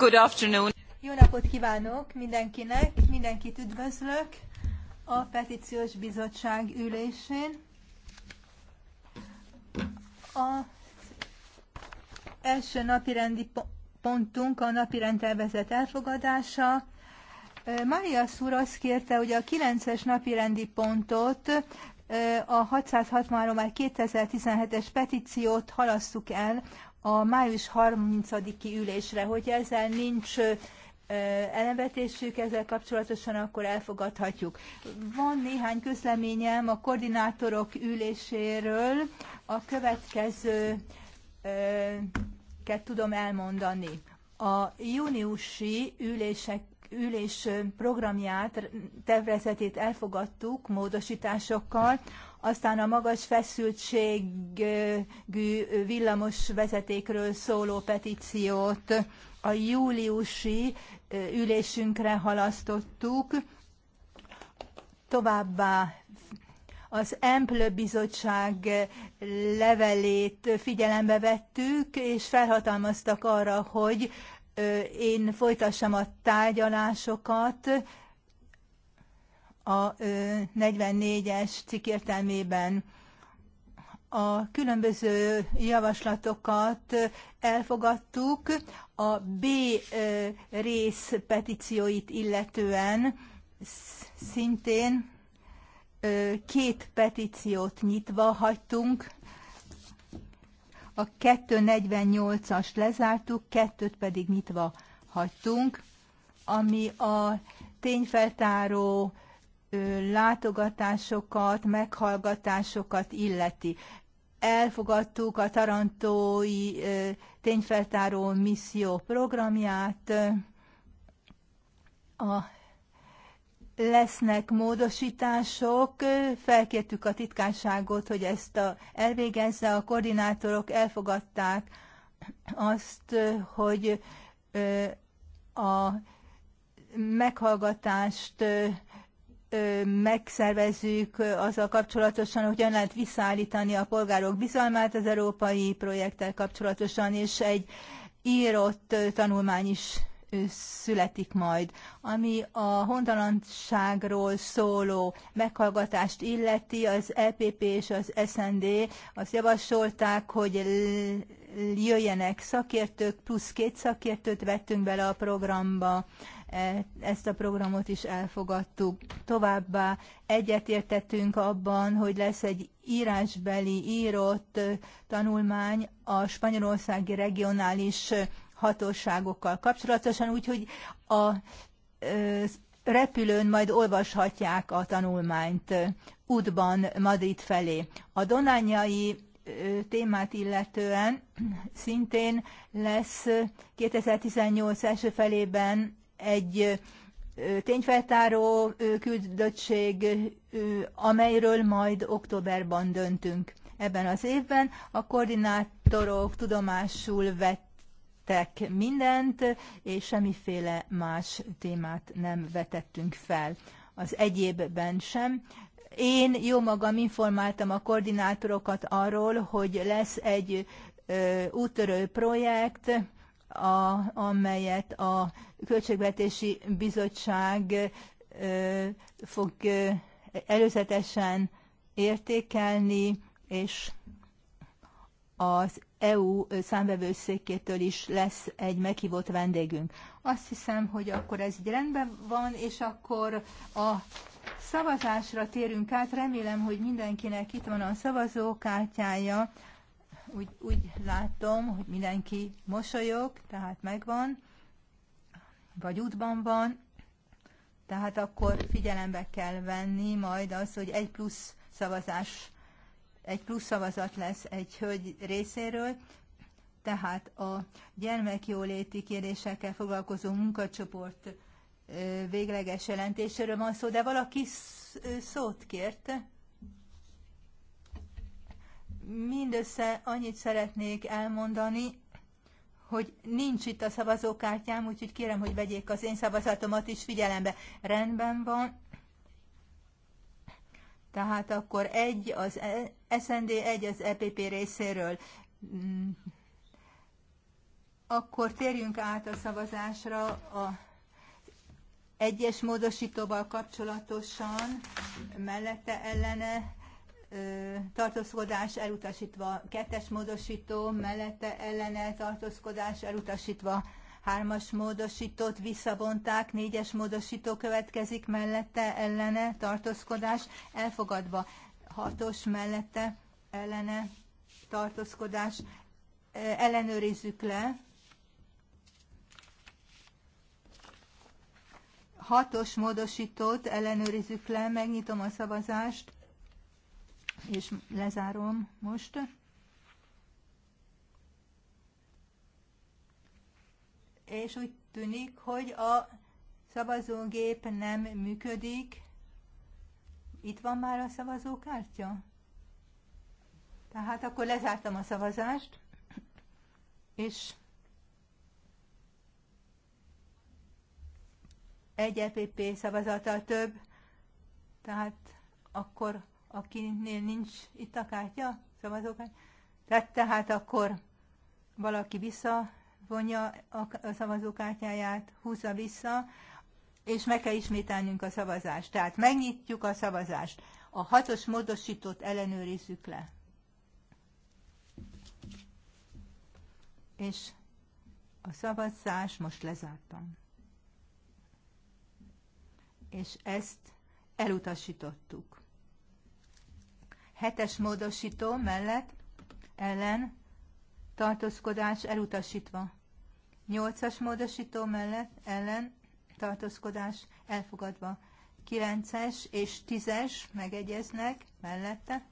Good afternoon. Jó napot kívánok mindenkinek, mindenkit üdvözlök a Petíciós Bizottság ülésén. A első napirendi pontunk a napirend tervezet elfogadása. Maria Szúr azt kérte, hogy a 9-es napirendi pontot a 663 2017-es petíciót halasszuk el a május 30-i ülésre, hogy ezzel nincs ellenvetésük ezzel kapcsolatosan, akkor elfogadhatjuk. Van néhány közleményem a koordinátorok üléséről. A következőket tudom elmondani. A júniusi ülések ülés programját, tervezetét elfogadtuk módosításokkal. Aztán a magas feszültségű villamos vezetékről szóló petíciót a júliusi ülésünkre halasztottuk. Továbbá az Emplő Bizottság levelét figyelembe vettük, és felhatalmaztak arra, hogy én folytassam a tárgyalásokat a 44-es cikk értelmében a különböző javaslatokat elfogadtuk a B rész petícióit illetően szintén két petíciót nyitva hagytunk. A 248-as lezártuk, kettőt pedig nyitva hagytunk, ami a tényfeltáró látogatásokat, meghallgatásokat illeti. Elfogadtuk a Tarantói tényfeltáró misszió programját. A lesznek módosítások, felkértük a titkárságot, hogy ezt a, elvégezze, a koordinátorok elfogadták azt, hogy a meghallgatást megszervezzük azzal kapcsolatosan, hogyan lehet visszaállítani a polgárok bizalmát az európai projekttel kapcsolatosan, és egy írott tanulmány is születik majd. Ami a hontalanságról szóló meghallgatást illeti, az EPP és az SND azt javasolták, hogy jöjjenek szakértők, plusz két szakértőt vettünk bele a programba E, ezt a programot is elfogadtuk. Továbbá egyetértettünk abban, hogy lesz egy írásbeli írott tanulmány a spanyolországi regionális hatóságokkal kapcsolatosan, úgyhogy a repülőn majd olvashatják a tanulmányt útban Madrid felé. A donányai témát illetően szintén lesz 2018 első felében egy tényfeltáró küldöttség, amelyről majd októberban döntünk ebben az évben. A koordinátorok tudomásul vettek mindent, és semmiféle más témát nem vetettünk fel. Az egyébben sem. Én jó magam informáltam a koordinátorokat arról, hogy lesz egy útörő projekt, a, amelyet a Költségvetési Bizottság ö, fog ö, előzetesen értékelni, és az EU számvevőszékétől is lesz egy meghívott vendégünk. Azt hiszem, hogy akkor ez így rendben van, és akkor a szavazásra térünk át. Remélem, hogy mindenkinek itt van a szavazókártyája. Úgy, úgy látom, hogy mindenki mosolyog, tehát megvan, vagy útban van, tehát akkor figyelembe kell venni majd az, hogy egy plusz szavazás, egy plusz szavazat lesz egy hölgy részéről, tehát a gyermekjóléti kérdésekkel foglalkozó munkacsoport végleges jelentéséről van szó, de valaki szót kérte. Mindössze annyit szeretnék elmondani, hogy nincs itt a szavazókártyám, úgyhogy kérem, hogy vegyék az én szavazatomat is figyelembe. Rendben van. Tehát akkor egy az SND, egy az EPP részéről. Akkor térjünk át a szavazásra a egyes módosítóval kapcsolatosan, mellette ellene tartózkodás elutasítva, kettes módosító, mellette ellene tartózkodás elutasítva, hármas módosítót visszavonták, négyes módosító következik, mellette ellene tartózkodás elfogadva, hatos mellette ellene tartózkodás ellenőrizzük le. Hatos módosítót ellenőrizzük le, megnyitom a szavazást és lezárom most. És úgy tűnik, hogy a szavazógép nem működik. Itt van már a szavazókártya? Tehát akkor lezártam a szavazást, és egy EPP szavazata több, tehát akkor akinél nincs itt a kártya, szavazókártya. Tehát, tehát akkor valaki visszavonja a szavazókártyáját, húzza vissza, és meg kell ismételnünk a szavazást. Tehát megnyitjuk a szavazást. A hatos módosítót ellenőrizzük le. És a szavazás most lezártam. És ezt elutasítottuk. Hetes módosító mellett ellen tartózkodás elutasítva. Nyolcas módosító mellett ellen tartózkodás elfogadva. Kilences és tízes megegyeznek mellette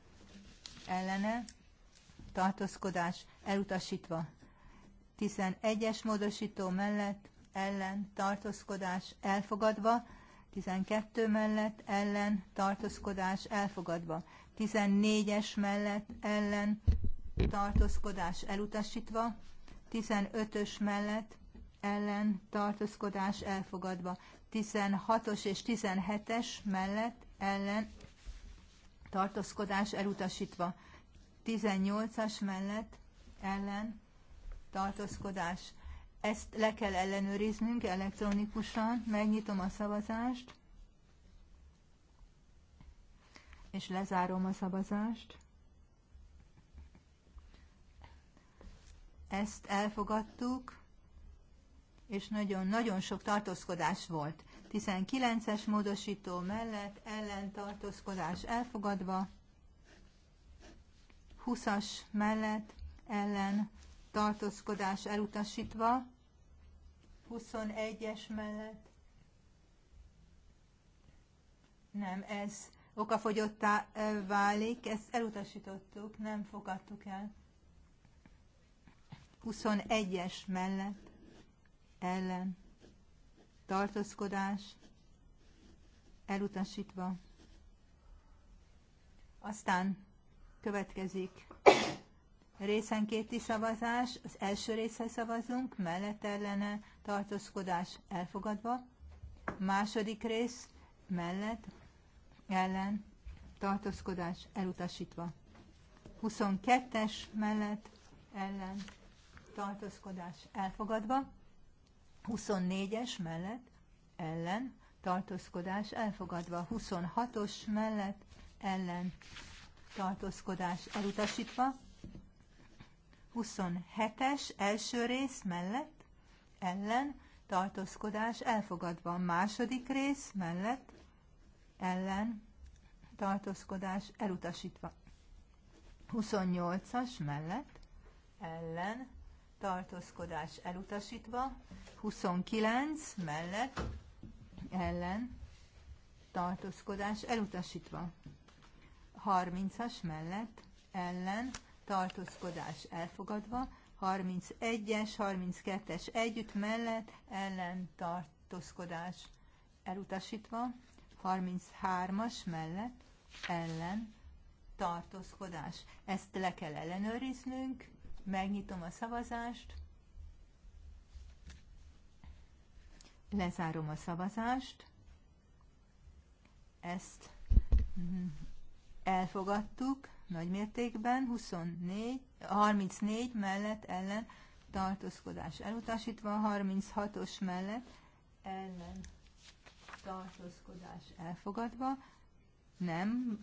ellene tartózkodás elutasítva. tizenegyes módosító mellett ellen tartózkodás elfogadva, 12 mellett ellen tartózkodás elfogadva, 14-es mellett ellen tartózkodás elutasítva, 15-ös mellett ellen tartózkodás elfogadva, 16-os és 17-es mellett ellen tartózkodás elutasítva, 18-as mellett ellen tartózkodás. Ezt le kell ellenőriznünk elektronikusan, megnyitom a szavazást. és lezárom a szavazást. Ezt elfogadtuk, és nagyon-nagyon sok tartózkodás volt. 19-es módosító mellett tartózkodás elfogadva, 20-as mellett ellen tartózkodás elutasítva, 21-es mellett nem, ez okafogyottá válik, ezt elutasítottuk, nem fogadtuk el. 21-es mellett ellen tartózkodás elutasítva. Aztán következik részenkéti szavazás, az első része szavazunk, mellett ellene tartózkodás elfogadva, második rész mellett ellen tartózkodás elutasítva. 22-es mellett ellen tartózkodás elfogadva. 24-es mellett ellen tartózkodás elfogadva. 26-os mellett ellen tartózkodás elutasítva. 27-es első rész mellett ellen tartózkodás elfogadva. Második rész mellett ellen tartózkodás elutasítva. 28-as mellett ellen tartózkodás elutasítva, 29 mellett ellen tartózkodás elutasítva, 30-as mellett ellen tartózkodás elfogadva, 31-es, 32-es együtt mellett ellen tartózkodás elutasítva, 33-as mellett ellen tartózkodás. Ezt le kell ellenőriznünk. Megnyitom a szavazást. Lezárom a szavazást. Ezt mhm, elfogadtuk nagy mértékben, 24, 34 mellett ellen tartózkodás elutasítva, 36-os mellett ellen tartózkodás elfogadva, nem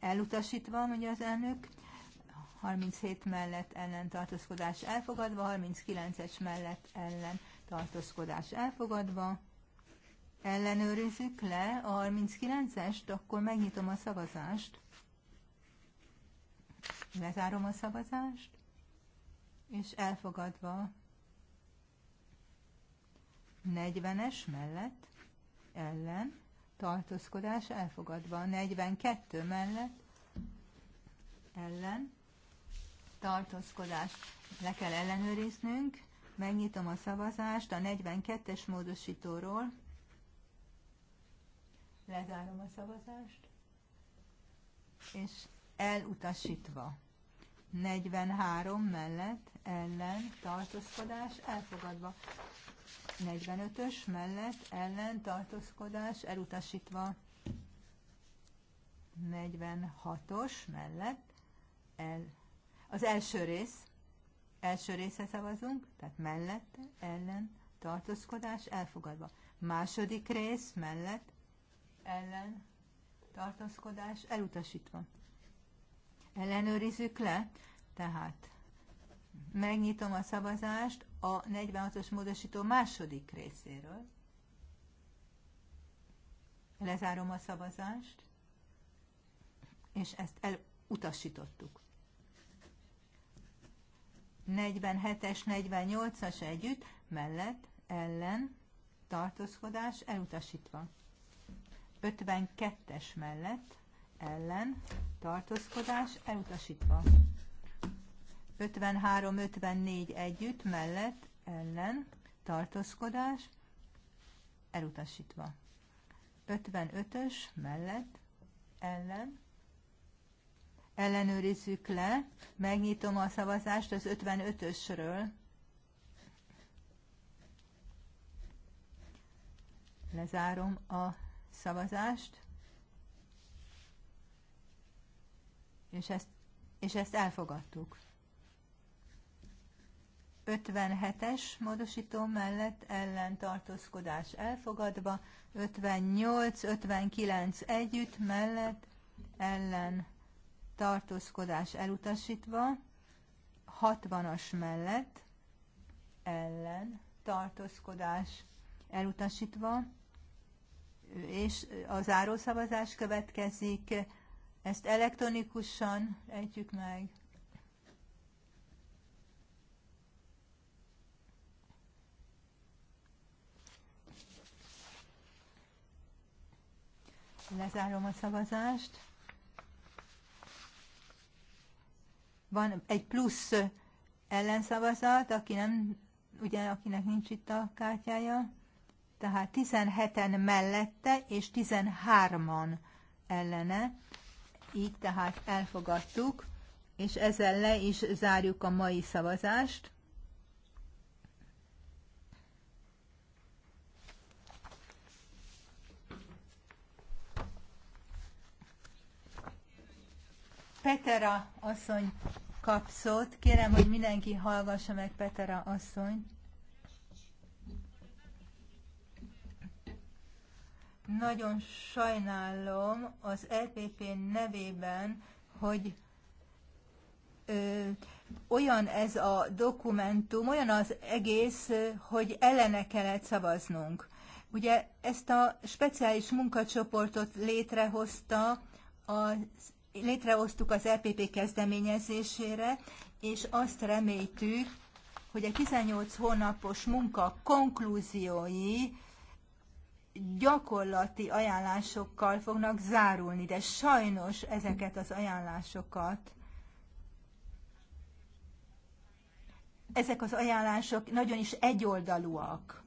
elutasítva, mondja az elnök, 37 mellett ellen tartózkodás elfogadva, 39-es mellett ellen tartózkodás elfogadva. Ellenőrizzük le a 39-est, akkor megnyitom a szavazást. Lezárom a szavazást, és elfogadva 40-es mellett ellen, tartózkodás elfogadva. 42 mellett, ellen, tartózkodás le kell ellenőriznünk. Megnyitom a szavazást a 42-es módosítóról. Lezárom a szavazást. És elutasítva. 43 mellett ellen tartózkodás elfogadva. 45-ös mellett ellen tartózkodás elutasítva. 46-os mellett el. Az első rész, első része szavazunk, tehát mellett, ellen, tartózkodás elfogadva. Második rész mellett, ellen, tartózkodás elutasítva. Ellenőrizzük le, tehát megnyitom a szavazást a 46-os módosító második részéről. Lezárom a szavazást, és ezt elutasítottuk. 47-es, 48-as együtt, mellett, ellen, tartózkodás elutasítva. 52-es mellett, ellen, tartózkodás elutasítva. 53-54 együtt, mellett, ellen, tartózkodás, elutasítva. 55-ös, mellett, ellen, ellenőrizzük le, megnyitom a szavazást az 55-ösről. Lezárom a szavazást, és ezt, és ezt elfogadtuk. 57-es módosító mellett ellentartózkodás elfogadva, 58-59 együtt mellett ellen tartózkodás elutasítva, 60-as mellett ellen tartózkodás elutasítva, és a zárószavazás következik, ezt elektronikusan ejtjük meg. Lezárom a szavazást. Van egy plusz ellenszavazat, aki nem, ugye, akinek nincs itt a kártyája. Tehát 17-en mellette és 13-an ellene. Így tehát elfogadtuk, és ezzel le is zárjuk a mai szavazást. Petera asszony kap szót. Kérem, hogy mindenki hallgassa meg Petera asszony. Nagyon sajnálom az LPP nevében, hogy ö, olyan ez a dokumentum, olyan az egész, hogy ellene kellett szavaznunk. Ugye ezt a speciális munkacsoportot létrehozta az létrehoztuk az EPP kezdeményezésére, és azt reméltük, hogy a 18 hónapos munka konklúziói gyakorlati ajánlásokkal fognak zárulni, de sajnos ezeket az ajánlásokat ezek az ajánlások nagyon is egyoldalúak,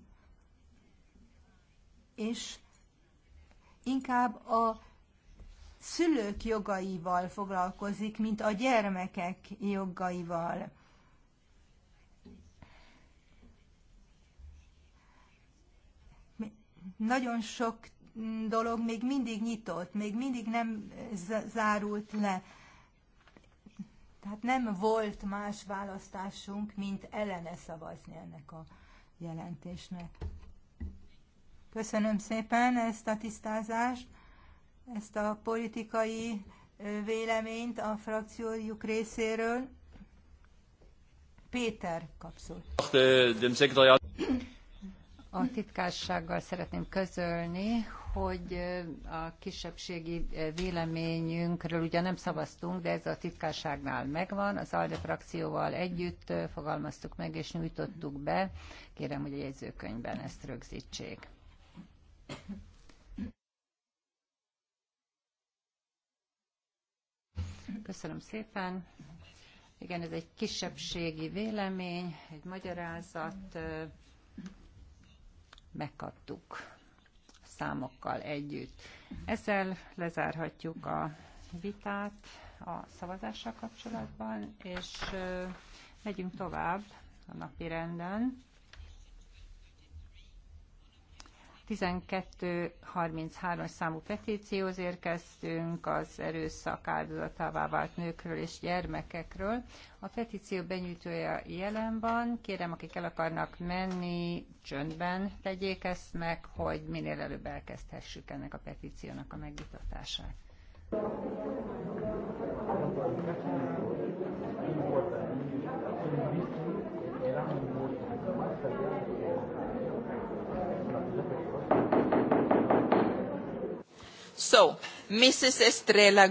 és inkább a szülők jogaival foglalkozik, mint a gyermekek jogaival. Nagyon sok dolog még mindig nyitott, még mindig nem zárult le. Tehát nem volt más választásunk, mint ellene szavazni ennek a jelentésnek. Köszönöm szépen ezt a tisztázást ezt a politikai véleményt a frakciójuk részéről. Péter kapszul. A titkársággal szeretném közölni, hogy a kisebbségi véleményünkről ugyan nem szavaztunk, de ez a titkárságnál megvan. Az ALDE frakcióval együtt fogalmaztuk meg és nyújtottuk be. Kérem, hogy a jegyzőkönyvben ezt rögzítsék. Köszönöm szépen. Igen, ez egy kisebbségi vélemény, egy magyarázat. Megkaptuk számokkal együtt. Ezzel lezárhatjuk a vitát a szavazással kapcsolatban, és megyünk tovább a napi renden. 1233 számú petícióhoz érkeztünk az erőszak áldozatává vált nőkről és gyermekekről. A petíció benyújtója jelen van. Kérem, akik el akarnak menni, csöndben tegyék ezt meg, hogy minél előbb elkezdhessük ennek a petíciónak a megvitatását. Thank you. estrela Mrs. Estrella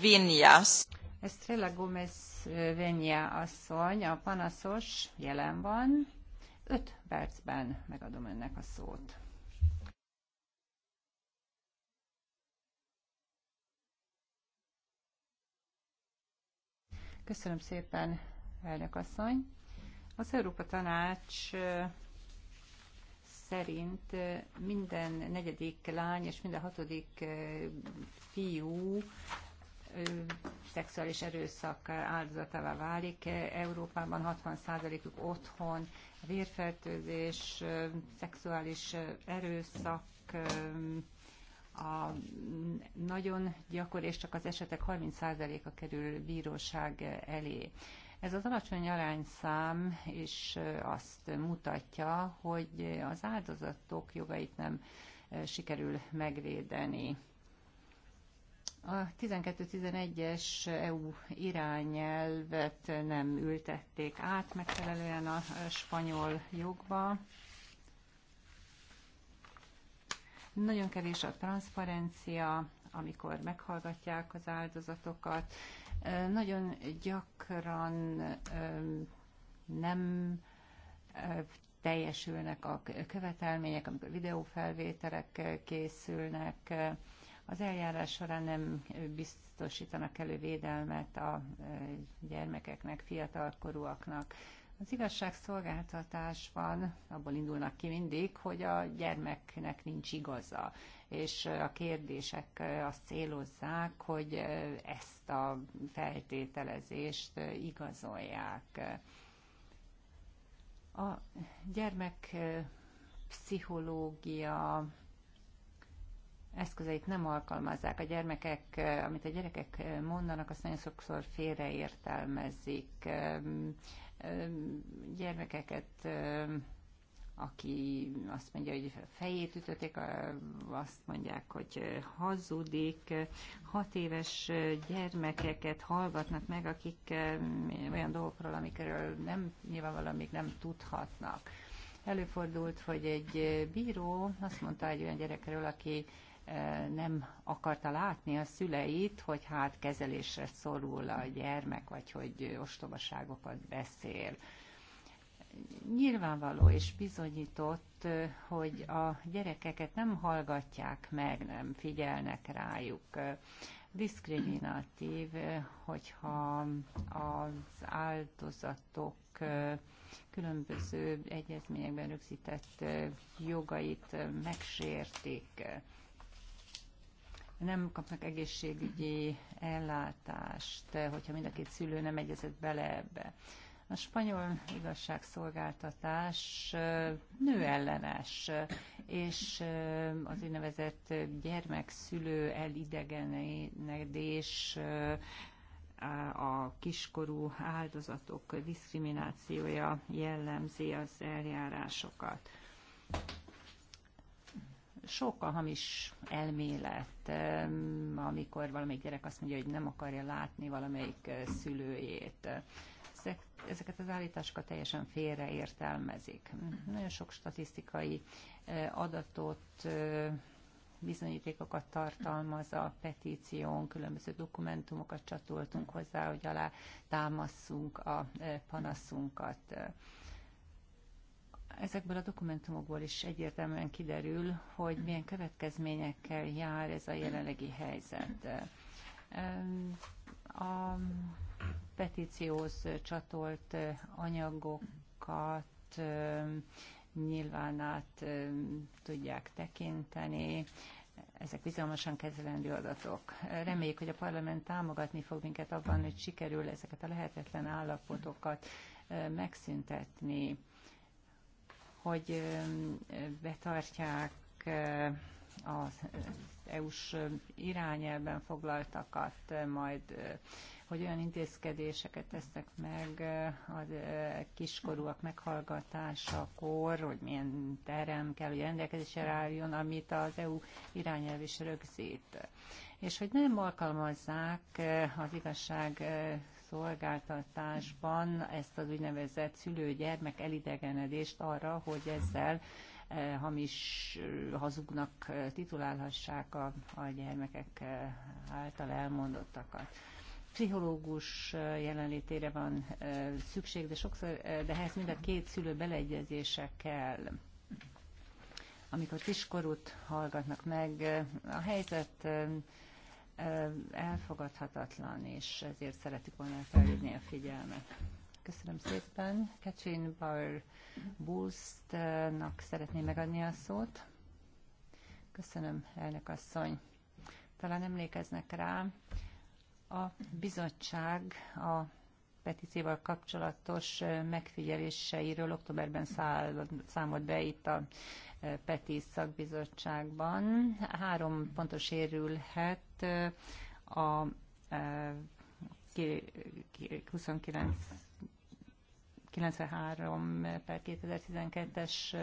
Vinyas. Estrella Gomez Vinya asszony, a panaszos jelen van. Öt percben megadom önnek a szót. Köszönöm szépen, elnök asszony. Az Európa Tanács szerint minden negyedik lány és minden hatodik fiú szexuális erőszak áldozatává válik. Európában 60%-uk otthon, vérfertőzés, szexuális erőszak, a nagyon gyakori, és csak az esetek 30%-a kerül bíróság elé. Ez az alacsony arányszám is azt mutatja, hogy az áldozatok jogait nem sikerül megvédeni. A 12-11-es EU irányelvet nem ültették át megfelelően a spanyol jogba. Nagyon kevés a transzparencia, amikor meghallgatják az áldozatokat, nagyon gyakran nem teljesülnek a követelmények, amikor videófelvételek készülnek, az eljárás során nem biztosítanak elő védelmet a gyermekeknek, fiatalkorúaknak. Az igazságszolgáltatásban abból indulnak ki mindig, hogy a gyermeknek nincs igaza és a kérdések azt célozzák, hogy ezt a feltételezést igazolják. A gyermek pszichológia eszközeit nem alkalmazzák. A gyermekek, amit a gyerekek mondanak, azt nagyon sokszor félreértelmezik. Gyermekeket aki azt mondja, hogy fejét ütötték, azt mondják, hogy hazudik, hat éves gyermekeket hallgatnak meg, akik eh, olyan dolgokról, amikről nem, nyilvánvalóan még nem tudhatnak. Előfordult, hogy egy bíró azt mondta egy olyan gyerekről, aki eh, nem akarta látni a szüleit, hogy hát kezelésre szorul a gyermek, vagy hogy ostobaságokat beszél nyilvánvaló és bizonyított, hogy a gyerekeket nem hallgatják meg, nem figyelnek rájuk. Diszkriminatív, hogyha az áldozatok különböző egyezményekben rögzített jogait megsértik, nem kapnak egészségügyi ellátást, hogyha mind a két szülő nem egyezett bele ebbe. A spanyol igazságszolgáltatás nőellenes, és az úgynevezett gyermekszülő elidegenedés a kiskorú áldozatok diszkriminációja jellemzi az eljárásokat sok a hamis elmélet, amikor valamelyik gyerek azt mondja, hogy nem akarja látni valamelyik szülőjét. Ezek, ezeket az állításokat teljesen félreértelmezik. Nagyon sok statisztikai adatot bizonyítékokat tartalmaz a petíción, különböző dokumentumokat csatoltunk hozzá, hogy alá támasszunk a panaszunkat ezekből a dokumentumokból is egyértelműen kiderül, hogy milyen következményekkel jár ez a jelenlegi helyzet. A petícióhoz csatolt anyagokat nyilván át tudják tekinteni, ezek bizalmasan kezelendő adatok. Reméljük, hogy a parlament támogatni fog minket abban, hogy sikerül ezeket a lehetetlen állapotokat megszüntetni hogy betartják az EU-s irányelben foglaltakat, majd hogy olyan intézkedéseket tesznek meg a kiskorúak meghallgatásakor, hogy milyen terem kell, hogy rendelkezésre álljon, amit az EU irányelv is rögzít. És hogy nem alkalmazzák az igazság szolgáltatásban ezt az úgynevezett szülő-gyermek elidegenedést arra, hogy ezzel eh, hamis eh, hazugnak eh, titulálhassák a, a gyermekek által elmondottakat pszichológus jelenlétére van szükség, de sokszor, de ehhez mind a két szülő beleegyezése kell. Amikor kiskorút hallgatnak meg, a helyzet elfogadhatatlan, és ezért szeretik volna felhívni a figyelmet. Köszönöm szépen. Katrin Bauer Bulstnak szeretném megadni a szót. Köszönöm, elnök asszony. Talán emlékeznek rá, a bizottság a petícióval kapcsolatos megfigyeléseiről októberben száll, számolt be itt a PETI szakbizottságban. Három pontos sérülhet a 29 e, 93 per 2012-es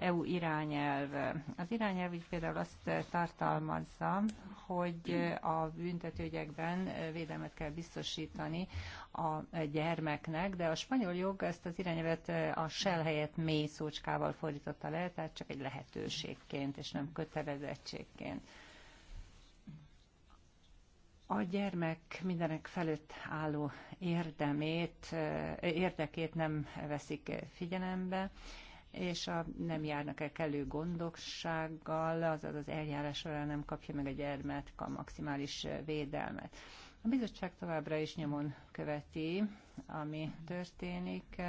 EU e irányelv. Az irányelv így például azt tartalmazza, hogy a büntetőgyekben védelmet kell biztosítani a gyermeknek, de a spanyol jog ezt az irányvet a sel helyett mély szócskával fordította le, tehát csak egy lehetőségként, és nem kötelezettségként. A gyermek mindenek felett álló érdemét, érdekét nem veszik figyelembe, és a, nem járnak el kellő gondossággal, azaz az eljárás során nem kapja meg a gyermek a maximális védelmet. A bizottság továbbra is nyomon követi, ami történik,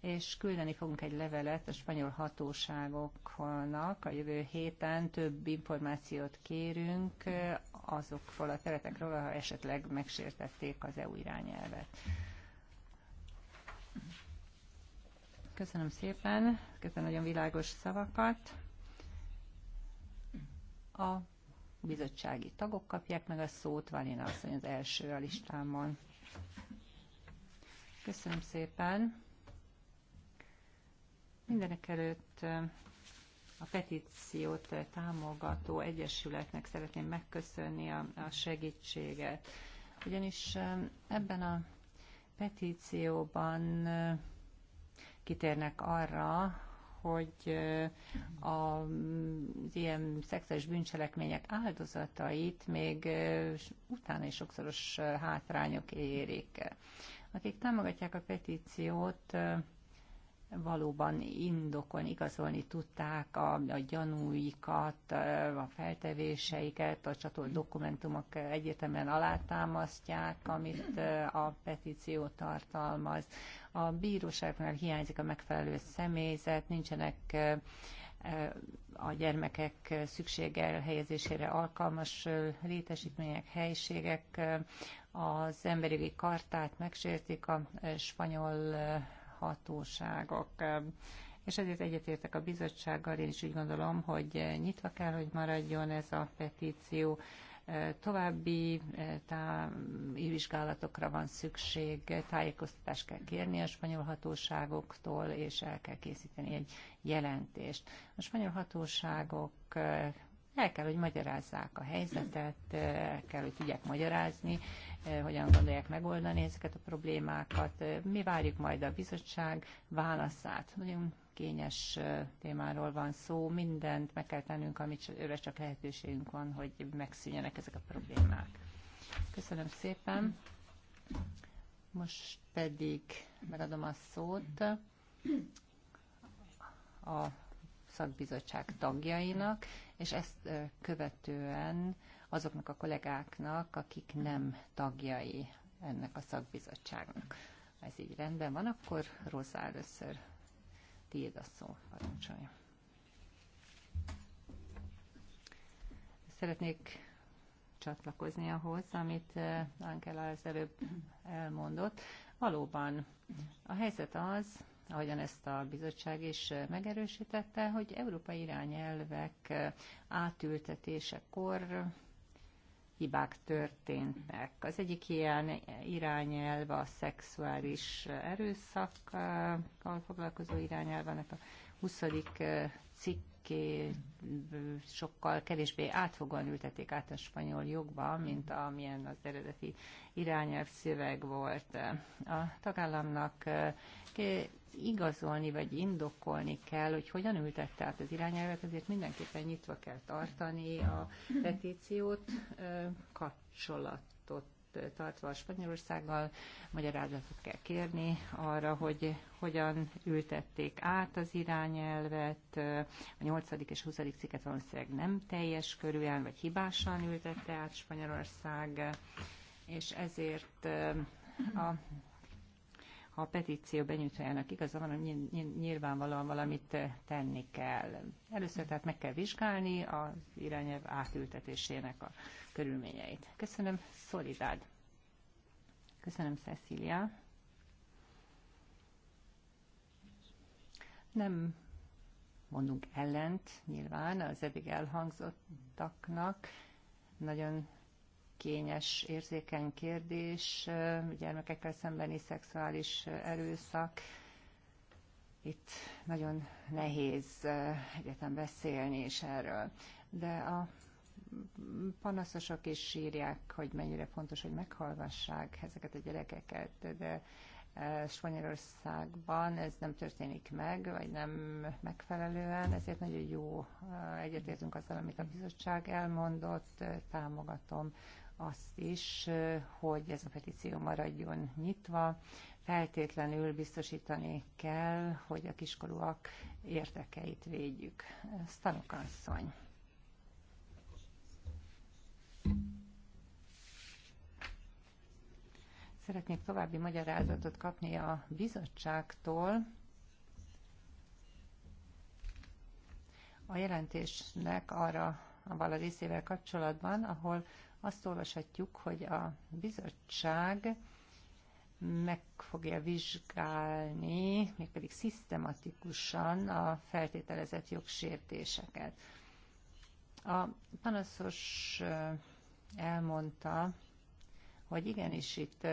és küldeni fogunk egy levelet a spanyol hatóságoknak. A jövő héten több információt kérünk azokról a területekről, ha esetleg megsértették az EU irányelvet. Köszönöm szépen, köszönöm nagyon világos szavakat. A bizottsági tagok kapják meg a szót, Valina asszony az első a listámon. Köszönöm szépen. Mindenek előtt a petíciót támogató egyesületnek szeretném megköszönni a, a segítséget. Ugyanis ebben a petícióban kitérnek arra, hogy az ilyen szexuális bűncselekmények áldozatait még utána is sokszoros hátrányok érik. Akik támogatják a petíciót, valóban indokon igazolni tudták a, a gyanúikat, a feltevéseiket, a csatolt dokumentumok egyértelműen alátámasztják, amit a petíció tartalmaz. A bíróságnál hiányzik a megfelelő személyzet, nincsenek a gyermekek szüksége elhelyezésére alkalmas létesítmények, helységek, az emberi kartát megsértik a spanyol hatóságok. És ezért egyetértek a bizottsággal, én is úgy gondolom, hogy nyitva kell, hogy maradjon ez a petíció. További tá- vizsgálatokra van szükség, tájékoztatást kell kérni a spanyol hatóságoktól, és el kell készíteni egy jelentést. A spanyol hatóságok el kell, hogy magyarázzák a helyzetet, el kell, hogy tudják magyarázni, eh, hogyan gondolják megoldani ezeket a problémákat. Eh, mi várjuk majd a bizottság válaszát. Nagyon kényes eh, témáról van szó, mindent meg kell tennünk, őre csak lehetőségünk van, hogy megszűnjenek ezek a problémák. Köszönöm szépen. Most pedig megadom a szót a szakbizottság tagjainak és ezt követően azoknak a kollégáknak, akik nem tagjai ennek a szakbizottságnak. Ha ez így rendben van, akkor Róza először tiéd a szó, parancsolja. Szeretnék csatlakozni ahhoz, amit Angela az előbb elmondott. Valóban a helyzet az, ahogyan ezt a bizottság is megerősítette, hogy európai irányelvek átültetésekor hibák történtek. Az egyik ilyen irányelv a szexuális erőszakkal foglalkozó irányelv, ennek a 20. cikk ki sokkal kevésbé átfogóan ültették át a spanyol jogba, mint amilyen az eredeti irányelv szöveg volt. A tagállamnak eh, igazolni vagy indokolni kell, hogy hogyan ültette át az irányelvet, ezért mindenképpen nyitva kell tartani a petíciót, eh, kapcsolatot tartva a Spanyolországgal, magyarázatot kell kérni arra, hogy hogyan ültették át az irányelvet, a 8. és 20. cikket valószínűleg nem teljes körülön, vagy hibásan ültette át Spanyolország, és ezért a ha a petíció benyújtójának igaza van, hogy nyilvánvalóan valamit eh, tenni kell. Először tehát meg kell vizsgálni az irányelv átültetésének a körülményeit. Köszönöm, Szolidád. Köszönöm, Cecília. Nem mondunk ellent nyilván az eddig elhangzottaknak. Nagyon kényes, érzékeny kérdés, gyermekekkel szembeni szexuális erőszak. Itt nagyon nehéz egyetem beszélni is erről. De a panaszosok is írják, hogy mennyire fontos, hogy meghallgassák ezeket a gyerekeket, de Spanyolországban ez nem történik meg, vagy nem megfelelően, ezért nagyon jó egyetértünk azzal, amit a bizottság elmondott, támogatom azt is, hogy ez a petíció maradjon nyitva. Feltétlenül biztosítani kell, hogy a kiskorúak érdekeit védjük. Stanukanszony. Szeretnék további magyarázatot kapni a bizottságtól. A jelentésnek arra abban a részével kapcsolatban, ahol azt olvashatjuk, hogy a bizottság meg fogja vizsgálni, mégpedig szisztematikusan a feltételezett jogsértéseket. A panaszos elmondta, hogy igenis itt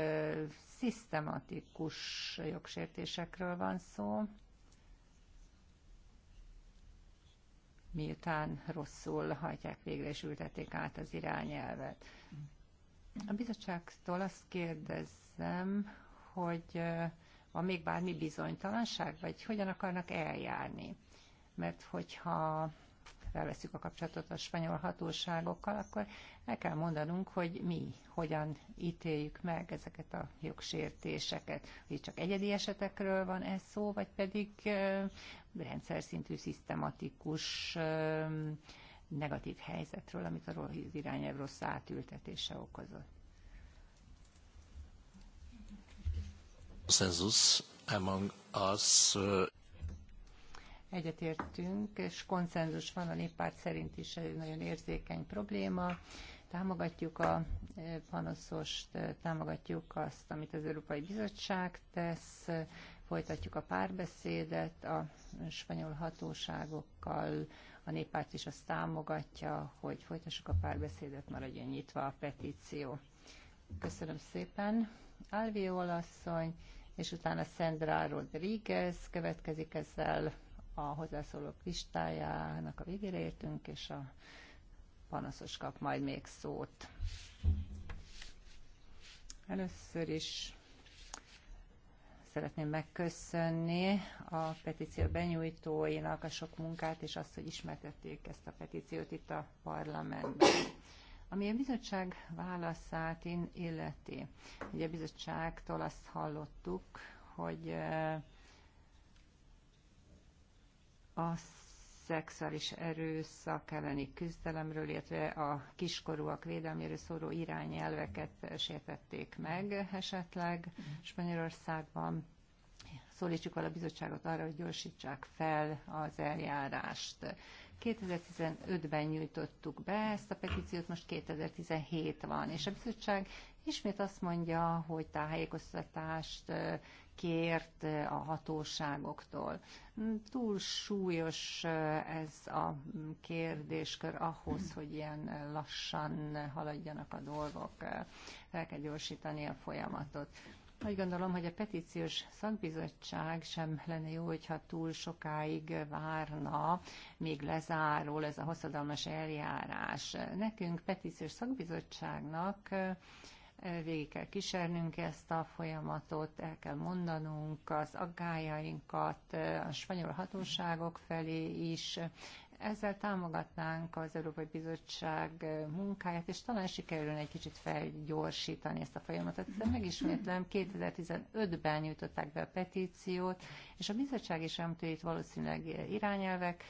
szisztematikus jogsértésekről van szó, miután rosszul hajtják végre és ültették át az irányelvet. A bizottságtól azt kérdezem, hogy van még bármi bizonytalanság, vagy hogyan akarnak eljárni? Mert hogyha felveszük a kapcsolatot a spanyol hatóságokkal, akkor el kell mondanunk, hogy mi hogyan ítéljük meg ezeket a jogsértéseket. Hogy csak egyedi esetekről van ez szó, vagy pedig rendszer szintű, szisztematikus negatív helyzetről, amit a rossz irányelv rossz átültetése okozott. Szenzusz among us egyetértünk, és konszenzus van a néppárt szerint is, ez egy nagyon érzékeny probléma. Támogatjuk a panaszost, támogatjuk azt, amit az Európai Bizottság tesz, folytatjuk a párbeszédet a spanyol hatóságokkal, a néppárt is azt támogatja, hogy folytassuk a párbeszédet, maradjon nyitva a petíció. Köszönöm szépen. Alvio asszony, és utána Sandra Rodriguez következik ezzel a hozzászólók listájának a végére értünk, és a panaszos kap majd még szót. Először is szeretném megköszönni a petíció benyújtóinak a sok munkát, és azt, hogy ismertették ezt a petíciót itt a parlamentben. Ami a bizottság válaszát illeti, ugye a bizottságtól azt hallottuk, hogy eh, azt szexuális erőszak elleni küzdelemről, illetve a kiskorúak védelméről szóló irányelveket sértették meg esetleg Spanyolországban. Szólítsuk a bizottságot arra, hogy gyorsítsák fel az eljárást. 2015-ben nyújtottuk be ezt a petíciót, most 2017 van, és a bizottság ismét azt mondja, hogy tájékoztatást kért eh, a hatóságoktól. Hmm, túl súlyos eh, ez a kérdéskör ahhoz, hmm. hogy ilyen eh, lassan haladjanak a dolgok, fel kell gyorsítani a folyamatot. Úgy gondolom, hogy a petíciós szakbizottság sem lenne jó, hogyha túl sokáig várna, még lezárul ez a hosszadalmas eljárás. Nekünk, petíciós szakbizottságnak végig kell kísérnünk ezt a folyamatot, el kell mondanunk az aggájainkat a spanyol hatóságok felé is. Ezzel támogatnánk az Európai Bizottság munkáját, és talán sikerülne egy kicsit felgyorsítani ezt a folyamatot. De megismétlem, 2015-ben nyújtották be a petíciót, és a bizottság is említő itt valószínűleg irányelvek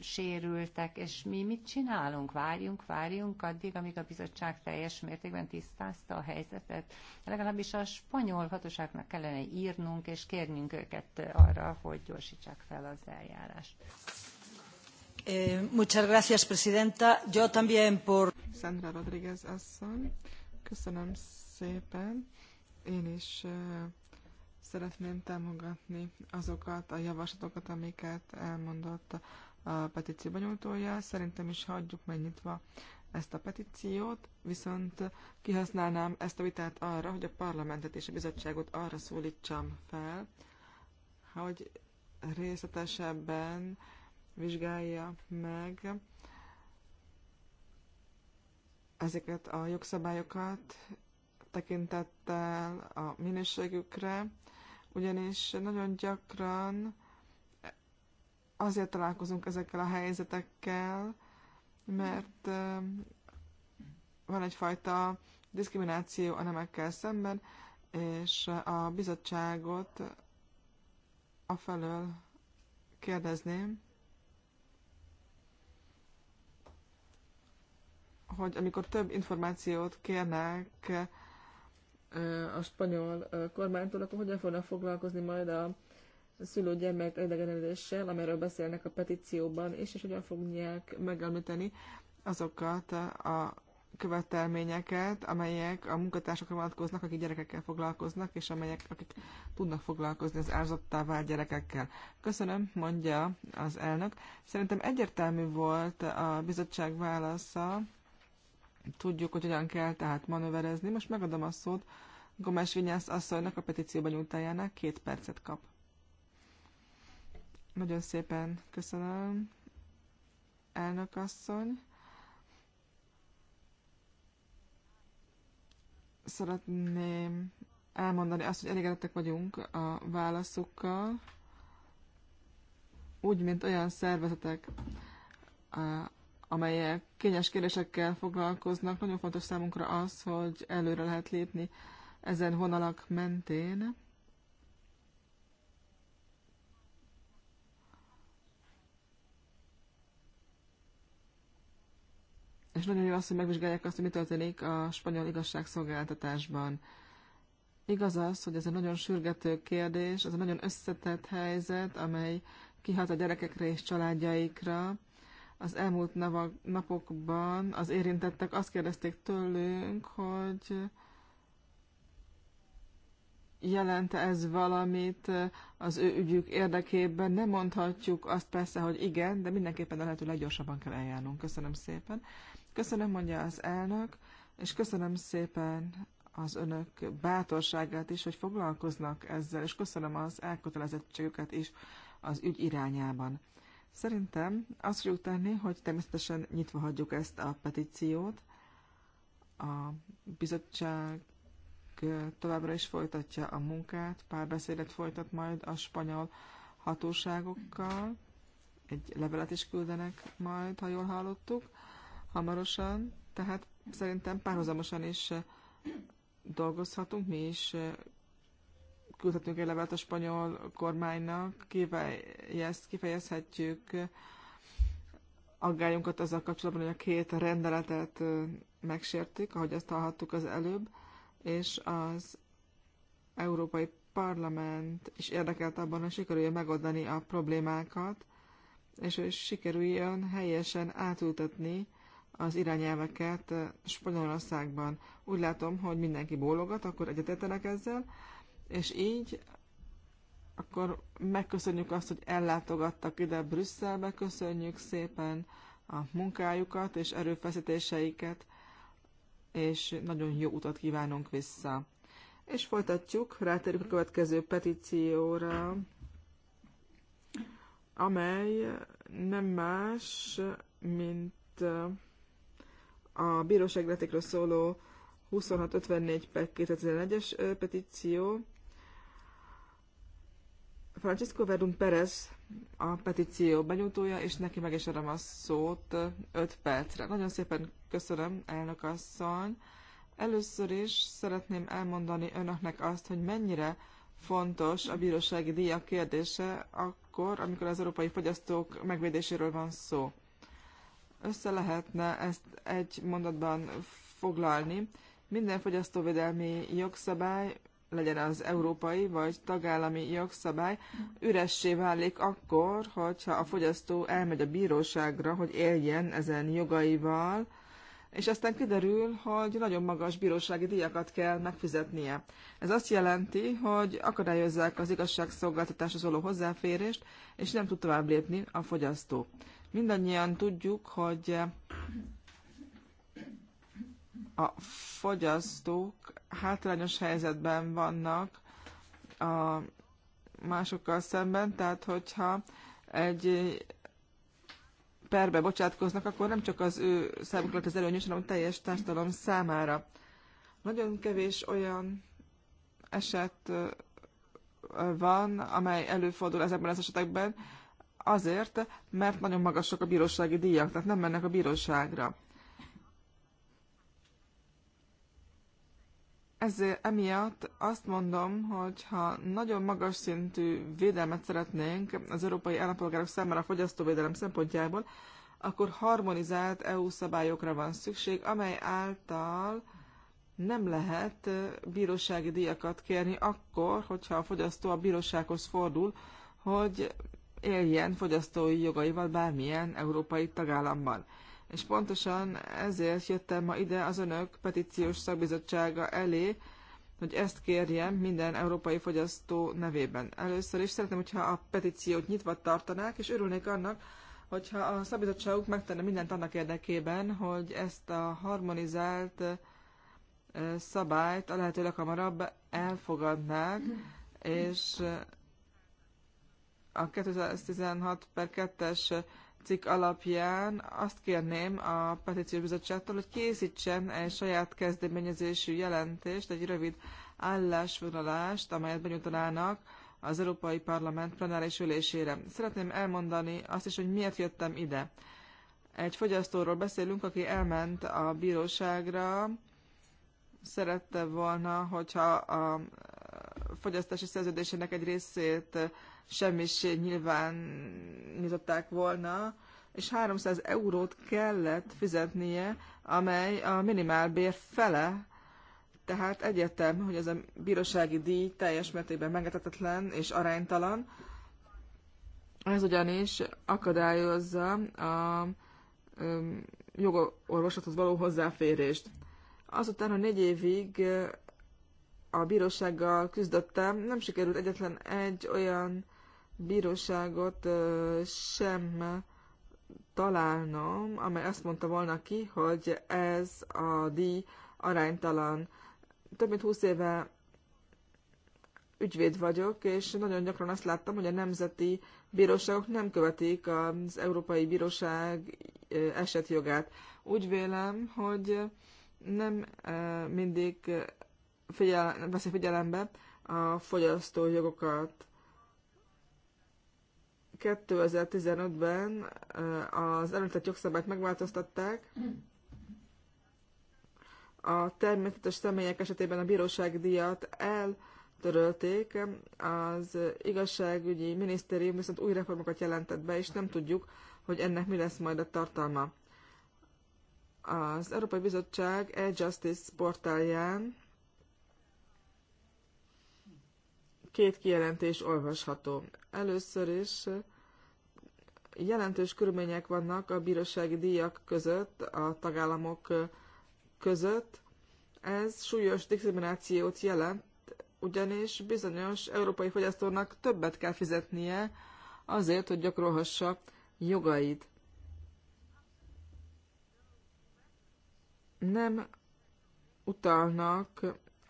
sérültek, és mi mit csinálunk? Várjunk, várjunk addig, amíg a bizottság teljes mértékben tisztázta a helyzetet. Legalábbis a spanyol hatóságnak kellene írnunk, és kérnünk őket arra, hogy gyorsítsák fel az eljárást. Eh, muchas gracias, presidenta. Yo también por... Sandra Rodríguez asszony. Köszönöm szépen. Én is eh, Szeretném támogatni azokat a javaslatokat, amiket elmondott a petíció benyújtója. Szerintem is hagyjuk megnyitva ezt a petíciót, viszont kihasználnám ezt a vitát arra, hogy a parlamentet és a bizottságot arra szólítsam fel, hogy részletesebben vizsgálja meg ezeket a jogszabályokat tekintettel a minőségükre, ugyanis nagyon gyakran azért találkozunk ezekkel a helyzetekkel, mert van egyfajta diszkrimináció a nemekkel szemben, és a bizottságot felől kérdezném, hogy amikor több információt kérnek a spanyol kormánytól, akkor hogyan fognak foglalkozni majd a szülőgyermek idegenedéssel, amiről beszélnek a petícióban, és, és hogyan fogják megelmíteni azokat a követelményeket, amelyek a munkatársakra vonatkoznak, akik gyerekekkel foglalkoznak, és amelyek, akik tudnak foglalkozni az árzottá vált gyerekekkel. Köszönöm, mondja az elnök. Szerintem egyértelmű volt a bizottság válasza tudjuk, hogy hogyan kell tehát manőverezni. Most megadom a szót Gomes Vinyász asszonynak a petícióban nyújtájának két percet kap. Nagyon szépen köszönöm, elnök asszony. Szeretném elmondani azt, hogy elégedettek vagyunk a válaszokkal, úgy, mint olyan szervezetek, amelyek kényes kérdésekkel foglalkoznak. Nagyon fontos számunkra az, hogy előre lehet lépni ezen vonalak mentén. És nagyon jó az, hogy megvizsgálják azt, hogy mi történik a spanyol igazságszolgáltatásban. Igaz az, hogy ez egy nagyon sürgető kérdés, ez egy nagyon összetett helyzet, amely kihat a gyerekekre és családjaikra, az elmúlt napokban az érintettek azt kérdezték tőlünk, hogy jelent ez valamit az ő ügyük érdekében. Nem mondhatjuk azt persze, hogy igen, de mindenképpen a lehető leggyorsabban kell eljárnunk. Köszönöm szépen. Köszönöm, mondja az elnök, és köszönöm szépen az önök bátorságát is, hogy foglalkoznak ezzel, és köszönöm az elkötelezettségüket is az ügy irányában. Szerintem azt fogjuk tenni, hogy természetesen nyitva hagyjuk ezt a petíciót. A bizottság továbbra is folytatja a munkát, párbeszédet folytat majd a spanyol hatóságokkal, egy levelet is küldenek majd, ha jól hallottuk, hamarosan, tehát szerintem párhuzamosan is dolgozhatunk, mi is küldhetünk egy levelet a spanyol kormánynak, kifejez, kifejezhetjük aggályunkat azzal kapcsolatban, hogy a két rendeletet megsértik, ahogy azt hallhattuk az előbb, és az Európai Parlament is érdekelt abban, hogy sikerüljön megoldani a problémákat, és hogy sikerüljön helyesen átültetni az irányelveket Spanyolországban. Úgy látom, hogy mindenki bólogat, akkor egyetértenek ezzel és így akkor megköszönjük azt, hogy ellátogattak ide Brüsszelbe, köszönjük szépen a munkájukat és erőfeszítéseiket, és nagyon jó utat kívánunk vissza. És folytatjuk, rátérünk a következő petícióra, amely nem más, mint a bíróságletékről szóló 2654 per 2001-es petíció, Francisco Verdun Perez a petíció benyújtója, és neki meg is adom a szót 5 percre. Nagyon szépen köszönöm, elnök asszony. Először is szeretném elmondani önöknek azt, hogy mennyire fontos a bírósági díjak kérdése akkor, amikor az európai fogyasztók megvédéséről van szó. Össze lehetne ezt egy mondatban foglalni. Minden fogyasztóvédelmi jogszabály legyen az európai vagy tagállami jogszabály, üressé válik akkor, hogyha a fogyasztó elmegy a bíróságra, hogy éljen ezen jogaival, és aztán kiderül, hogy nagyon magas bírósági díjakat kell megfizetnie. Ez azt jelenti, hogy akadályozzák az igazságszolgáltatáshoz való hozzáférést, és nem tud tovább lépni a fogyasztó. Mindannyian tudjuk, hogy a fogyasztók hátrányos helyzetben vannak a másokkal szemben, tehát hogyha egy perbe bocsátkoznak, akkor nem csak az ő számukra az előnyös, hanem a teljes társadalom számára. Nagyon kevés olyan eset van, amely előfordul ezekben az esetekben, azért, mert nagyon magasak a bírósági díjak, tehát nem mennek a bíróságra. Ezért emiatt azt mondom, hogy ha nagyon magas szintű védelmet szeretnénk az európai állampolgárok számára a fogyasztóvédelem szempontjából, akkor harmonizált EU szabályokra van szükség, amely által nem lehet bírósági díjakat kérni akkor, hogyha a fogyasztó a bírósághoz fordul, hogy éljen fogyasztói jogaival bármilyen európai tagállamban és pontosan ezért jöttem ma ide az önök petíciós szakbizottsága elé, hogy ezt kérjem minden európai fogyasztó nevében. Először is szeretném, hogyha a petíciót nyitva tartanák, és örülnék annak, hogyha a szabizottságuk megtenne mindent annak érdekében, hogy ezt a harmonizált szabályt a lehető leghamarabb elfogadnák, és a 2016 per 2-es cikk alapján azt kérném a petíciós bizottságtól, hogy készítsen egy saját kezdeményezésű jelentést, egy rövid állásfoglalást, amelyet benyújtanának az Európai Parlament plenáris ülésére. Szeretném elmondani azt is, hogy miért jöttem ide. Egy fogyasztóról beszélünk, aki elment a bíróságra, szerette volna, hogyha a fogyasztási szerződésének egy részét semmiség nyilván nyitották volna, és 300 eurót kellett fizetnie, amely a minimálbér fele, tehát egyértelmű, hogy ez a bírósági díj teljes mértékben megetetetlen és aránytalan. Ez ugyanis akadályozza a jogorvoslathoz való hozzáférést. Azután, hogy négy évig a bírósággal küzdöttem, nem sikerült egyetlen egy olyan bíróságot sem találnom, amely azt mondta volna ki, hogy ez a díj aránytalan. Több mint 20 éve ügyvéd vagyok, és nagyon gyakran azt láttam, hogy a nemzeti bíróságok nem követik az Európai Bíróság esetjogát. Úgy vélem, hogy nem mindig figyel, veszi figyelembe a fogyasztójogokat. 2015-ben eh, az említett jogszabályt megváltoztatták. A természetes személyek esetében a bíróság díjat eltörölték, az igazságügyi minisztérium viszont új reformokat jelentett be, és nem tudjuk, hogy ennek mi lesz majd a tartalma. Az Európai Bizottság e-Justice portálján két kijelentés olvasható. Először is eh, jelentős körülmények vannak a bírósági díjak között, a tagállamok eh, között. Ez súlyos diszkriminációt jelent, ugyanis bizonyos európai fogyasztónak többet kell fizetnie azért, hogy gyakorolhassa jogait. Nem utalnak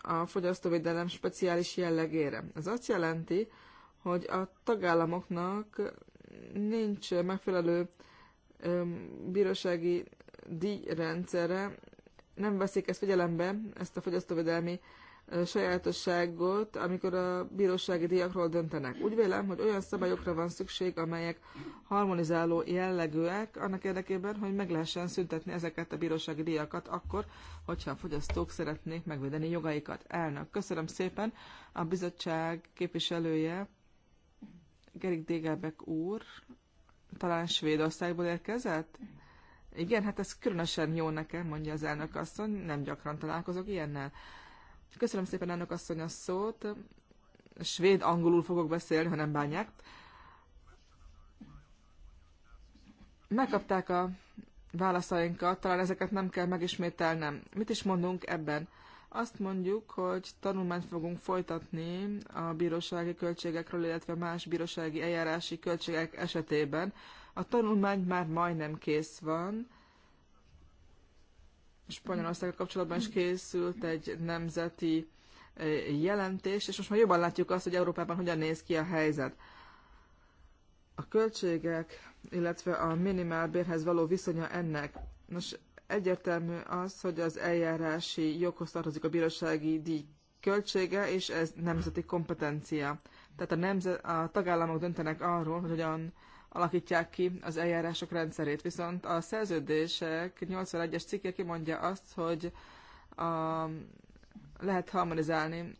a fogyasztóvédelem speciális jellegére. Ez azt jelenti, hogy a tagállamoknak nincs megfelelő bírósági díjrendszere, nem veszik ezt figyelembe, ezt a fogyasztóvédelmi sajátosságot, amikor a bírósági díjakról döntenek. Úgy vélem, hogy olyan szabályokra van szükség, amelyek harmonizáló jellegűek, annak érdekében, hogy meg lehessen szüntetni ezeket a bírósági díjakat akkor, hogyha a fogyasztók szeretnék megvédeni jogaikat. Elnök, köszönöm szépen a bizottság képviselője, Gerik Dégelbek úr, talán Svédországból érkezett? Igen, hát ez különösen jó nekem, mondja az elnök asszony, nem gyakran találkozok ilyennel. Köszönöm szépen ennek asszony a szót. Svéd-angolul fogok beszélni, ha nem bánják. Megkapták a válaszainkat, talán ezeket nem kell megismételnem. Mit is mondunk ebben? Azt mondjuk, hogy tanulmányt fogunk folytatni a bírósági költségekről, illetve más bírósági eljárási költségek esetében. A tanulmány már majdnem kész van, Spanyolországgal kapcsolatban is készült egy nemzeti eh, jelentés, és most már jobban látjuk azt, hogy Európában hogyan néz ki a helyzet. A költségek, illetve a bérhez való viszonya ennek. Nos, egyértelmű az, hogy az eljárási joghoz tartozik a bírósági díj költsége, és ez nemzeti kompetencia. Tehát a, nemzet, a tagállamok döntenek arról, hogy hogyan alakítják ki az eljárások rendszerét. Viszont a szerződések 81-es cikke kimondja azt, hogy a, lehet harmonizálni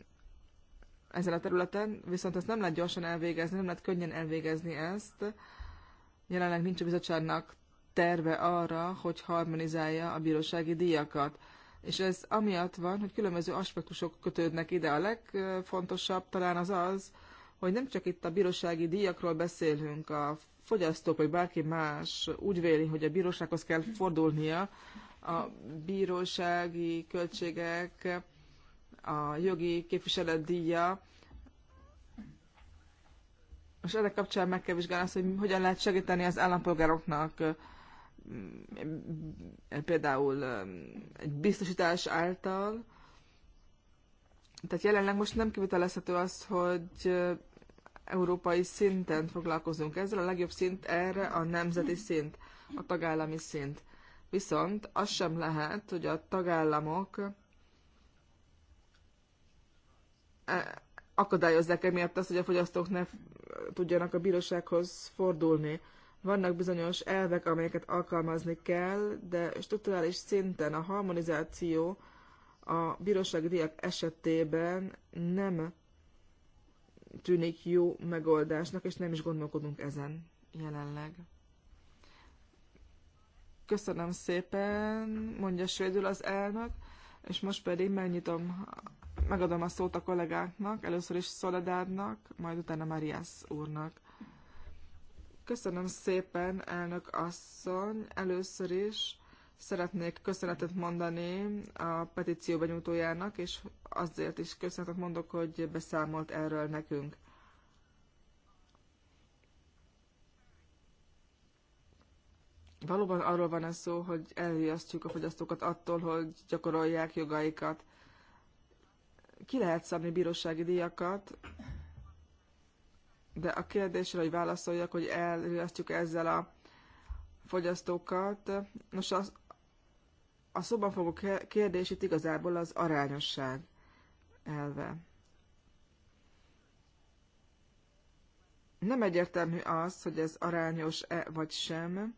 ezen a területen, viszont ezt nem lehet gyorsan elvégezni, nem lehet könnyen elvégezni ezt. Jelenleg nincs a bizottságnak terve arra, hogy harmonizálja a bírósági díjakat. És ez amiatt van, hogy különböző aspektusok kötődnek ide. A legfontosabb talán az az, hogy nem csak itt a bírósági díjakról beszélünk, a fogyasztók vagy bárki más úgy véli, hogy a bírósághoz kell fordulnia, a bírósági költségek, a jogi képviselet díja, és ennek kapcsán meg kell vizsgálni azt, hogy hogyan lehet segíteni az állampolgároknak például um, egy biztosítás által. Tehát jelenleg most nem kivitelezhető az, hogy európai szinten foglalkozunk ezzel, a legjobb szint erre a nemzeti szint, a tagállami szint. Viszont az sem lehet, hogy a tagállamok e, akadályozzák emiatt azt, hogy a fogyasztók ne tudjanak a bírósághoz fordulni. Vannak bizonyos elvek, amelyeket alkalmazni kell, de strukturális szinten a harmonizáció a bírósági díjak esetében nem tűnik jó megoldásnak, és nem is gondolkodunk ezen jelenleg. Köszönöm szépen, mondja svédül az elnök, és most pedig megnyitom, megadom a szót a kollégáknak, először is Szoledádnak, majd utána Marias úrnak. Köszönöm szépen, elnök asszony, először is Szeretnék köszönetet mondani a petíció benyújtójának, és azért is köszönetet mondok, hogy beszámolt erről nekünk. Valóban arról van ez szó, hogy elriasztjuk a fogyasztókat attól, hogy gyakorolják jogaikat. Ki lehet szabni bírósági díjakat, de a kérdésre, hogy válaszoljak, hogy elriasztjuk ezzel a fogyasztókat. Nos, az, a szóban fogok kérdés itt igazából az arányosság elve. Nem egyértelmű az, hogy ez arányos-e vagy sem.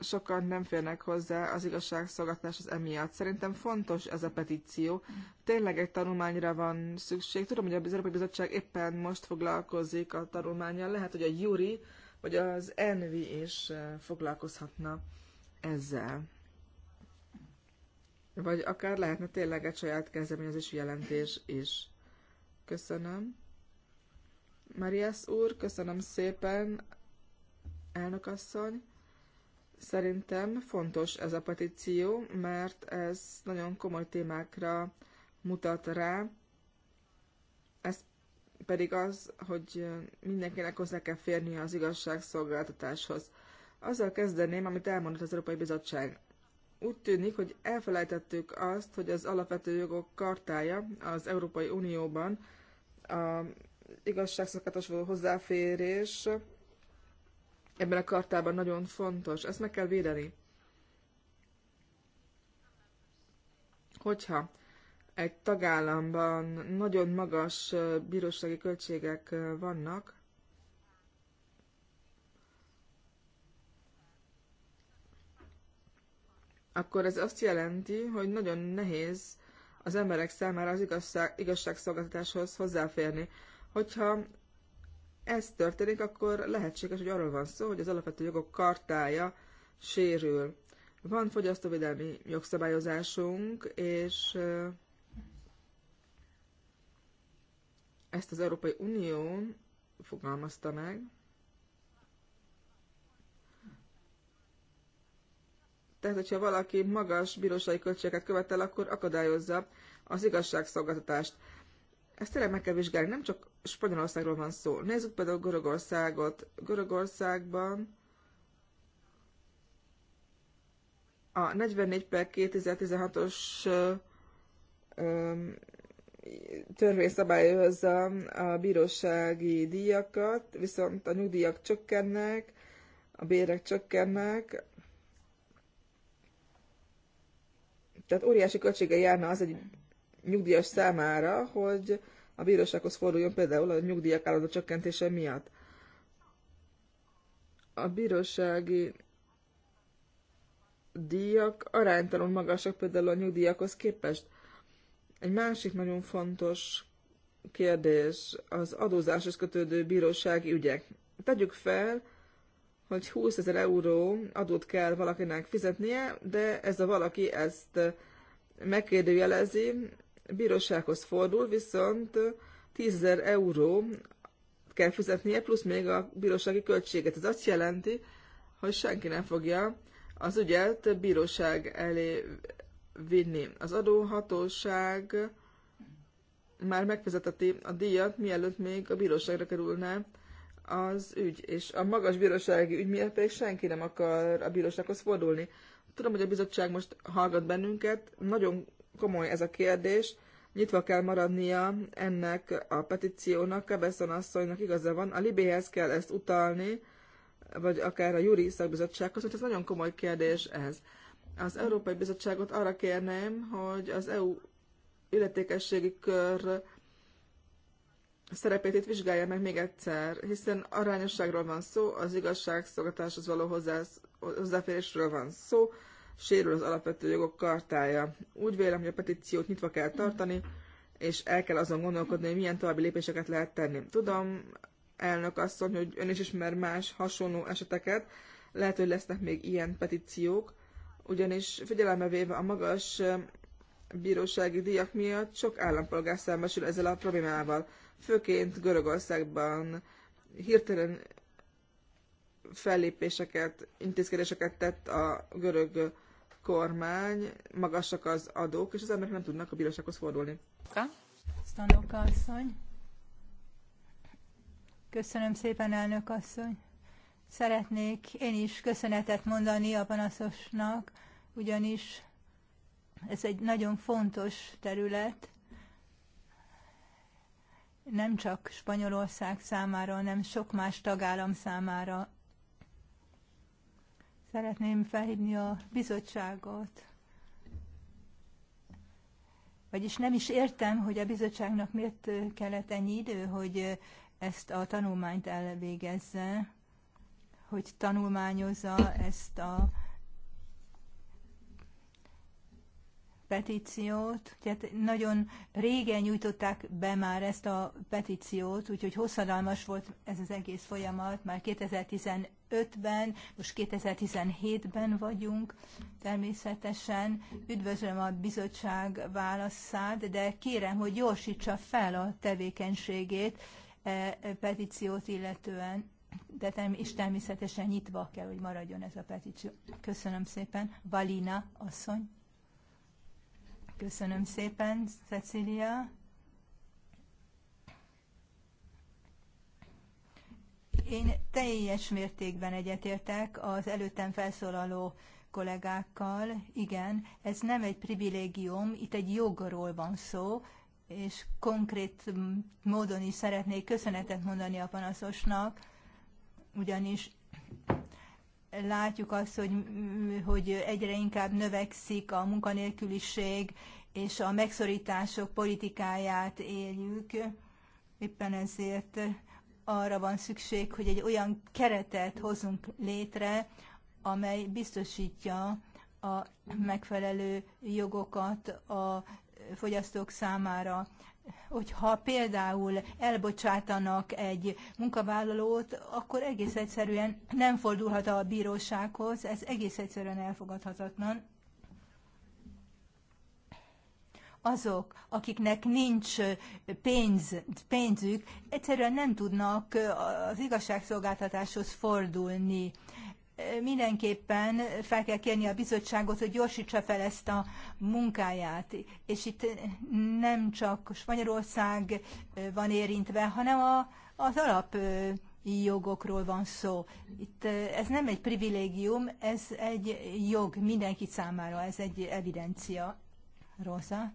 Sokan nem férnek hozzá az igazságszolgáltatás az emiatt. Szerintem fontos ez a petíció. Tényleg egy tanulmányra van szükség. Tudom, hogy a Európai Bizottság éppen most foglalkozik a tanulmányjal. Lehet, hogy a Juri hogy az ENVI is eh, foglalkozhatna ezzel. Vagy akár lehetne tényleg egy saját kezdeményezés jelentés is. Köszönöm. Marias úr, köszönöm szépen, elnökasszony. Szerintem fontos ez a petíció, mert ez nagyon komoly témákra mutat rá. Ezt pedig az, hogy mindenkinek hozzá kell férnie az igazságszolgáltatáshoz. Azzal kezdeném, amit elmondott az Európai Bizottság. Úgy tűnik, hogy elfelejtettük azt, hogy az alapvető jogok kartája az Európai Unióban az igazságszolgáltatás való hozzáférés ebben a kartában nagyon fontos. Ezt meg kell védeni. Hogyha egy tagállamban nagyon magas bírósági költségek vannak, akkor ez azt jelenti, hogy nagyon nehéz az emberek számára az igazság, igazságszolgáltatáshoz hozzáférni. Hogyha ez történik, akkor lehetséges, hogy arról van szó, hogy az alapvető jogok kartája sérül. Van fogyasztóvédelmi jogszabályozásunk, és Ezt az Európai Unió fogalmazta meg. Tehát, hogyha valaki magas bírósági költségeket követel, akkor akadályozza az igazságszolgáltatást. Ezt tényleg meg kell vizsgálni, nem csak Spanyolországról van szó. Nézzük például Görögországot. Görögországban a 44 per 2016-os törvény szabályozza a bírósági díjakat, viszont a nyugdíjak csökkennek, a bérek csökkennek, tehát óriási költsége járna az egy nyugdíjas számára, hogy a bírósághoz forduljon például a nyugdíjak állandó csökkentése miatt. A bírósági díjak aránytalan magasak például a nyugdíjakhoz képest. Egy másik nagyon fontos kérdés az adózáshoz kötődő bírósági ügyek. Tegyük fel, hogy 20 ezer euró adót kell valakinek fizetnie, de ez a valaki ezt megkérdőjelezi, bírósághoz fordul, viszont 10 ezer euró kell fizetnie, plusz még a bírósági költséget. Ez azt jelenti, hogy senki nem fogja az ügyet bíróság elé vinni. Az adóhatóság már megfizeteti a díjat, mielőtt még a bíróságra kerülne az ügy, és a magas bírósági ügy miatt pedig senki nem akar a bírósághoz fordulni. Tudom, hogy a bizottság most hallgat bennünket, nagyon komoly ez a kérdés, nyitva kell maradnia ennek a petíciónak, Kebeszon asszonynak igaza van, a Libéhez kell ezt utalni, vagy akár a Júri Szakbizottsághoz, hogy ez nagyon komoly kérdés ez. Az Európai Bizottságot arra kérném, hogy az EU illetékességi kör szerepét itt vizsgálja meg még egyszer, hiszen arányosságról van szó, az igazságszolgatáshoz való hozzáférésről van szó, sérül az alapvető jogok kartája. Úgy vélem, hogy a petíciót nyitva kell tartani, és el kell azon gondolkodni, hogy milyen további lépéseket lehet tenni. Tudom, elnök asszony, hogy ön is ismer más hasonló eseteket, lehet, hogy lesznek még ilyen petíciók, ugyanis figyelembe véve a magas bírósági díjak miatt sok állampolgár szembesül ezzel a problémával, főként Görögországban hirtelen fellépéseket, intézkedéseket tett a görög kormány, magasak az adók, és az emberek nem tudnak a bírósághoz fordulni. Köszönöm szépen, elnök asszony. Szeretnék én is köszönetet mondani a panaszosnak, ugyanis ez egy nagyon fontos terület, nem csak Spanyolország számára, hanem sok más tagállam számára. Szeretném felhívni a bizottságot. Vagyis nem is értem, hogy a bizottságnak miért kellett ennyi idő, hogy ezt a tanulmányt elvégezze hogy tanulmányozza ezt a petíciót. tehát nagyon régen nyújtották be már ezt a petíciót, úgyhogy hosszadalmas volt ez az egész folyamat, már 2015-ben, most 2017-ben vagyunk természetesen. Üdvözlöm a bizottság válaszát, de kérem, hogy gyorsítsa fel a tevékenységét e, e petíciót illetően de és természetesen nyitva kell, hogy maradjon ez a petíció. Köszönöm szépen. Valina asszony. Köszönöm szépen, Cecília. Én teljes mértékben egyetértek az előttem felszólaló kollégákkal. Igen, ez nem egy privilégium, itt egy jogról van szó, és konkrét módon is szeretnék köszönetet mondani a panaszosnak, ugyanis látjuk azt, hogy, hogy egyre inkább növekszik a munkanélküliség, és a megszorítások politikáját éljük. Éppen ezért arra van szükség, hogy egy olyan keretet hozunk létre, amely biztosítja a megfelelő jogokat a fogyasztók számára hogyha például elbocsátanak egy munkavállalót, akkor egész egyszerűen nem fordulhat a bírósághoz, ez egész egyszerűen elfogadhatatlan. Azok, akiknek nincs pénz, pénzük, egyszerűen nem tudnak az igazságszolgáltatáshoz fordulni mindenképpen fel kell kérni a bizottságot, hogy gyorsítsa fel ezt a munkáját. És itt nem csak Spanyolország van érintve, hanem a, az alap jogokról van szó. Itt ez nem egy privilégium, ez egy jog mindenki számára, ez egy evidencia. Rosa.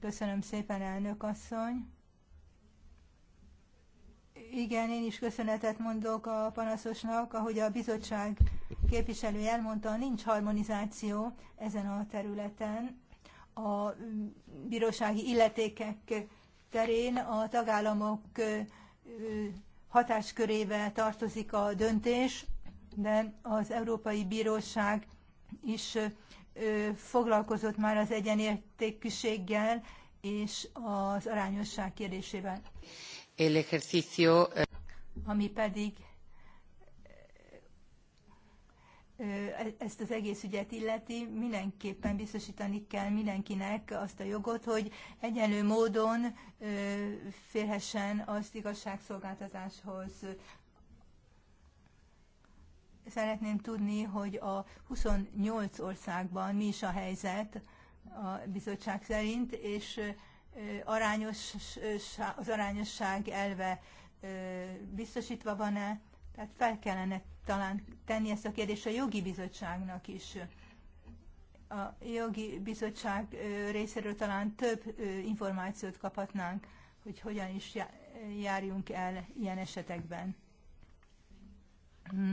Köszönöm szépen, elnök asszony igen, én is köszönetet mondok a panaszosnak, ahogy a bizottság képviselő elmondta, nincs harmonizáció ezen a területen. A mm, bírósági illetékek terén a tagállamok hatáskörébe tartozik a döntés, de az Európai Bíróság is foglalkozott már az egyenértékűséggel és az arányosság kérdésével. Eh, Ami pedig eh, e-, ezt az egész ügyet illeti, mindenképpen biztosítani kell mindenkinek azt a jogot, hogy egyenlő módon férhessen az igazságszolgáltatáshoz. Szeretném tudni, hogy a 28 országban mi is a helyzet a bizottság szerint, és arányos, az arányosság elve biztosítva van-e? Tehát fel kellene talán tenni ezt a kérdést a jogi bizottságnak is. A jogi bizottság részéről talán több információt kaphatnánk, hogy hogyan is járjunk el ilyen esetekben.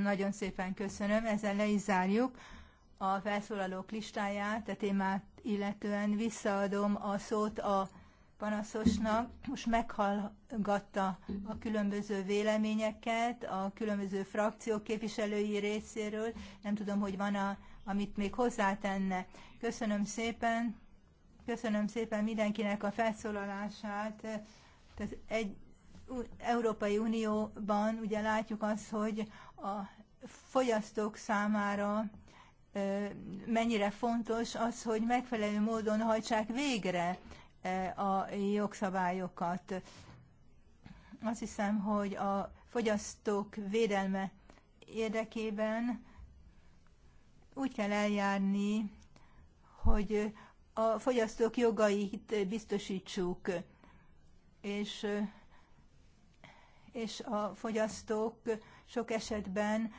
Nagyon szépen köszönöm, ezzel le is zárjuk a felszólalók listáját, a témát illetően visszaadom a szót a panaszosnak. Most meghallgatta a különböző véleményeket a különböző frakciók képviselői részéről. Nem tudom, hogy van, a, amit még hozzátenne. Köszönöm szépen. Köszönöm szépen mindenkinek a felszólalását. Tehát egy Európai Unióban ugye látjuk azt, hogy a fogyasztók számára mennyire fontos az, hogy megfelelő módon hajtsák végre a jogszabályokat. Azt hiszem, hogy a fogyasztók védelme érdekében úgy kell eljárni, hogy a fogyasztók jogait biztosítsuk, és, és a fogyasztók sok esetben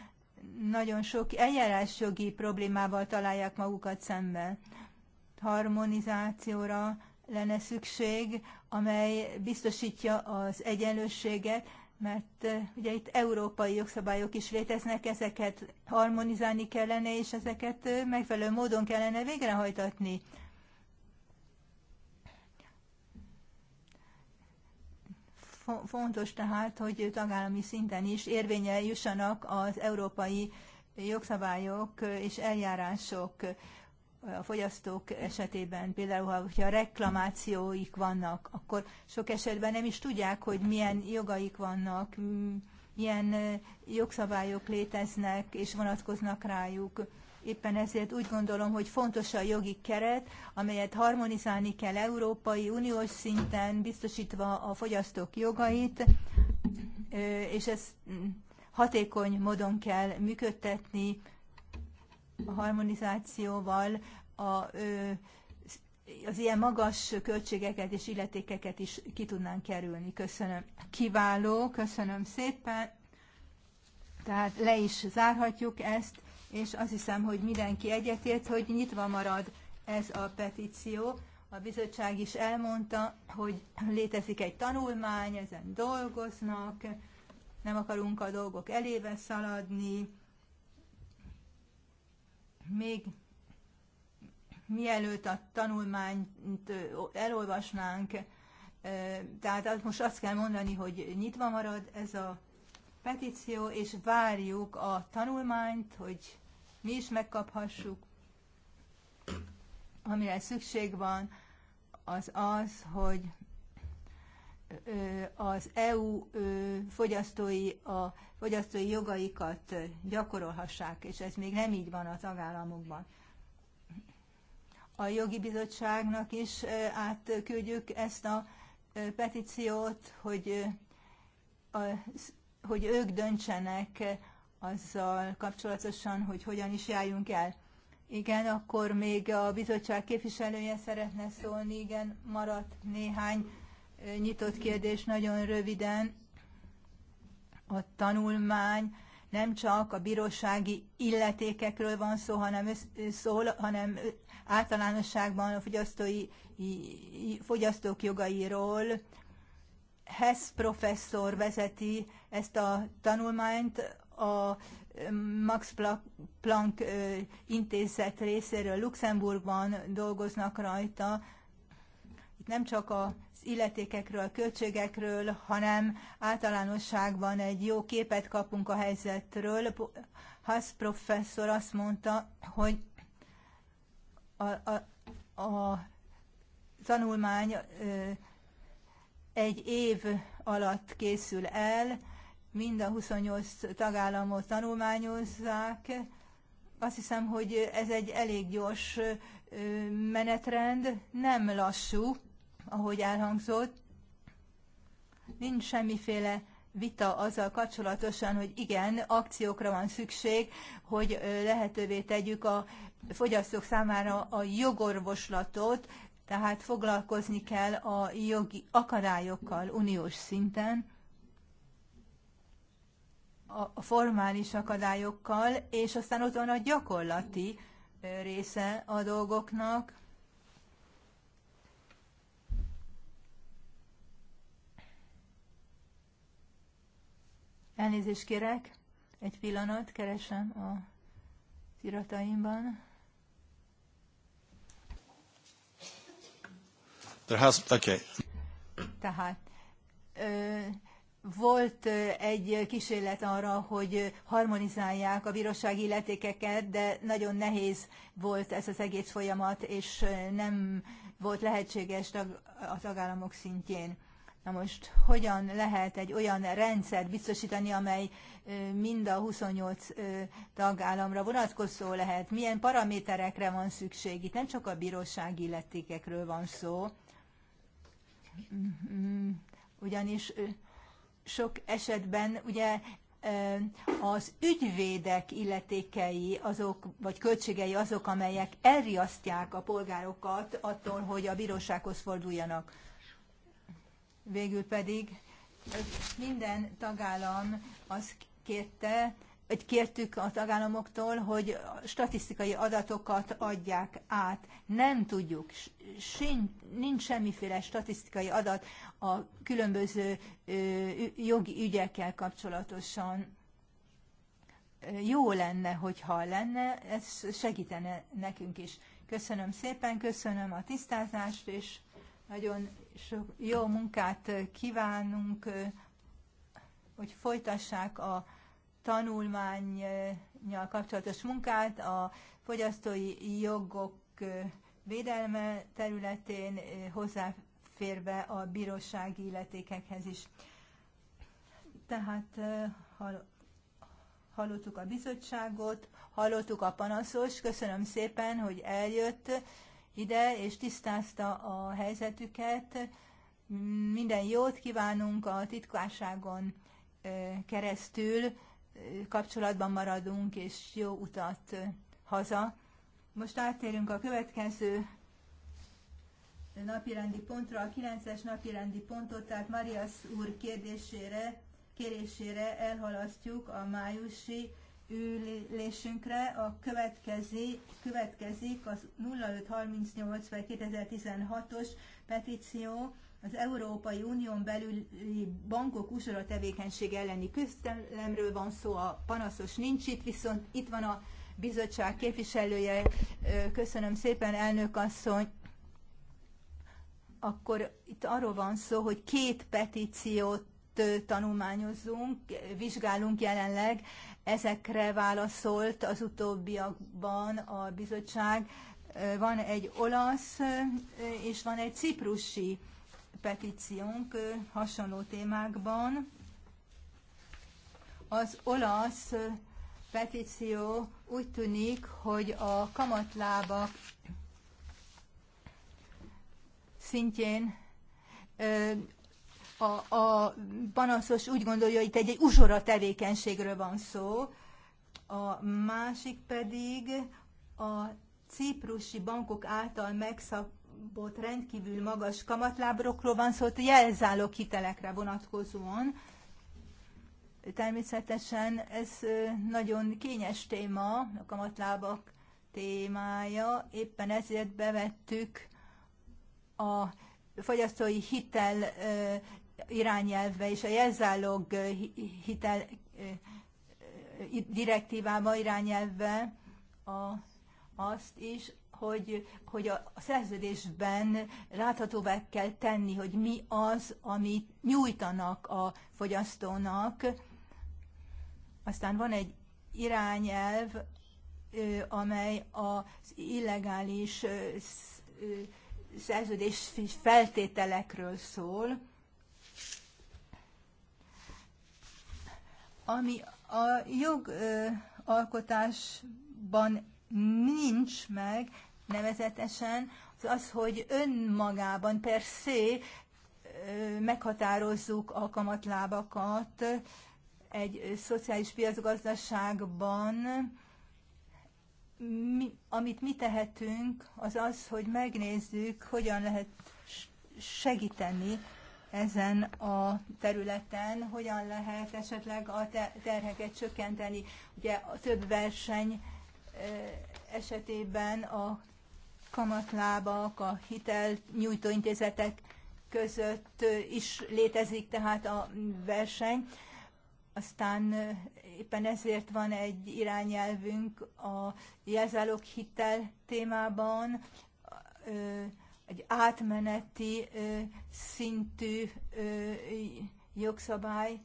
nagyon sok eljárásjogi problémával találják magukat szemben. Harmonizációra lenne szükség, amely biztosítja az egyenlőséget, mert eh, ugye itt európai jogszabályok is léteznek, ezeket harmonizálni kellene, és ezeket eh, megfelelő módon kellene végrehajtatni. Fontos tehát, hogy tagállami szinten is érvényel jussanak az európai jogszabályok eh, és eljárások a fogyasztók esetében, például ha reklamációik vannak, akkor sok esetben nem is tudják, hogy milyen jogaik vannak, milyen jogszabályok léteznek és vonatkoznak rájuk. Éppen ezért úgy gondolom, hogy fontos a jogi keret, amelyet harmonizálni kell Európai Uniós szinten, biztosítva a fogyasztók jogait, és ezt hatékony módon kell működtetni, a harmonizációval a, az ilyen magas költségeket és illetékeket is ki tudnánk kerülni. Köszönöm. Kiváló, köszönöm szépen. Tehát le is zárhatjuk ezt, és azt hiszem, hogy mindenki egyetért, hogy nyitva marad ez a petíció. A bizottság is elmondta, hogy létezik egy tanulmány, ezen dolgoznak, nem akarunk a dolgok elébe szaladni, még mielőtt a tanulmányt elolvasnánk, tehát most azt kell mondani, hogy nyitva marad ez a petíció, és várjuk a tanulmányt, hogy mi is megkaphassuk. Amire szükség van, az az, hogy az EU fogyasztói a fogyasztói jogaikat gyakorolhassák, és ez még nem így van a tagállamokban. A jogi bizottságnak is átküldjük ezt a petíciót, hogy, az, hogy ők döntsenek azzal kapcsolatosan, hogy hogyan is járjunk el. Igen, akkor még a bizottság képviselője szeretne szólni, igen, maradt néhány nyitott kérdés nagyon röviden. A tanulmány nem csak a bírósági illetékekről van szó, hanem, szól, hanem általánosságban a fogyasztói, fogyasztók jogairól. Hess professzor vezeti ezt a tanulmányt a Max Planck intézet részéről Luxemburgban dolgoznak rajta. Itt nem csak a illetékekről, költségekről, hanem általánosságban egy jó képet kapunk a helyzetről. Hasz professzor azt mondta, hogy a, a, a tanulmány egy év alatt készül el, mind a 28 tagállamot tanulmányozzák. Azt hiszem, hogy ez egy elég gyors menetrend, nem lassú, ahogy elhangzott, nincs semmiféle vita azzal kapcsolatosan, hogy igen, akciókra van szükség, hogy lehetővé tegyük a fogyasztók számára a jogorvoslatot, tehát foglalkozni kell a jogi akadályokkal uniós szinten, a formális akadályokkal, és aztán ott van a gyakorlati része a dolgoknak, Elnézést kérek, egy pillanat, keresem a irataimban. There has, okay. Tehát ö, volt egy kísérlet arra, hogy harmonizálják a bírósági illetékeket, de nagyon nehéz volt ez az egész folyamat, és nem volt lehetséges a tagállamok szintjén. Na most hogyan lehet egy olyan rendszert biztosítani, amely mind a 28 tagállamra vonatkozó lehet? Milyen paraméterekre van szükség? Itt nem csak a bíróság illetékekről van szó, mm-hmm. ugyanis sok esetben ugye az ügyvédek illetékei azok, vagy költségei azok, amelyek elriasztják a polgárokat attól, hogy a bírósághoz forduljanak. Végül pedig minden tagállam azt kérte, hogy kértük a tagállamoktól, hogy statisztikai adatokat adják át. Nem tudjuk, nincs semmiféle statisztikai adat a különböző jogi ügyekkel kapcsolatosan. Jó lenne, hogyha lenne, ez segítene nekünk is. Köszönöm szépen, köszönöm a tisztázást, és nagyon sok jó munkát kívánunk, hogy folytassák a tanulmányjal kapcsolatos munkát a fogyasztói jogok védelme területén hozzáférve a bírósági illetékekhez is. Tehát hallottuk a bizottságot, hallottuk a panaszos, köszönöm szépen, hogy eljött, ide, és tisztázta a helyzetüket. Minden jót kívánunk a titkárságon keresztül, kapcsolatban maradunk, és jó utat haza. Most áttérünk a következő napirendi pontra, a 9-es napirendi pontot, tehát Marias úr kérdésére, kérésére elhalasztjuk a májusi ülésünkre a következő, következik az 0538 2016-os petíció az Európai Unión belüli bankok usora tevékenység elleni küzdelemről van szó, a panaszos nincs itt, viszont itt van a bizottság képviselője. Köszönöm szépen, elnök asszony. Akkor itt arról van szó, hogy két petíciót tanulmányozunk, vizsgálunk jelenleg. Ezekre válaszolt az utóbbiakban a bizottság. Van egy olasz és van egy ciprusi petíciónk hasonló témákban. Az olasz petíció úgy tűnik, hogy a kamatlábak szintjén a, a panaszos úgy gondolja, hogy itt egy, egy uzsora tevékenységről van szó, a másik pedig a ciprusi bankok által megszabott rendkívül magas kamatlábrokról van szó, jelzáló hitelekre vonatkozóan. Természetesen ez nagyon kényes téma, a kamatlábak témája, éppen ezért bevettük a fogyasztói hitel irányelvbe és a jelzálog hitel direktívába, irányelvbe a, azt is, hogy, hogy a szerződésben láthatóvá kell tenni, hogy mi az, amit nyújtanak a fogyasztónak. Aztán van egy irányelv, amely az illegális szerződés feltételekről szól. ami a jogalkotásban nincs meg, nevezetesen az, az hogy önmagában per se meghatározzuk a kamatlábakat egy szociális piacgazdaságban, mi, amit mi tehetünk, az az, hogy megnézzük, hogyan lehet segíteni ezen a területen, hogyan lehet esetleg a terheket csökkenteni. Ugye a több verseny esetében a kamatlábak, a nyújtó intézetek között is létezik tehát a verseny. Aztán éppen ezért van egy irányelvünk a jelzálók hitel témában, egy átmeneti szintű jogszabály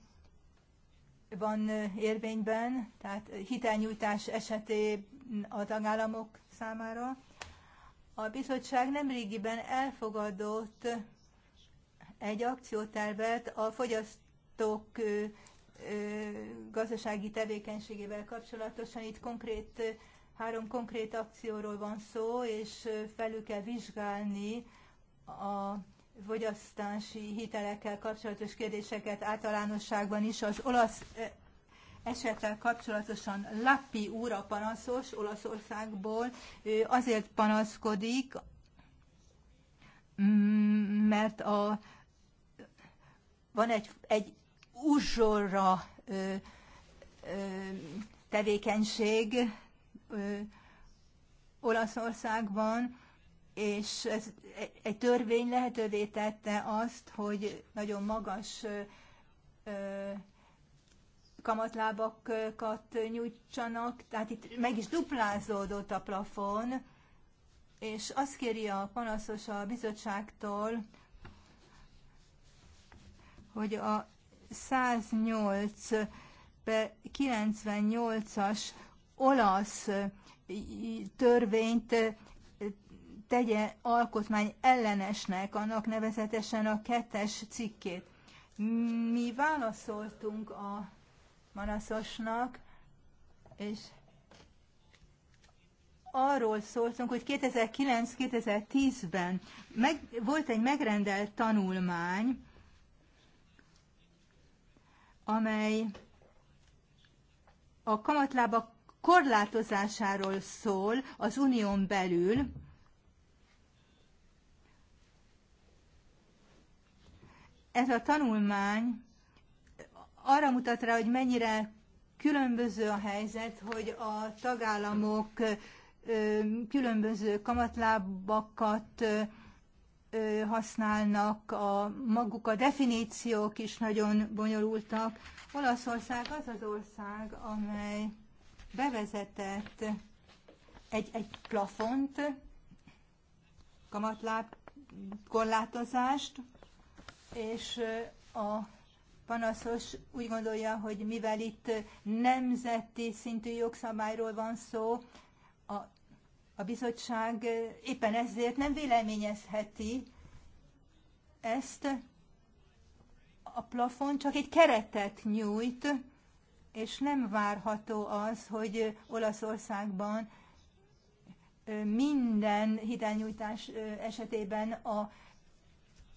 van érvényben, tehát hitelnyújtás esetén a tagállamok számára. A bizottság nemrégiben elfogadott egy akciótervet a fogyasztók gazdasági tevékenységével kapcsolatosan. Itt konkrét Három konkrét akcióról van szó, és felül kell vizsgálni a fogyasztási hitelekkel kapcsolatos kérdéseket általánosságban is. Az olasz esettel kapcsolatosan Lappi úr a panaszos Olaszországból, ő azért panaszkodik, mm, mert a, van egy, egy uzsorra ö, ö, tevékenység, Olaszországban, és ez, egy törvény lehetővé tette azt, hogy nagyon magas kamatlábakat nyújtsanak, tehát itt meg is duplázódott a plafon, és azt kéri a panaszos a bizottságtól, hogy a 108 98-as olasz törvényt tegye alkotmány ellenesnek, annak nevezetesen a kettes cikkét. Mi válaszoltunk a Manaszosnak, és arról szóltunk, hogy 2009-2010-ben meg, volt egy megrendelt tanulmány, amely a kamatlábak korlátozásáról szól az unión belül, ez a tanulmány arra mutat rá, hogy mennyire különböző a helyzet, hogy a tagállamok különböző kamatlábakat használnak, a, maguk a definíciók is nagyon bonyolultak. Olaszország az az ország, amely bevezetett egy, egy plafont, kamatláb korlátozást, és a panaszos úgy gondolja, hogy mivel itt nemzeti szintű jogszabályról van szó, a, a bizottság éppen ezért nem véleményezheti ezt a plafon, csak egy keretet nyújt, és nem várható az, hogy Olaszországban minden hitelnyújtás esetében a,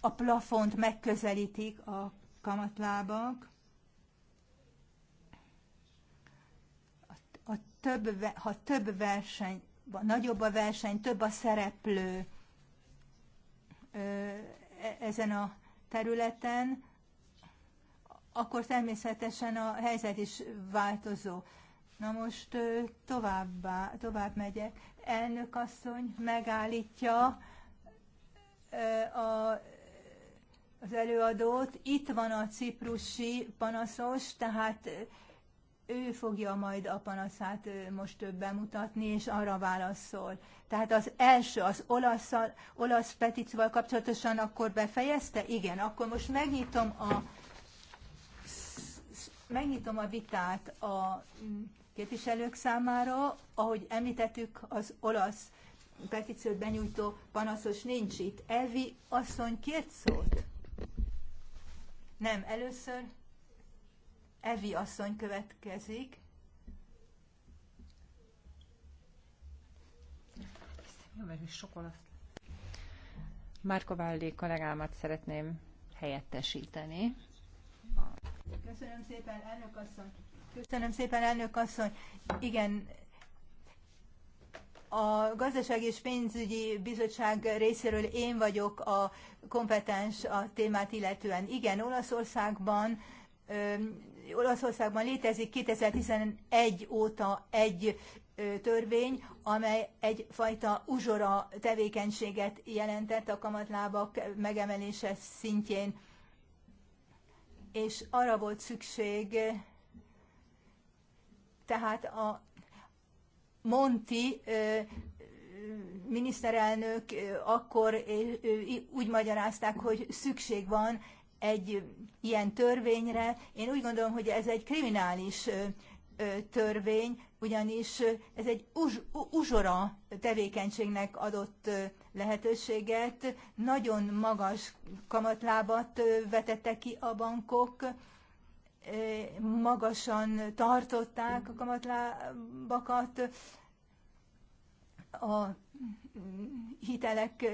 a plafont megközelítik a kamatlábak. A, a több, ha több verseny, nagyobb a verseny, több a szereplő e, ezen a területen, akkor természetesen a helyzet is változó. Na most továbbá, tovább megyek. Elnök asszony megállítja a, az előadót. Itt van a ciprusi panaszos, tehát ő fogja majd a panaszát most bemutatni, és arra válaszol. Tehát az első, az olasz, olasz petícióval kapcsolatosan akkor befejezte? Igen, akkor most megnyitom a Megnyitom a vitát a képviselők számára. Ahogy említettük, az olasz petíciót benyújtó panaszos nincs itt. Elvi asszony kért szót? Nem, először Evi asszony következik. Márko kollégámat szeretném helyettesíteni. Köszönöm szépen, elnök asszony. Köszönöm szépen, elnök asszony. Igen, a Gazdasági és Pénzügyi Bizottság részéről én vagyok a kompetens a témát illetően. Igen, Olaszországban ö, Olaszországban létezik 2011 óta egy ö, törvény, amely egyfajta uzsora tevékenységet jelentett a kamatlábak megemelése szintjén és arra volt szükség, eh, tehát a Monti eh, miniszterelnök eh, akkor úgy magyarázták, hogy szükség van egy ilyen törvényre. Én úgy gondolom, hogy ez egy kriminális törvény, ugyanis ez egy uz, uzsora tevékenységnek adott lehetőséget, nagyon magas kamatlábat vetettek ki a bankok, magasan tartották a kamatlábakat, a hitelek,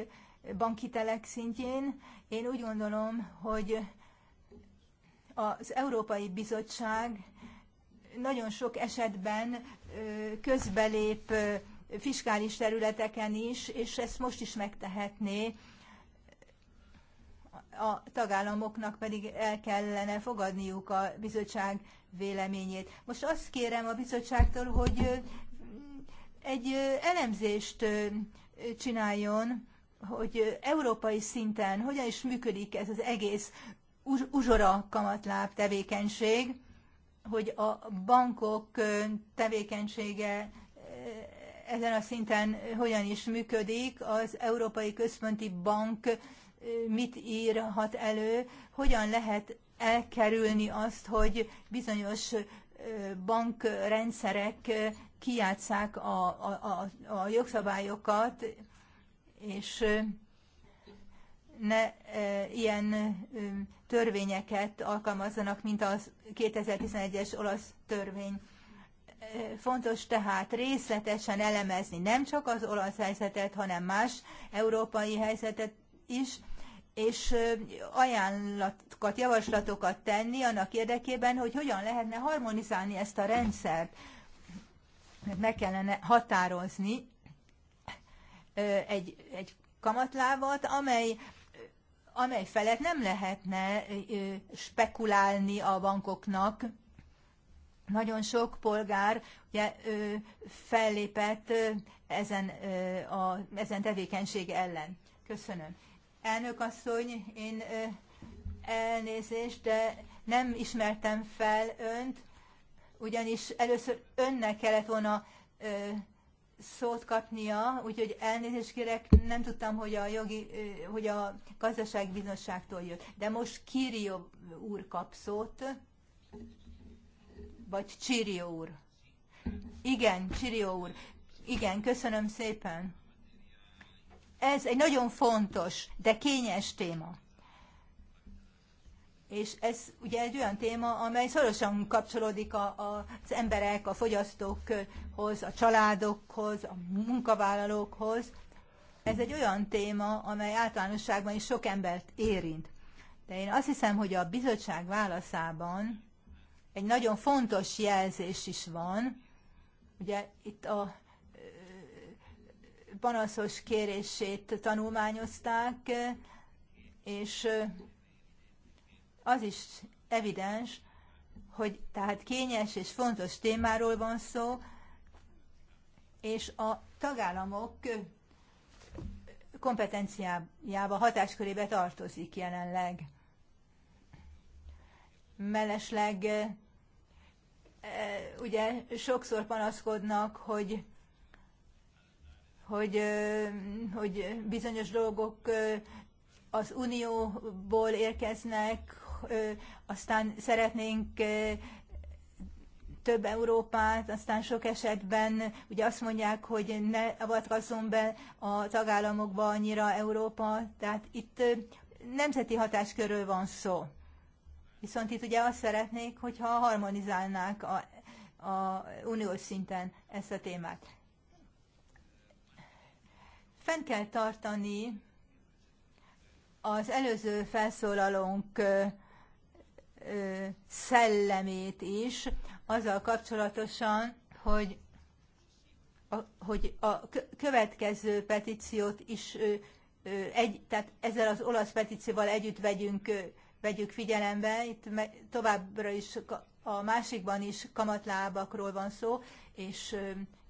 bankhitelek szintjén. Én úgy gondolom, hogy az Európai Bizottság nagyon sok esetben közbelép fiskális területeken is, és ezt most is megtehetné, a tagállamoknak pedig el kellene fogadniuk a bizottság véleményét. Most azt kérem a bizottságtól, hogy egy elemzést csináljon, hogy európai szinten hogyan is működik ez az egész uzsora kamatláb tevékenység, hogy a bankok tevékenysége ezen a szinten hogyan is működik, az Európai Központi Bank mit írhat elő, hogyan lehet elkerülni azt, hogy bizonyos bankrendszerek kijátszák a, a, a, a jogszabályokat, és ne ilyen törvényeket alkalmazzanak, mint a 2011-es olasz törvény. Fontos tehát részletesen elemezni nem csak az olasz helyzetet, hanem más európai helyzetet is, és ajánlatokat, javaslatokat tenni annak érdekében, hogy hogyan lehetne harmonizálni ezt a rendszert. Mert meg kellene határozni egy, egy kamatlávat, amely amely felett nem lehetne spekulálni a bankoknak. Nagyon sok polgár ugye, fellépett ezen, a, ezen tevékenység ellen. Köszönöm. Elnök asszony, én elnézést, de nem ismertem fel önt, ugyanis először önnek kellett volna szót kapnia, úgyhogy elnézést kérek, nem tudtam, hogy a, jogi, hogy a gazdaságbiztonságtól jött. De most Kirió úr kap szót, vagy Csirió úr. Igen, Csirió úr. Igen, köszönöm szépen. Ez egy nagyon fontos, de kényes téma. És ez ugye egy olyan téma, amely szorosan kapcsolódik a, a, az emberek, a fogyasztókhoz, a családokhoz, a munkavállalókhoz. Ez egy olyan téma, amely általánosságban is sok embert érint. De én azt hiszem, hogy a bizottság válaszában egy nagyon fontos jelzés is van. Ugye itt a panaszos kérését tanulmányozták, és az is evidens, hogy tehát kényes és fontos témáról van szó, és a tagállamok kompetenciájába, hatáskörébe tartozik jelenleg. Mellesleg e, ugye sokszor panaszkodnak, hogy, hogy, e, hogy bizonyos dolgok e, az unióból érkeznek, aztán szeretnénk több Európát, aztán sok esetben ugye azt mondják, hogy ne avatkozzon be a tagállamokba annyira Európa, tehát itt nemzeti hatáskörről van szó. Viszont itt ugye azt szeretnék, hogyha harmonizálnák a, a uniós szinten ezt a témát. Fenn kell tartani az előző felszólalónk szellemét is, azzal kapcsolatosan, hogy a, hogy a következő petíciót is egy, tehát ezzel az olasz petícióval együtt vegyünk, vegyük figyelembe. Itt továbbra is a másikban is kamatlábakról van szó, és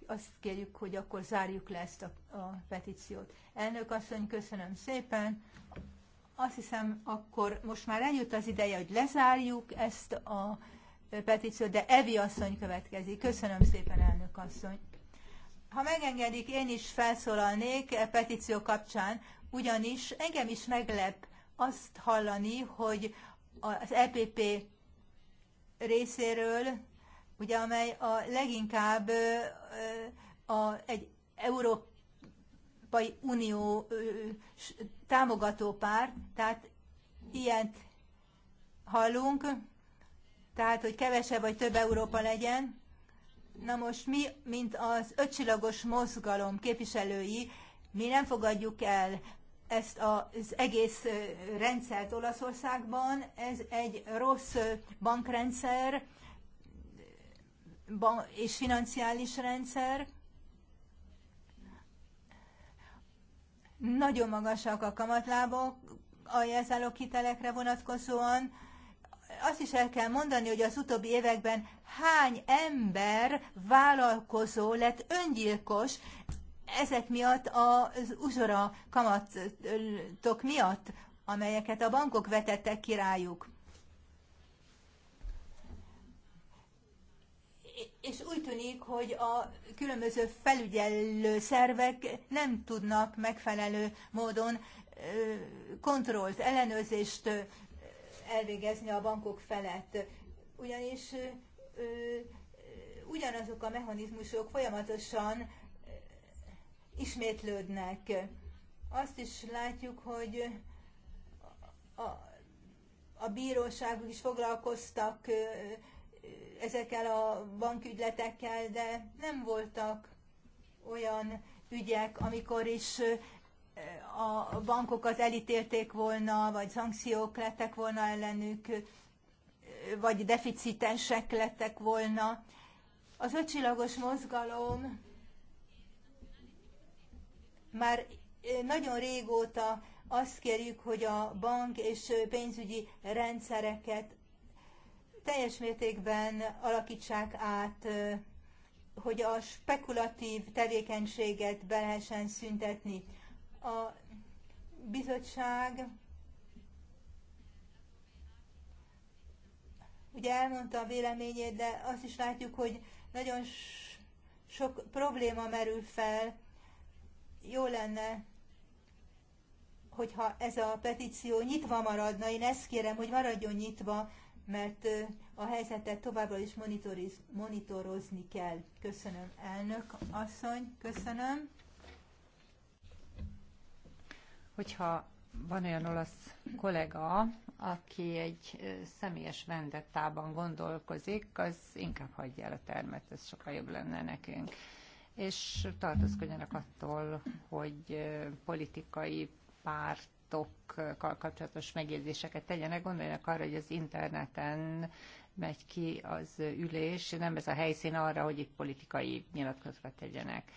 azt kérjük, hogy akkor zárjuk le ezt a, a petíciót. Elnök asszony, köszönöm szépen. Azt hiszem, akkor most már eljött az ideje, hogy lezárjuk ezt a petíciót, de Evi asszony következik. Köszönöm szépen, elnök asszony. Ha megengedik, én is felszólalnék a e petíció kapcsán, ugyanis engem is meglep azt hallani, hogy az EPP részéről, ugye, amely a leginkább a, egy Európai Európai Unió támogató párt, tehát ilyet hallunk, tehát hogy kevesebb vagy több Európa legyen. Na most mi, mint az ötcsillagos mozgalom képviselői, mi nem fogadjuk el ezt az egész rendszert Olaszországban. Ez egy rossz bankrendszer, és financiális rendszer, Nagyon magasak a kamatlábok a jelzálók hitelekre vonatkozóan. Azt is el kell mondani, hogy az utóbbi években hány ember vállalkozó lett öngyilkos ezek miatt az uzsora kamatok miatt, amelyeket a bankok vetettek királyuk. és úgy tűnik, hogy a különböző felügyelő szervek nem tudnak megfelelő módon kontrollt, ellenőrzést elvégezni a bankok felett. Ugyanis ugyanazok a mechanizmusok folyamatosan ismétlődnek. Azt is látjuk, hogy a, a bíróságok is foglalkoztak ezekkel a bankügyletekkel, de nem voltak olyan ügyek, amikor is a bankokat elítélték volna, vagy szankciók lettek volna ellenük, vagy deficitensek lettek volna. Az ötcsillagos mozgalom már nagyon régóta azt kérjük, hogy a bank és pénzügyi rendszereket teljes mértékben alakítsák át, hogy a spekulatív tevékenységet be lehessen szüntetni. A bizottság ugye elmondta a véleményét, de azt is látjuk, hogy nagyon sok probléma merül fel. Jó lenne, hogyha ez a petíció nyitva maradna, én ezt kérem, hogy maradjon nyitva, mert a helyzetet továbbra is monitorozni kell. Köszönöm, elnök asszony, köszönöm. Hogyha van olyan olasz kollega, aki egy személyes vendettában gondolkozik, az inkább hagyja el a termet, ez sokkal jobb lenne nekünk. És tartózkodjanak attól, hogy politikai párt adatokkal kapcsolatos megjegyzéseket tegyenek, gondoljanak arra, hogy az interneten megy ki az ülés, nem ez a helyszín arra, hogy itt politikai nyilatkozatokat tegyenek.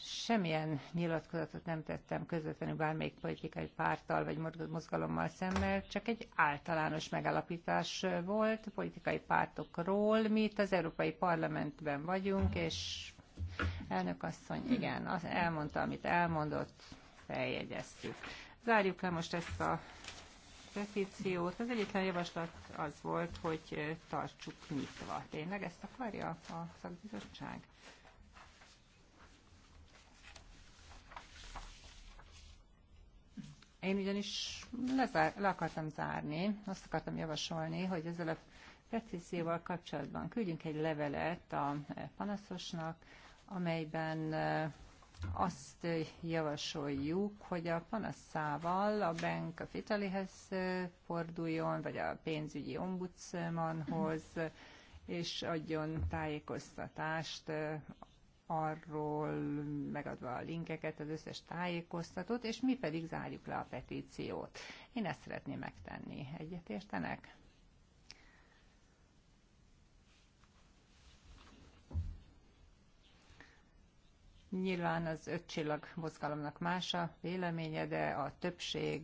Semmilyen nyilatkozatot nem tettem közvetlenül bármelyik politikai pártal vagy mozgalommal szemmel, csak egy általános megállapítás volt politikai pártokról. Mi itt az Európai Parlamentben vagyunk, és elnök asszony, igen, elmondta, amit elmondott, feljegyeztük. Zárjuk le most ezt a petíciót. Az egyetlen javaslat az volt, hogy tartsuk nyitva. Tényleg ezt akarja a szakbizottság? Én ugyanis lezár, le akartam zárni, azt akartam javasolni, hogy ezzel a petícióval kapcsolatban küldjünk egy levelet a panaszosnak, amelyben azt javasoljuk, hogy a panaszával a Bank of fitalihez forduljon, vagy a pénzügyi ombudsmanhoz, és adjon tájékoztatást arról, megadva a linkeket, az összes tájékoztatót, és mi pedig zárjuk le a petíciót. Én ezt szeretném megtenni. Egyetértenek? Nyilván az ötcsillag mozgalomnak más a véleménye, de a többség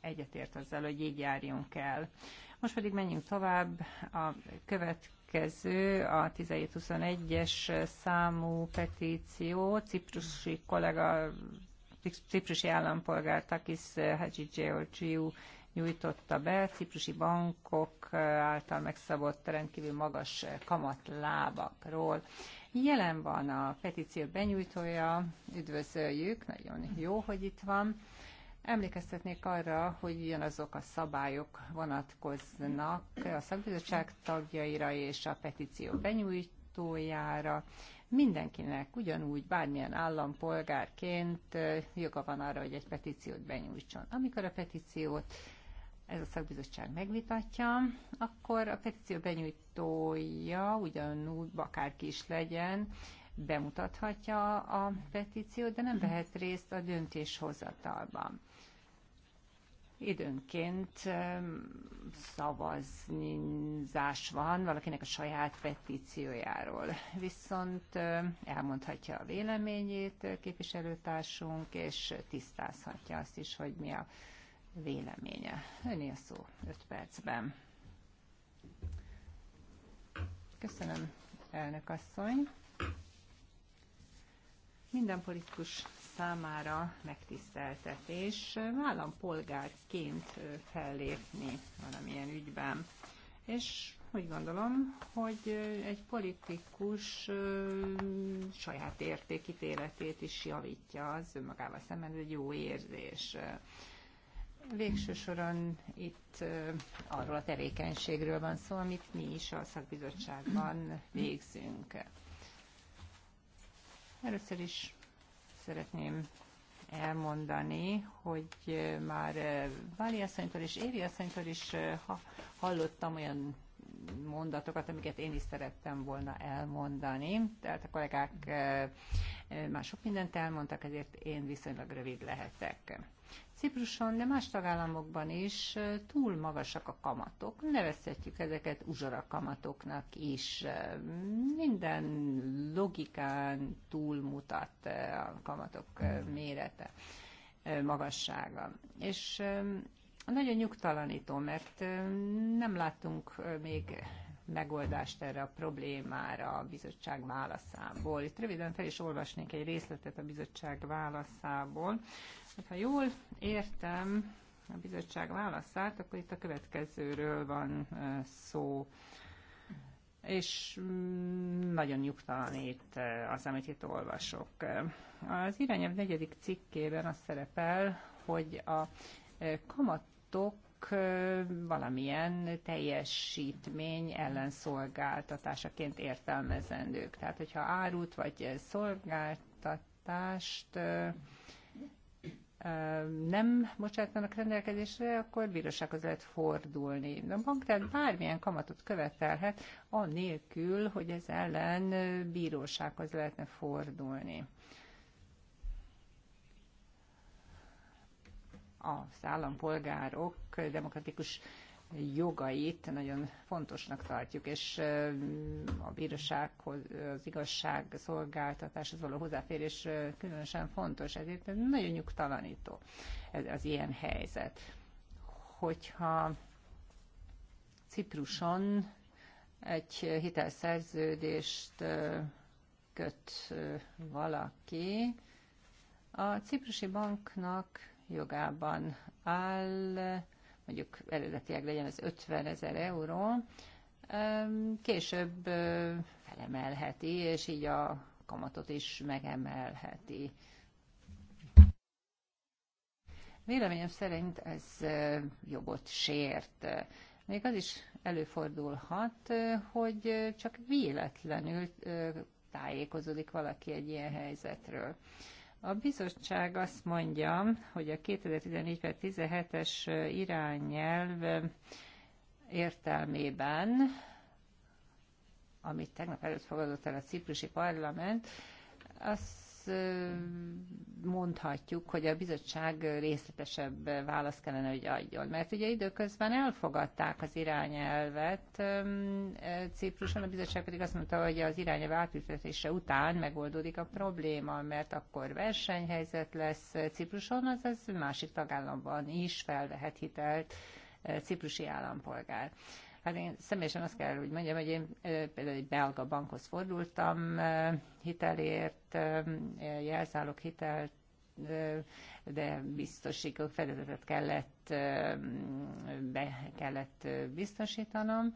egyetért azzal, hogy így járjunk el. Most pedig menjünk tovább a következő, a 1721-es számú petíció, ciprusi kollega, ciprusi állampolgár Takis Hadzsi Georgiou nyújtotta be ciprusi bankok által megszabott rendkívül magas kamatlábakról jelen van a petíció benyújtója, üdvözöljük, nagyon jó, hogy itt van. Emlékeztetnék arra, hogy ugyanazok a szabályok vonatkoznak a szakbizottság tagjaira és a petíció benyújtójára. Mindenkinek ugyanúgy, bármilyen állampolgárként joga van arra, hogy egy petíciót benyújtson. Amikor a petíciót ez a szakbizottság megvitatja, akkor a petíció benyújtója, ugyanúgy akárki is legyen, bemutathatja a petíciót, de nem vehet részt a döntéshozatalban. Időnként szavazás van valakinek a saját petíciójáról, viszont elmondhatja a véleményét képviselőtársunk, és tisztázhatja azt is, hogy mi a véleménye. Önél a szó 5 percben. Köszönöm, elnök asszony. Minden politikus számára megtiszteltetés állampolgárként fellépni valamilyen ügyben. És úgy gondolom, hogy egy politikus saját értékítéletét is javítja az önmagával szemben, ez egy jó érzés. Végső soron itt arról a tevékenységről van szó, amit mi is a szakbizottságban végzünk. Először is szeretném elmondani, hogy már Váli asszonytól és Évi asszonytól is hallottam olyan mondatokat, amiket én is szerettem volna elmondani. Tehát a kollégák már sok mindent elmondtak, ezért én viszonylag rövid lehetek. Cipruson, de más tagállamokban is túl magasak a kamatok. Nevezhetjük ezeket uzsora kamatoknak is. Minden logikán túlmutat a kamatok mérete, magassága. És nagyon nyugtalanító, mert nem láttunk még megoldást erre a problémára a bizottság válaszából. Itt röviden fel is olvasnék egy részletet a bizottság válaszából. Hát, ha jól értem a bizottság válaszát, akkor itt a következőről van szó és mm, nagyon itt az, amit itt olvasok. Az irányelv negyedik cikkében az szerepel, hogy a kamat adatok valamilyen teljesítmény ellenszolgáltatásaként értelmezendők. Tehát, hogyha árut vagy szolgáltatást nem bocsátanak rendelkezésre, akkor bírósághoz lehet fordulni. A bank tehát bármilyen kamatot követelhet, anélkül, hogy ez ellen bírósághoz lehetne fordulni. az állampolgárok demokratikus jogait nagyon fontosnak tartjuk, és a bírósághoz, az igazság szolgáltatáshoz való hozzáférés különösen fontos, ezért nagyon nyugtalanító ez az ilyen helyzet. Hogyha Cipruson egy hitelszerződést köt valaki, a ciprusi banknak jogában áll, mondjuk eredetileg legyen az 50 ezer euró, később felemelheti, és így a kamatot is megemelheti. Véleményem szerint ez jogot sért. Még az is előfordulhat, hogy csak véletlenül tájékozódik valaki egy ilyen helyzetről. A bizottság azt mondja, hogy a 2014-17-es irányelv értelmében, amit tegnap előtt fogadott el a ciprusi parlament, azt mondhatjuk, hogy a bizottság részletesebb választ kellene, hogy adjon. Mert ugye időközben elfogadták az irányelvet Cipruson, a bizottság pedig azt mondta, hogy az irányelv átültetése után megoldódik a probléma, mert akkor versenyhelyzet lesz Cipruson, azaz másik tagállamban is felvehet hitelt ciprusi állampolgár. Hát én személyesen azt kell, hogy mondjam, hogy én például egy belga bankhoz fordultam hitelért, jelzálog hitelt, de biztosító fedezetet kellett, be kellett biztosítanom.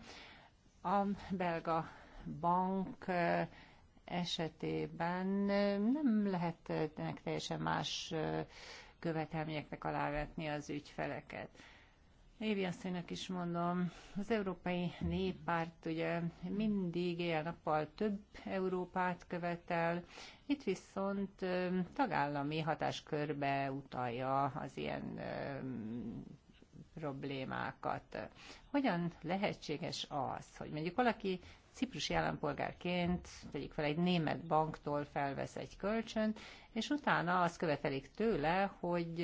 A belga bank esetében nem lehet teljesen más követelményeknek alávetni az ügyfeleket. Évi asszonynak is mondom, az Európai Néppárt ugye mindig ilyen nappal több Európát követel, itt viszont tagállami hatáskörbe utalja az ilyen problémákat. Hogyan lehetséges az, hogy mondjuk valaki ciprusi állampolgárként, tegyük fel, egy német banktól felvesz egy kölcsönt, és utána azt követelik tőle, hogy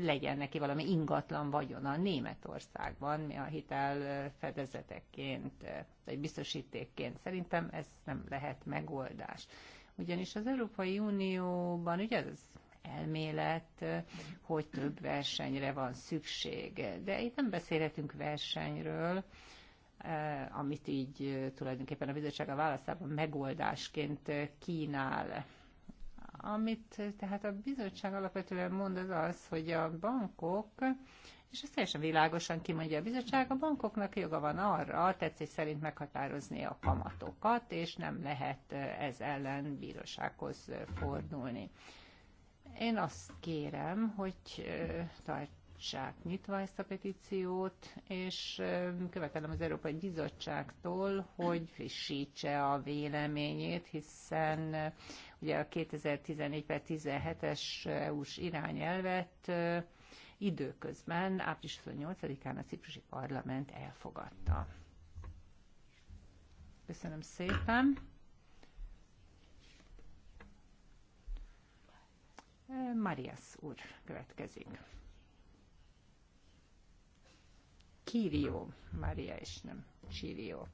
legyen neki valami ingatlan vagyona Németországban, mi a hitel fedezeteként, vagy biztosítékként. Szerintem ez nem lehet megoldás. Ugyanis az Európai Unióban, ugye az elmélet, hogy több versenyre van szükség. De itt nem beszélhetünk versenyről, Eh, amit így eh, tulajdonképpen a bizottság a válaszában megoldásként eh, kínál. Amit tehát a bizottság alapvetően mond az az, hogy a bankok, és ezt teljesen világosan kimondja a bizottság, a bankoknak joga van arra, tetszés szerint meghatározni a kamatokat, és nem lehet ez ellen bírósághoz fordulni. Én azt kérem, hogy tart bizottság nyitva ezt a petíciót, és követelem az Európai Bizottságtól, hogy frissítse a véleményét, hiszen ugye a 2014 per 17-es EU-s irányelvet időközben, április 28-án a ciprusi parlament elfogadta. Köszönöm szépen! Marias úr következik. Kírió, Mária és nem Sírió.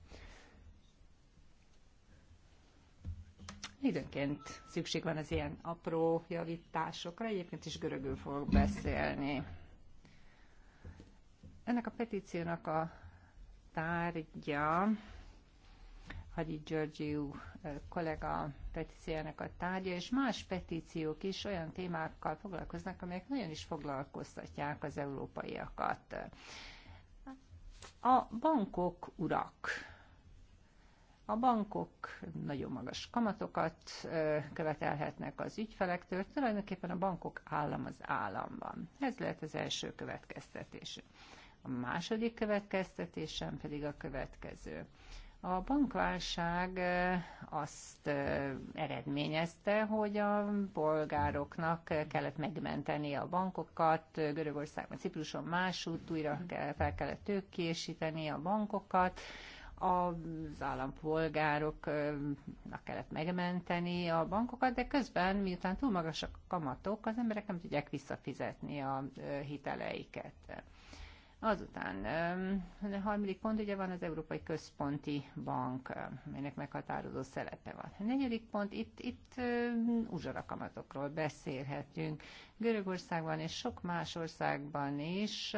Időnként szükség van az ilyen apró javításokra, egyébként is görögül fogok beszélni. Ennek a petíciónak a tárgya Hadi Georgiou kollega petíciójának a tárgya, és más petíciók is olyan témákkal foglalkoznak, amelyek nagyon is foglalkoztatják az európaiakat. A bankok urak. A bankok nagyon magas kamatokat követelhetnek az ügyfelektől, tulajdonképpen a bankok állam az államban. Ez lehet az első következtetésünk. A második következtetésem pedig a következő. A bankválság azt eredményezte, hogy a polgároknak kellett megmenteni a bankokat, Görögországban, Cipruson másút újra mhm. fel kellett tőkésíteni a bankokat, az állampolgároknak kellett megmenteni a bankokat, de közben, miután túl magasak a kamatok, az emberek nem tudják visszafizetni a hiteleiket. Azután a harmadik pont ugye van az Európai Központi Bank, melynek meghatározó szerepe van. A negyedik pont, itt, itt uzsorakamatokról beszélhetünk. Görögországban és sok más országban is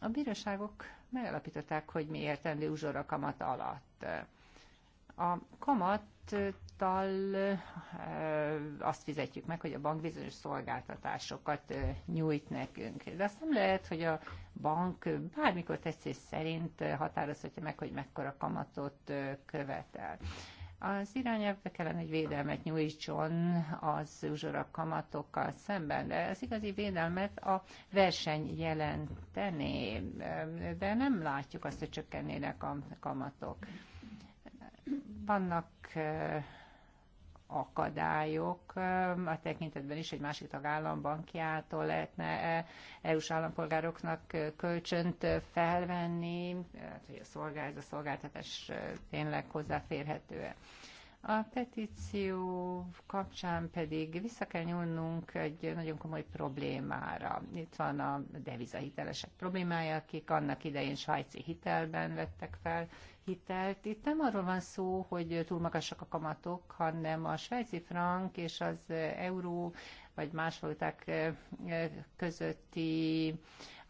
a bíróságok megalapították, hogy mi értendő uzsorakamata alatt. A kamat ezáltal eh, azt fizetjük meg, hogy a bank bizonyos szolgáltatásokat eh, nyújt nekünk. De azt nem lehet, hogy a bank bármikor tetszés szerint eh, határozhatja meg, hogy mekkora kamatot követel. Az irányelvbe kellene, hogy védelmet nyújtson az uzsora kamatokkal szemben, de az igazi védelmet a verseny jelentené, de nem látjuk azt, hogy csökkennének a kamatok. Vannak akadályok a tekintetben is egy másik tagállam bankjától lehetne EU-s állampolgároknak kölcsönt felvenni, hát, hogy a, a szolgáltatás tényleg hozzáférhető-e. A petíció kapcsán pedig vissza kell nyúlnunk egy nagyon komoly problémára. Itt van a devizahitelesek problémája, akik annak idején svájci hitelben vettek fel hitelt. Itt nem arról van szó, hogy túl magasak a kamatok, hanem a svájci frank és az euró vagy más valuták eh, eh, közötti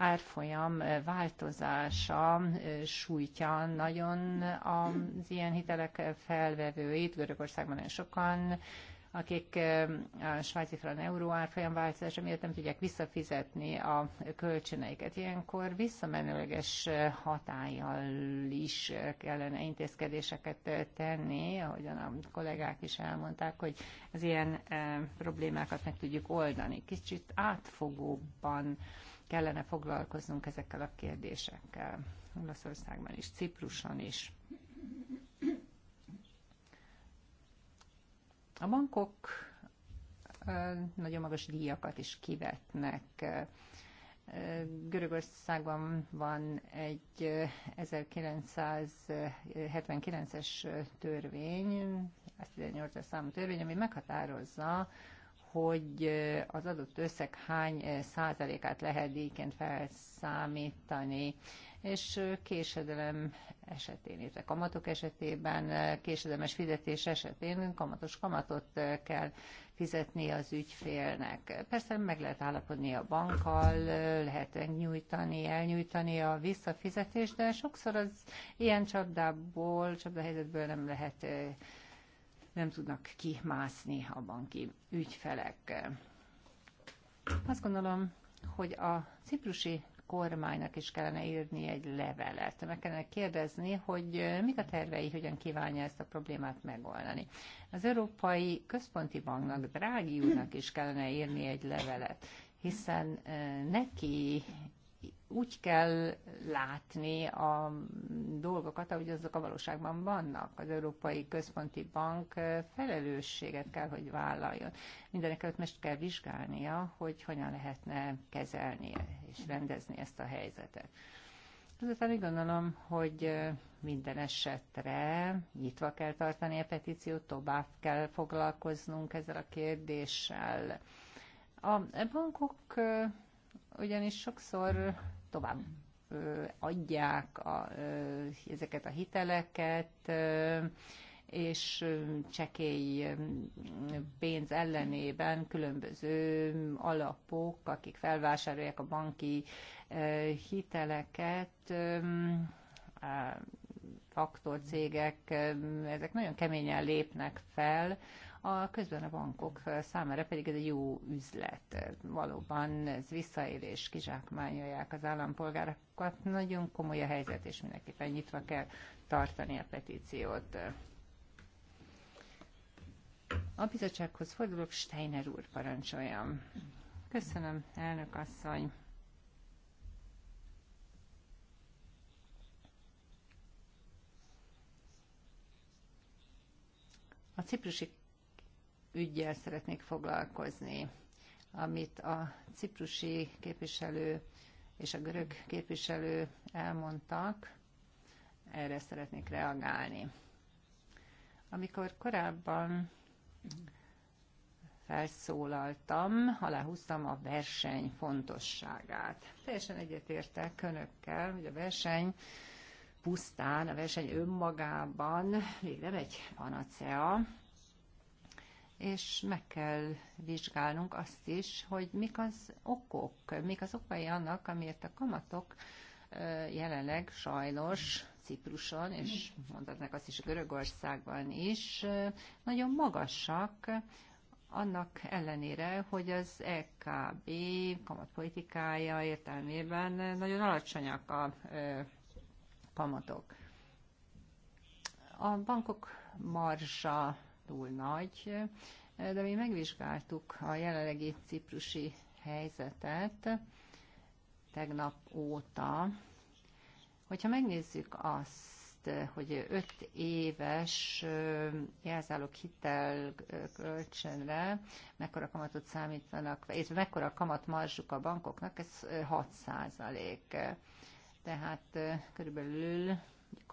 árfolyam változása sújtja nagyon az ilyen hitelek felvevőit. Görögországban nagyon sokan akik a svájci fran euró árfolyam változása miatt nem tudják visszafizetni a kölcsöneiket. Ilyenkor visszamenőleges hatállyal is kellene intézkedéseket tenni, ahogyan a kollégák is elmondták, hogy az ilyen problémákat meg tudjuk oldani. Kicsit átfogóbban kellene foglalkoznunk ezekkel a kérdésekkel. Olaszországban is, Cipruson is. A bankok nagyon magas díjakat is kivetnek. Görögországban van egy 1979-es törvény, 18 számú törvény, ami meghatározza, hogy az adott összeg hány százalékát lehet díjként felszámítani, és késedelem esetén, illetve kamatok esetében, késedelmes fizetés esetén kamatos kamatot kell fizetni az ügyfélnek. Persze meg lehet állapodni a bankkal, lehet nyújtani, elnyújtani a visszafizetést, de sokszor az ilyen csapdából, csapdahelyzetből nem lehet nem tudnak kimászni a banki ügyfelek. Azt gondolom, hogy a ciprusi kormánynak is kellene írni egy levelet. Meg kellene kérdezni, hogy mik a tervei, hogyan kívánja ezt a problémát megoldani. Az Európai Központi Banknak, Drági úrnak is kellene írni egy levelet, hiszen eh, neki úgy kell látni a dolgokat, ahogy azok a valóságban vannak. Az Európai Központi Bank felelősséget kell, hogy vállaljon. Mindenek előtt most kell vizsgálnia, hogy hogyan lehetne kezelni és rendezni ezt a helyzetet. Azután úgy gondolom, hogy minden esetre nyitva kell tartani a petíciót, tovább kell foglalkoznunk ezzel a kérdéssel. A bankok ugyanis sokszor tovább adják a, ezeket a hiteleket, és csekély pénz ellenében különböző alapok, akik felvásárolják a banki hiteleket, faktorcégek, ezek nagyon keményen lépnek fel a közben a bankok számára pedig ez egy jó üzlet. Valóban ez visszaélés, kizsákmányolják az állampolgárokat. Nagyon komoly a helyzet, és mindenképpen nyitva kell tartani a petíciót. A bizottsághoz fordulok, Steiner úr parancsoljam. Köszönöm, elnök asszony. A ciprusi ügyjel szeretnék foglalkozni, amit a ciprusi képviselő és a görög képviselő elmondtak, erre szeretnék reagálni. Amikor korábban felszólaltam, aláhúztam a verseny fontosságát. Teljesen egyetértek önökkel, hogy a verseny pusztán, a verseny önmagában még nem egy panacea, és meg kell vizsgálnunk azt is, hogy mik az okok, mik az okai annak, amiért a kamatok jelenleg sajnos Cipruson, és mondhatnak azt is Görögországban is, nagyon magasak, annak ellenére, hogy az EKB kamatpolitikája értelmében nagyon alacsonyak a kamatok. A bankok marzsa túl nagy, de mi megvizsgáltuk a jelenlegi ciprusi helyzetet tegnap óta. Hogyha megnézzük azt, hogy 5 éves jelzálók hitel kölcsönre mekkora kamatot számítanak, és mekkora kamat marzsuk a bankoknak, ez 6 százalék. Tehát körülbelül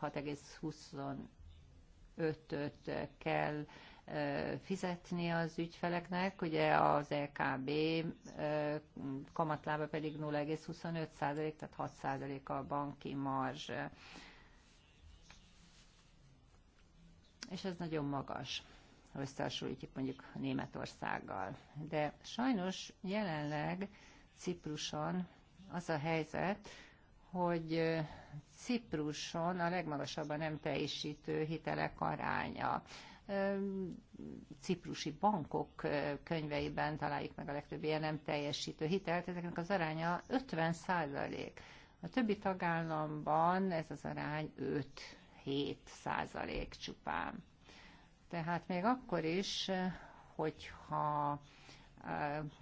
6,25-öt kell fizetni az ügyfeleknek, ugye az LKB e kamatlába pedig 0,25 százalék, tehát 6 százalék a banki marzs. És ez nagyon magas ha összehasonlítjuk mondjuk Németországgal. De sajnos jelenleg Cipruson az a helyzet, hogy Cipruson a legmagasabban nem teljesítő hitelek aránya ciprusi bankok könyveiben találjuk meg a legtöbb ilyen nem teljesítő hitelt, ezeknek az aránya 50 százalék. A többi tagállamban ez az arány 5-7 százalék csupán. Tehát még akkor is, hogyha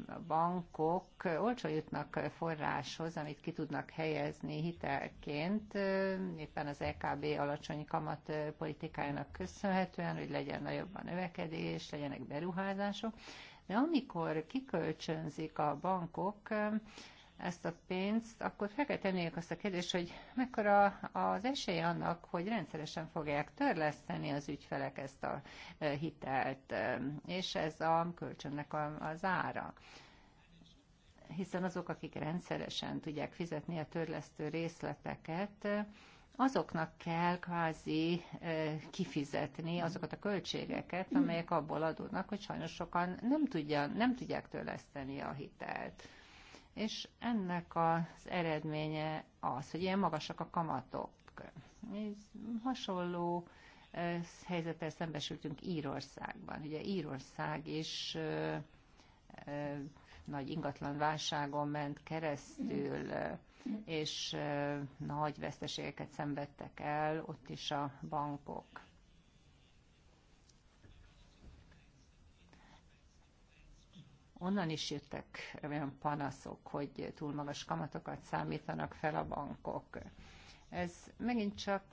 a bankok olcsó jutnak forráshoz, amit ki tudnak helyezni hitelként, éppen az EKB alacsony kamat politikájának köszönhetően, hogy legyen nagyobb a növekedés, legyenek beruházások, de amikor kikölcsönzik a bankok, ezt a pénzt, akkor fel kell tenniük azt a kérdést, hogy mekkora az esély annak, hogy rendszeresen fogják törleszteni az ügyfelek ezt a e, hitelt, e, és ez a kölcsönnek az ára hiszen azok, akik rendszeresen tudják fizetni a törlesztő részleteket, azoknak kell kvázi e, kifizetni azokat a költségeket, amelyek abból adódnak, hogy sajnos sokan nem, tudja, nem tudják törleszteni a hitelt és ennek az eredménye az, hogy ilyen magasak a kamatok. Ez hasonló helyzettel szembesültünk Írországban. Ugye Írország is nagy ingatlan válságon ment keresztül, és nagy veszteségeket szenvedtek el ott is a bankok. onnan is jöttek olyan panaszok, hogy túl magas kamatokat számítanak fel a bankok. Ez megint csak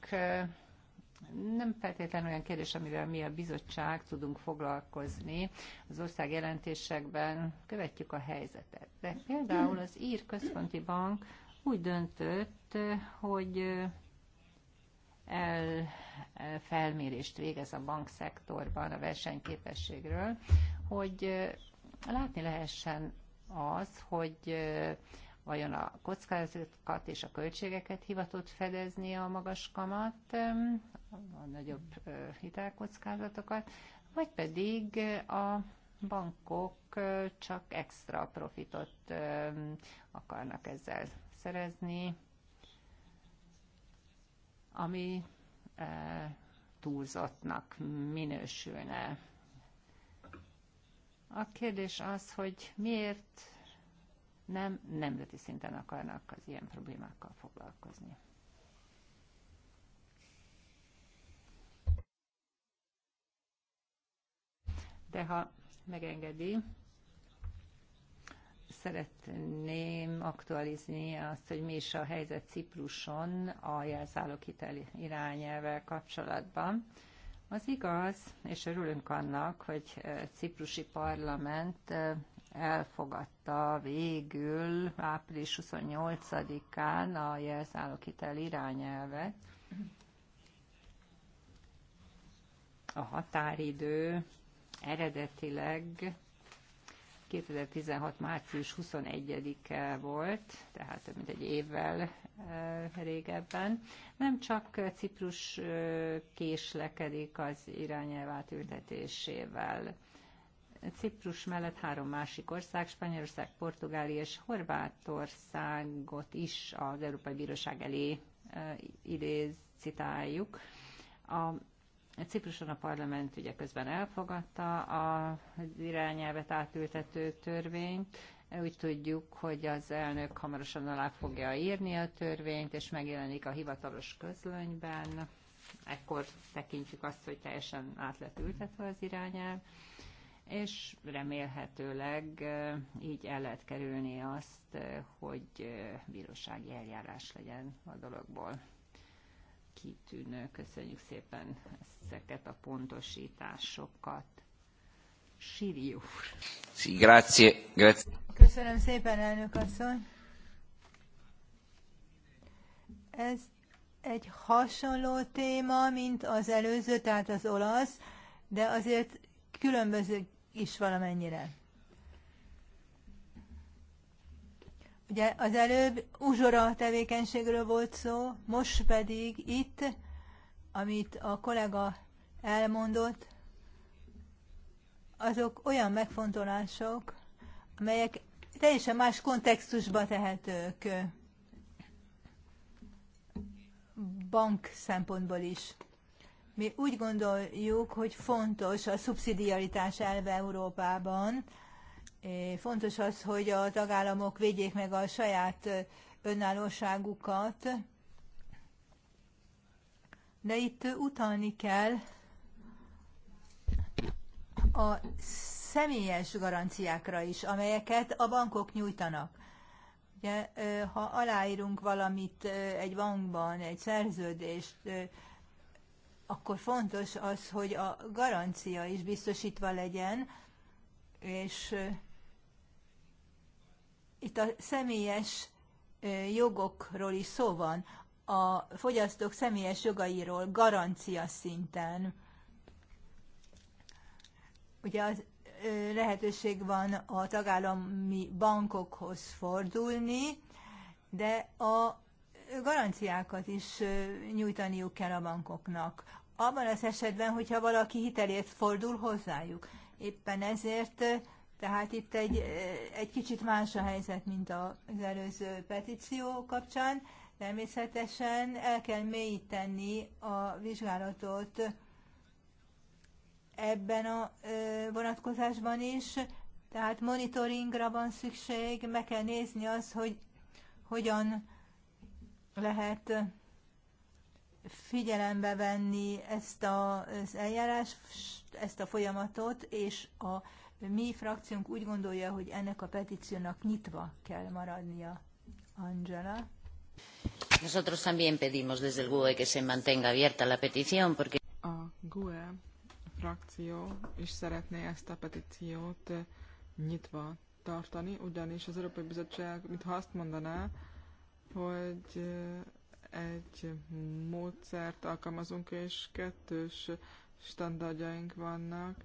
nem feltétlenül olyan kérdés, amivel mi a bizottság tudunk foglalkozni. Az ország jelentésekben követjük a helyzetet. De például az Ír Központi Bank úgy döntött, hogy el, felmérést végez a bankszektorban a versenyképességről, hogy látni lehessen az, hogy vajon a kockázatokat és a költségeket hivatott fedezni a magas kamat, a nagyobb hitelkockázatokat, vagy pedig a bankok csak extra profitot akarnak ezzel szerezni, ami e, túlzottnak minősülne. A kérdés az, hogy miért nem nemzeti szinten akarnak az ilyen problémákkal foglalkozni. De ha megengedi, szeretném aktualizni azt, hogy mi is a helyzet Cipruson a jelzáloghitel irányelvel kapcsolatban. Az igaz, és örülünk annak, hogy Ciprusi Parlament elfogadta végül április 28-án a jelzáloghitel irányelve. A határidő eredetileg 2016. március 21-e volt, tehát több mint egy évvel eh, régebben. Nem csak Ciprus eh, késlekedik az irányelv átültetésével. Ciprus mellett három másik ország, Spanyolország, Portugália és Horvátországot is az Európai Bíróság elé eh, idéz, citáljuk. A Cipruson a parlament ugye közben elfogadta az irányelvet átültető törvényt, úgy tudjuk, hogy az elnök hamarosan alá fogja írni a törvényt, és megjelenik a hivatalos közlönyben. Ekkor tekintjük azt, hogy teljesen át lett ültetve az irányelv, és remélhetőleg így el lehet kerülni azt, hogy bírósági eljárás legyen a dologból kitűnő. Köszönjük szépen ezeket a pontosításokat. Siri úr. Sí, grazie, grazie. Köszönöm szépen, elnök asszony. Ez egy hasonló téma, mint az előző, tehát az olasz, de azért különböző is valamennyire. Ugye az előbb uzsora tevékenységről volt szó, most pedig itt, amit a kollega elmondott, azok olyan megfontolások, amelyek teljesen más kontextusba tehetők bank szempontból is. Mi úgy gondoljuk, hogy fontos a szubszidiaritás elve Európában, Eh, fontos az, hogy a tagállamok védjék meg a saját eh, önállóságukat, de itt eh, utalni kell a személyes garanciákra is, amelyeket a bankok nyújtanak. Ugye, ha aláírunk valamit egy bankban, egy szerződést, akkor fontos az, hogy a garancia is biztosítva legyen, és itt a személyes jogokról is szó van, a fogyasztók személyes jogairól garancia szinten. Ugye az lehetőség van a tagállami bankokhoz fordulni, de a garanciákat is nyújtaniuk kell a bankoknak. Abban az esetben, hogyha valaki hitelért fordul hozzájuk. Éppen ezért tehát itt egy, egy kicsit más a helyzet, mint az előző petíció kapcsán. Természetesen el kell mélyíteni a vizsgálatot ebben a vonatkozásban is, tehát monitoringra van szükség, meg kell nézni az, hogy hogyan lehet figyelembe venni ezt az eljárást, ezt a folyamatot és a mi frakciónk úgy gondolja, hogy ennek a petíciónak nyitva kell maradnia. Angela. Nosotros también pedimos desde el GUE que se mantenga abierta la petición porque... A GUE frakció is szeretné ezt a petíciót eh, nyitva tartani, ugyanis az Európai Bizottság, mintha azt mondaná, hogy eh, egy módszert alkalmazunk, és kettős standardjaink vannak.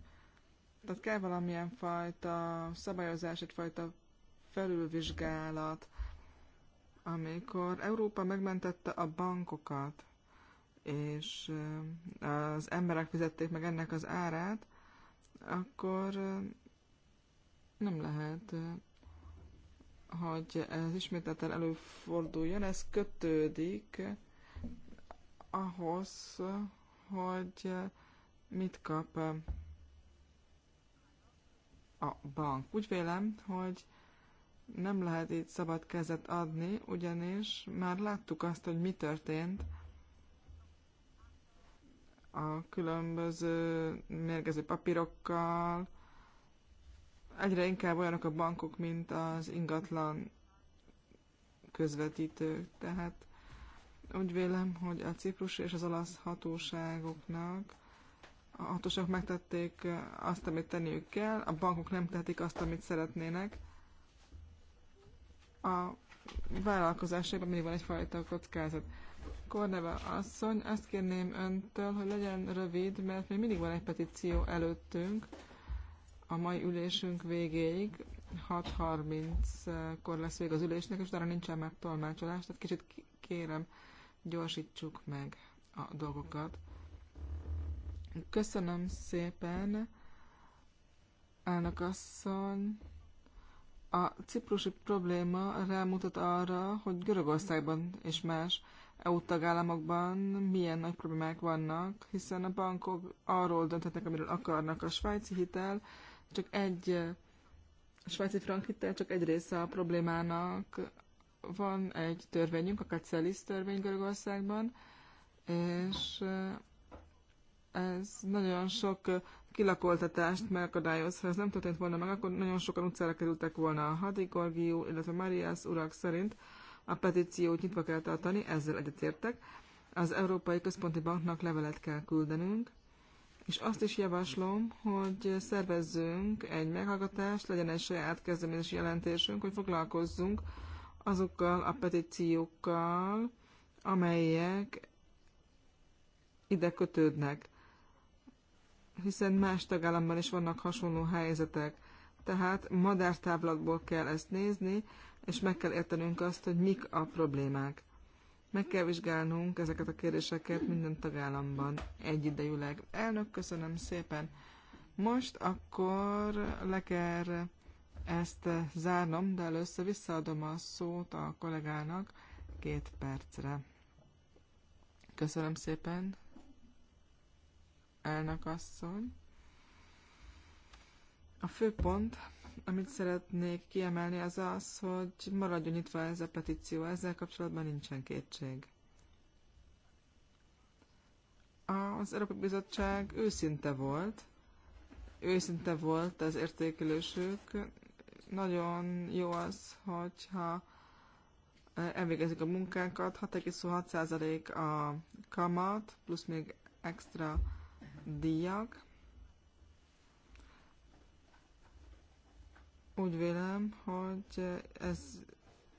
Tehát kell valamilyen fajta szabályozás, egyfajta felülvizsgálat, amikor Európa megmentette a bankokat, és az emberek fizették meg ennek az árát, akkor nem lehet, hogy ez ismételten előforduljon. Ez kötődik ahhoz, hogy mit kap a bank. Úgy vélem, hogy nem lehet itt szabad kezet adni, ugyanis már láttuk azt, hogy mi történt a különböző mérgező papírokkal. Egyre inkább olyanok a bankok, mint az ingatlan közvetítők. Tehát úgy vélem, hogy a ciprus és az olasz hatóságoknak a hatósok megtették azt, amit tenniük kell, a bankok nem tehetik azt, amit szeretnének. A vállalkozásában mindig van egyfajta kockázat. Korneva asszony, azt kérném öntől, hogy legyen rövid, mert még mindig van egy petíció előttünk a mai ülésünk végéig. 6.30-kor lesz vég az ülésnek, és utána nincsen már tolmácsolás, tehát kicsit kérem, gyorsítsuk meg a dolgokat. Köszönöm szépen, elnök asszony. A ciprusi probléma rámutat arra, hogy Görögországban és más EU tagállamokban milyen nagy problémák vannak, hiszen a bankok arról dönthetnek, amiről akarnak. A svájci hitel csak egy a svájci frank hitel csak egy része a problémának. Van egy törvényünk, a Kacelis törvény Görögországban, és ez nagyon sok kilakoltatást ha Ez nem történt volna meg, akkor nagyon sokan utcára kerültek volna a Gorgiú, illetve Marias urak szerint a petíciót nyitva kell tartani, ezzel egyetértek. Az Európai Központi Banknak levelet kell küldenünk, és azt is javaslom, hogy szervezzünk egy meghallgatást, legyen egy saját kezdeményezési jelentésünk, hogy foglalkozzunk azokkal a petíciókkal, amelyek ide kötődnek hiszen más tagállamban is vannak hasonló helyzetek. Tehát madártávlatból kell ezt nézni, és meg kell értenünk azt, hogy mik a problémák. Meg kell vizsgálnunk ezeket a kérdéseket minden tagállamban egyidejűleg. Elnök, köszönöm szépen. Most akkor le kell ezt zárnom, de először visszaadom a szót a kollégának két percre. Köszönöm szépen, elnök asszony. A fő pont, amit szeretnék kiemelni, az az, hogy maradjon nyitva ez a petíció, ezzel kapcsolatban nincsen kétség. Az Európai Bizottság őszinte volt, őszinte volt az értékelősük. Nagyon jó az, hogyha elvégezik a munkánkat, 6,6% a kamat, plusz még extra díjak. Úgy vélem, hogy ez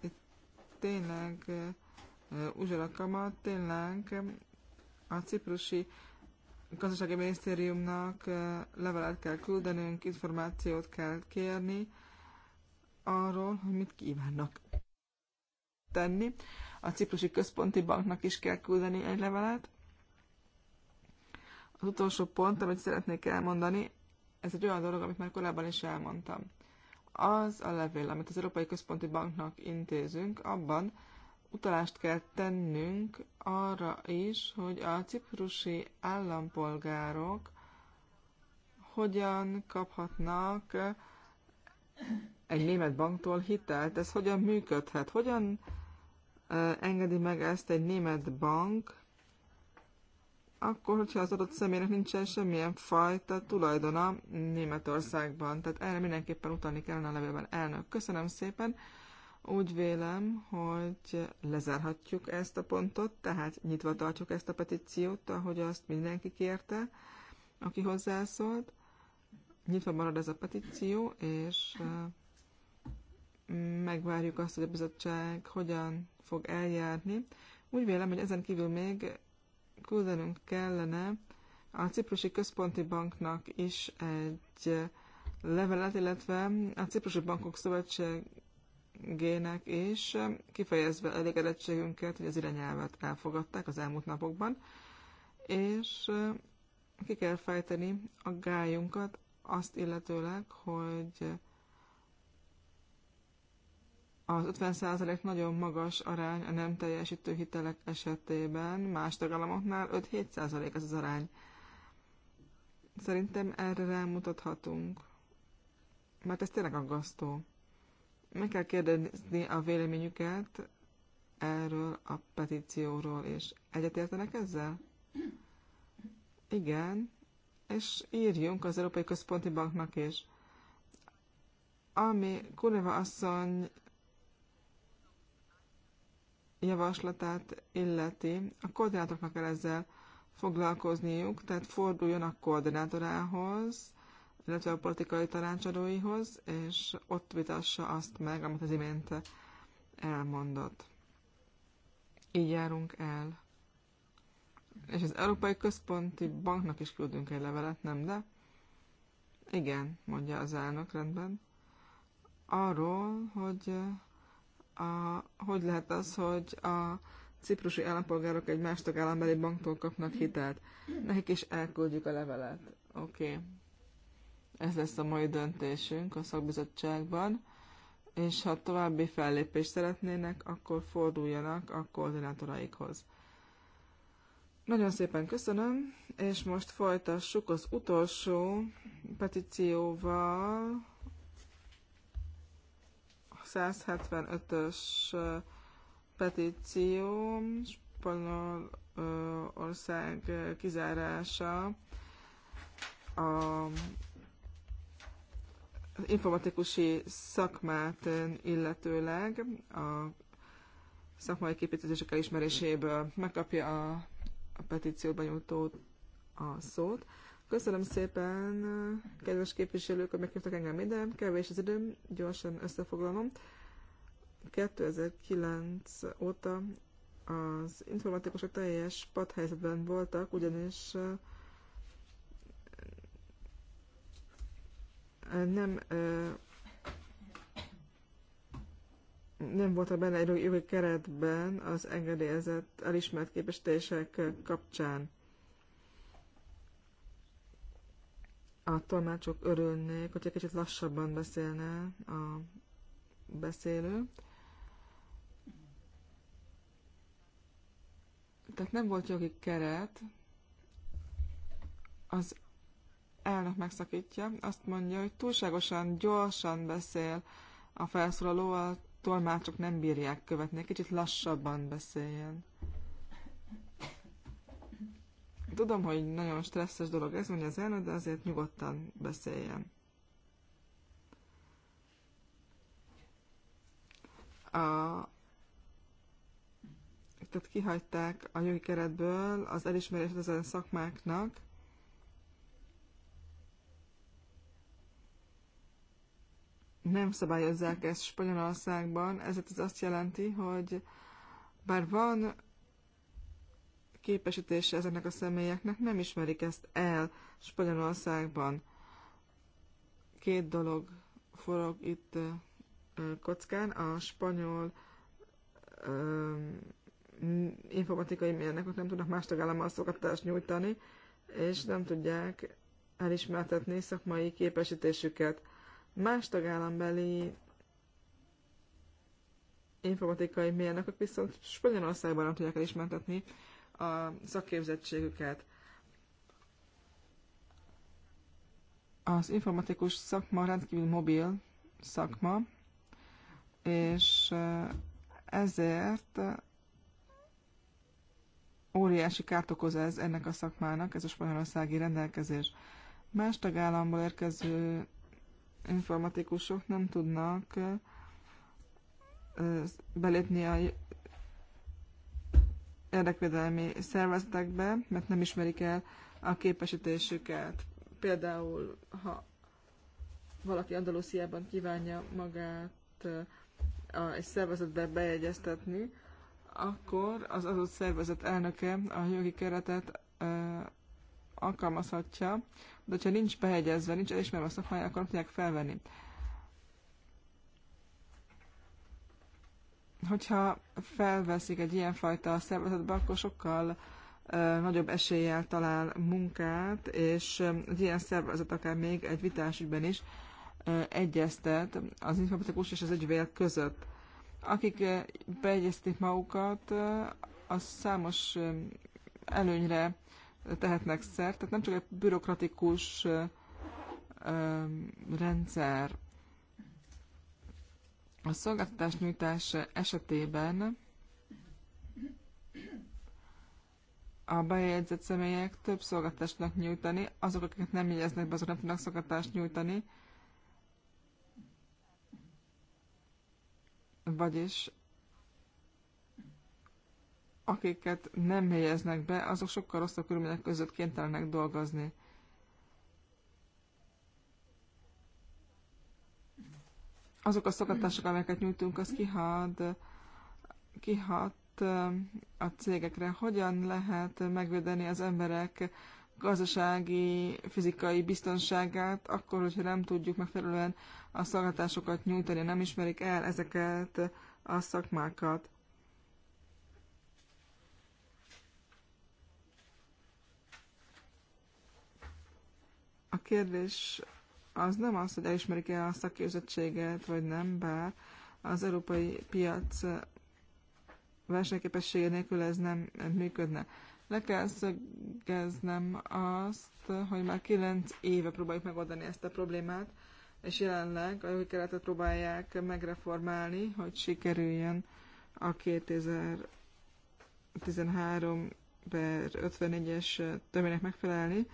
itt tényleg eh, kamat tényleg a ciprusi gazdasági minisztériumnak eh, levelet kell küldenünk, információt kell kérni arról, hogy mit kívánnak tenni. A ciprusi központi banknak is kell küldeni egy levelet, az utolsó pont, amit szeretnék elmondani, ez egy olyan dolog, amit már korábban is elmondtam. Az a levél, amit az Európai Központi Banknak intézünk, abban utalást kell tennünk arra is, hogy a ciprusi állampolgárok hogyan kaphatnak egy német banktól hitelt. Ez hogyan működhet? Hogyan eh, engedi meg ezt egy német bank, akkor, hogyha az adott személynek nincsen semmilyen fajta tulajdona Németországban. Tehát erre mindenképpen utalni kellene a levélben. Elnök, köszönöm szépen. Úgy vélem, hogy lezárhatjuk ezt a pontot, tehát nyitva tartjuk ezt a petíciót, ahogy azt mindenki kérte, aki hozzászólt. Nyitva marad ez a petíció, és megvárjuk azt, hogy a bizottság hogyan fog eljárni. Úgy vélem, hogy ezen kívül még küldenünk kellene a Ciprusi Központi Banknak is egy levelet, illetve a Ciprusi Bankok Szövetségének is kifejezve elégedettségünket, hogy az irányelvet elfogadták az elmúlt napokban, és ki kell fejteni a gályunkat azt illetőleg, hogy az 50% nagyon magas arány a nem teljesítő hitelek esetében, más tagállamoknál 5-7% ez az arány. Szerintem erre rámutathatunk, mert ez tényleg aggasztó. Meg kell kérdezni a véleményüket erről a petícióról, és egyetértenek ezzel? Igen, és írjunk az Európai Központi Banknak is. Ami Kuneva asszony javaslatát illeti, a koordinátoroknak kell ezzel foglalkozniuk, tehát forduljon a koordinátorához, illetve a politikai tanácsadóihoz, és ott vitassa azt meg, amit az imént elmondott. Így járunk el. És az Európai Központi Banknak is küldünk egy levelet, nem de? Igen, mondja az elnök rendben. Arról, hogy a, hogy lehet az, hogy a ciprusi állampolgárok egy más tagállambeli banktól kapnak hitelt. Nekik is elküldjük a levelet. Oké. Okay. Ez lesz a mai döntésünk a szakbizottságban. És ha további fellépést szeretnének, akkor forduljanak a koordinátoraikhoz. Nagyon szépen köszönöm, és most folytassuk az utolsó petícióval, 175-ös petíció Spanyolország kizárása a informatikusi szakmát illetőleg a szakmai képítőzések elismeréséből megkapja a, a petícióban jutó a szót. Köszönöm szépen, kedves képviselők, hogy meghívtak engem ide. Kevés az időm, gyorsan összefoglalom. 2009 óta az informatikusok teljes padhelyzetben voltak, ugyanis nem nem voltak benne egy jogi keretben az engedélyezett elismert képestések kapcsán. a tolmácsok örülnék, hogyha kicsit lassabban beszélne a beszélő. Tehát nem volt jogi keret, az elnök megszakítja, azt mondja, hogy túlságosan gyorsan beszél a felszólaló, a tolmácsok nem bírják követni, kicsit lassabban beszéljen. Tudom, hogy nagyon stresszes dolog ez, mondja az elnök, de azért nyugodtan beszéljen. A... Tehát kihagyták a jogi keretből az elismerést ezen szakmáknak, nem szabályozzák ezt Spanyolországban, ezért ez azt jelenti, hogy bár van képesítése ezeknek a személyeknek, nem ismerik ezt el Spanyolországban. Két dolog forog itt kockán, a spanyol informatikai mérnökök nem tudnak más tagállammal szokatást nyújtani, és nem tudják elismertetni szakmai képesítésüket. Más tagállambeli informatikai mérnökök viszont Spanyolországban nem tudják elismertetni a szakképzettségüket. Az informatikus szakma rendkívül mobil szakma, és eh, ezért eh, óriási kárt okoz ez ennek a szakmának, ez a spanyolországi rendelkezés. Más tagállamból érkező informatikusok nem tudnak eh, belépni a érdekvédelmi szervezetekbe, mert nem ismerik el a képesítésüket. Például, ha valaki Andalusziában kívánja magát a, egy szervezetbe bejegyeztetni, akkor az adott szervezet elnöke a jogi keretet ö, alkalmazhatja, de ha nincs behegyezve, nincs elismerve a szakmája, akkor tudják felvenni. hogyha felveszik egy ilyenfajta szervezetbe, akkor sokkal nagyobb eséllyel talál munkát, és egy ilyen szervezet akár még egy vitásügyben is egyeztet az informatikus és az ügyvél között. Akik beegyezték magukat, az számos előnyre tehetnek szert, tehát nem csak egy bürokratikus rendszer a szolgáltatás nyújtás esetében a bejegyzett személyek több szolgáltatást tudnak nyújtani, azok, akiket nem jegyeznek be, azok nem tudnak szolgáltatást nyújtani, vagyis akiket nem helyeznek be, azok sokkal rosszabb körülmények között kénytelenek dolgozni. azok a szokatások, amelyeket nyújtunk, az kihat, kihat a cégekre. Hogyan lehet megvédeni az emberek gazdasági, fizikai biztonságát, akkor, hogyha nem tudjuk megfelelően a szolgáltásokat nyújtani, nem ismerik el ezeket a szakmákat. A kérdés az nem az, hogy elismerik-e a szakképzettséget, vagy nem, bár az európai piac versenyképessége nélkül ez nem működne. Le kell szögeznem azt, hogy már 9 éve próbáljuk megoldani ezt a problémát, és jelenleg a jogi keretet próbálják megreformálni, hogy sikerüljön a 2013 per 54-es törvénynek megfelelni,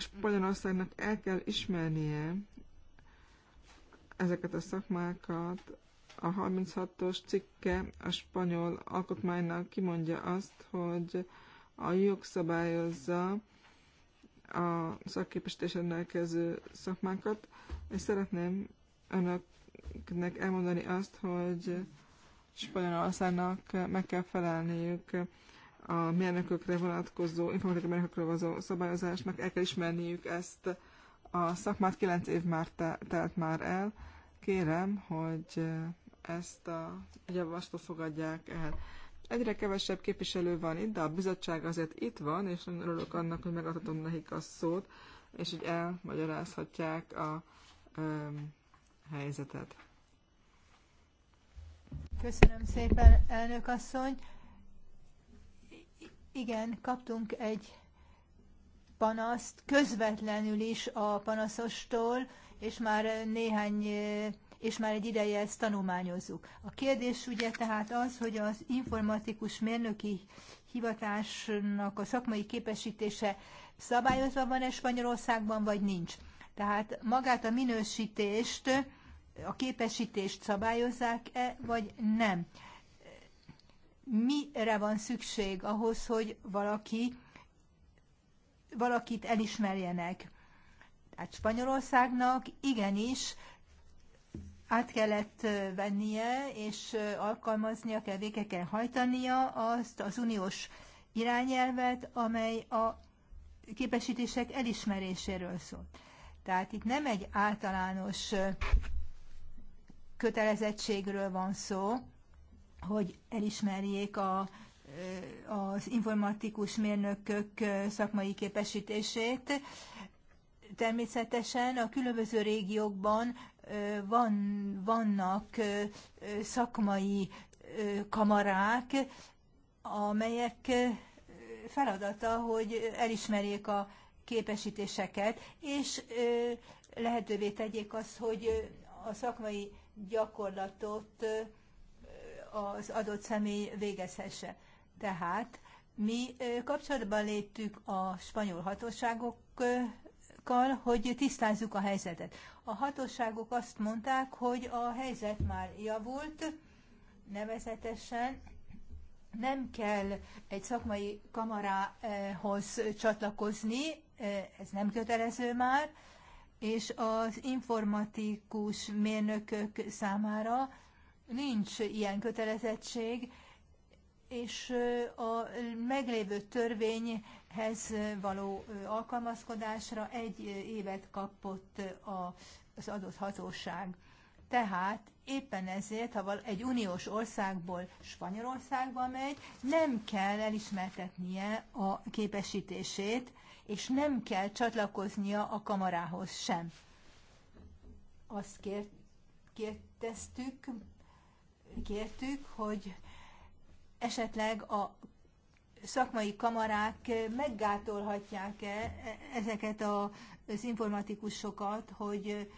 Spanyolországnak el kell ismernie ezeket a szakmákat. A 36-os cikke a spanyol alkotmánynak kimondja azt, hogy a jog szabályozza a szakképesítés rendelkező szakmákat, és szeretném önöknek elmondani azt, hogy Spanyolországnak meg kell felelniük a mérnökökre vonatkozó, informatikai mérnökökre vonatkozó szabályozásnak, el kell ismerniük ezt a szakmát, kilenc év már te, telt már el. Kérem, hogy ezt a javaslatot fogadják el. Egyre kevesebb képviselő van itt, de a bizottság azért itt van, és nagyon örülök annak, hogy megadhatom nekik a szót, és hogy elmagyarázhatják a ö, helyzetet. Köszönöm szépen, elnök asszony. Igen, kaptunk egy panaszt közvetlenül is a panaszostól, és már néhány és már egy ideje ezt tanulmányozzuk. A kérdés ugye tehát az, hogy az informatikus mérnöki hivatásnak a szakmai képesítése szabályozva van-e Spanyolországban, vagy nincs. Tehát magát a minősítést, a képesítést szabályozzák-e, vagy nem mire van szükség ahhoz, hogy valaki, valakit elismerjenek. Tehát Spanyolországnak igenis át kellett vennie és alkalmaznia kell, kell hajtania azt az uniós irányelvet, amely a képesítések elismeréséről szól. Tehát itt nem egy általános kötelezettségről van szó, hogy elismerjék a, az informatikus mérnökök szakmai képesítését. Természetesen a különböző régiókban van, vannak szakmai kamarák, amelyek feladata, hogy elismerjék a képesítéseket, és lehetővé tegyék azt, hogy a szakmai gyakorlatot az adott személy végezhesse. Tehát mi kapcsolatban léptük a spanyol hatóságokkal, hogy tisztázzuk a helyzetet. A hatóságok azt mondták, hogy a helyzet már javult, nevezetesen nem kell egy szakmai kamarához csatlakozni, ez nem kötelező már, és az informatikus mérnökök számára nincs ilyen kötelezettség, és a meglévő törvényhez való alkalmazkodásra egy évet kapott az adott hatóság. Tehát éppen ezért, ha egy uniós országból Spanyolországba megy, nem kell elismertetnie a képesítését, és nem kell csatlakoznia a kamarához sem. Azt kért, kérdeztük kértük, hogy esetleg a szakmai kamarák meggátolhatják-e ezeket az informatikusokat, hogy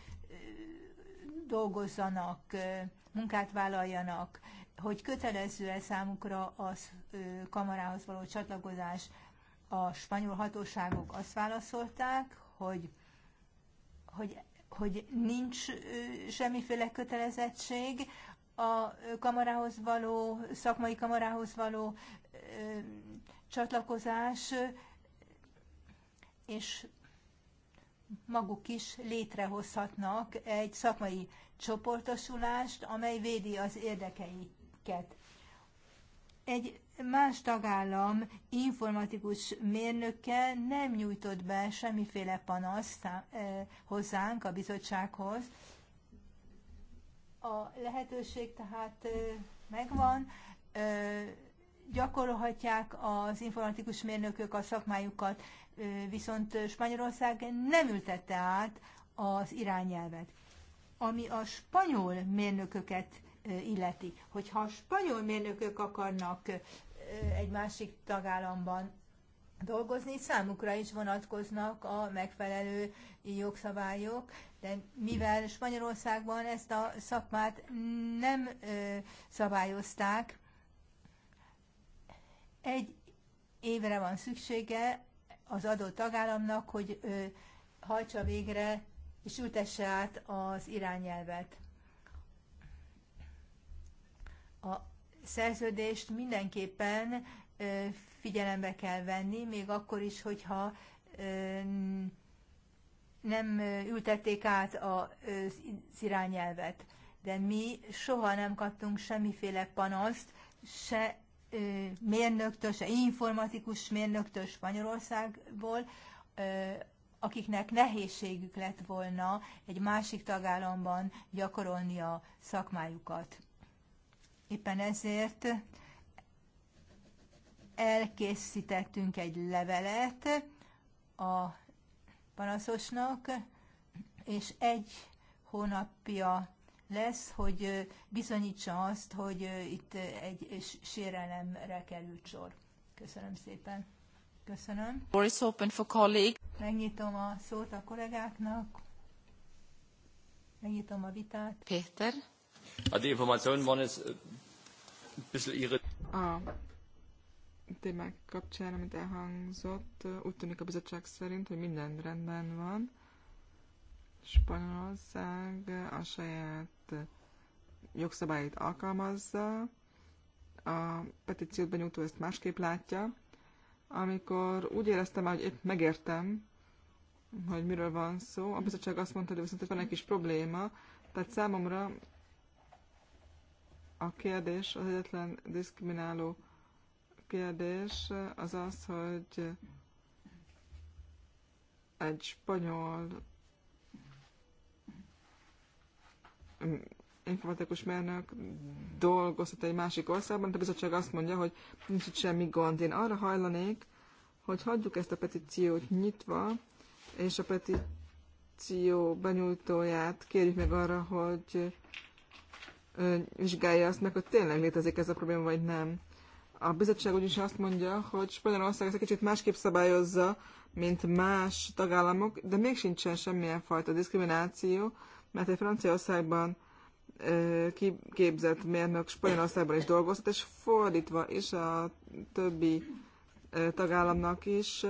dolgozzanak, munkát vállaljanak, hogy kötelező-e számukra a kamarához való csatlakozás. A spanyol hatóságok azt válaszolták, hogy, hogy, hogy nincs semmiféle kötelezettség, a kamarához való, szakmai kamarához való ö, csatlakozás, és maguk is létrehozhatnak egy szakmai csoportosulást, amely védi az érdekeiket. Egy más tagállam informatikus mérnöke nem nyújtott be semmiféle panaszt hozzánk a bizottsághoz, a lehetőség tehát megvan, gyakorolhatják az informatikus mérnökök a szakmájukat, viszont Spanyolország nem ültette át az irányelvet. Ami a spanyol mérnököket illeti, hogyha a spanyol mérnökök akarnak egy másik tagállamban dolgozni, számukra is vonatkoznak a megfelelő jogszabályok, de mivel Spanyolországban ezt a szakmát nem ö, szabályozták, egy évre van szüksége az adott tagállamnak, hogy ö, hajtsa végre és ültesse át az irányelvet. A szerződést mindenképpen ö, figyelembe kell venni, még akkor is, hogyha nem ültették át az irányelvet. De mi soha nem kaptunk semmiféle panaszt, se mérnöktől, se informatikus mérnöktől Spanyolországból, akiknek nehézségük lett volna egy másik tagállamban gyakorolni a szakmájukat. Éppen ezért elkészítettünk egy levelet a panaszosnak, és egy hónapja lesz, hogy bizonyítsa azt, hogy itt egy sérelemre került sor. Köszönöm szépen. Köszönöm. Floor is open for colleague. Megnyitom a szót a kollégáknak. Megnyitom a vitát. Péter. A információn van ez a témák kapcsán, amit elhangzott, úgy tűnik a bizottság szerint, hogy minden rendben van. Spanyolország a saját jogszabályait alkalmazza, a petíciót benyújtó ezt másképp látja. Amikor úgy éreztem hogy épp megértem, hogy miről van szó, a bizottság azt mondta, hogy viszont van egy kis probléma, tehát számomra a kérdés az egyetlen diszkrimináló kérdés az az, hogy egy spanyol informatikus mérnök dolgozhat egy másik országban, de a bizottság azt mondja, hogy nincs itt semmi gond. Én arra hajlanék, hogy hagyjuk ezt a petíciót nyitva, és a petíció benyújtóját kérjük meg arra, hogy vizsgálja azt meg, hogy tényleg létezik ez a probléma, vagy nem a bizottság úgyis azt mondja, hogy Spanyolország ezt egy kicsit másképp szabályozza, mint más tagállamok, de még sincsen semmilyen fajta diszkrimináció, mert egy Franciaországban kiképzett mérnök Spanyolországban is dolgozott, és fordítva is a többi tagállamnak is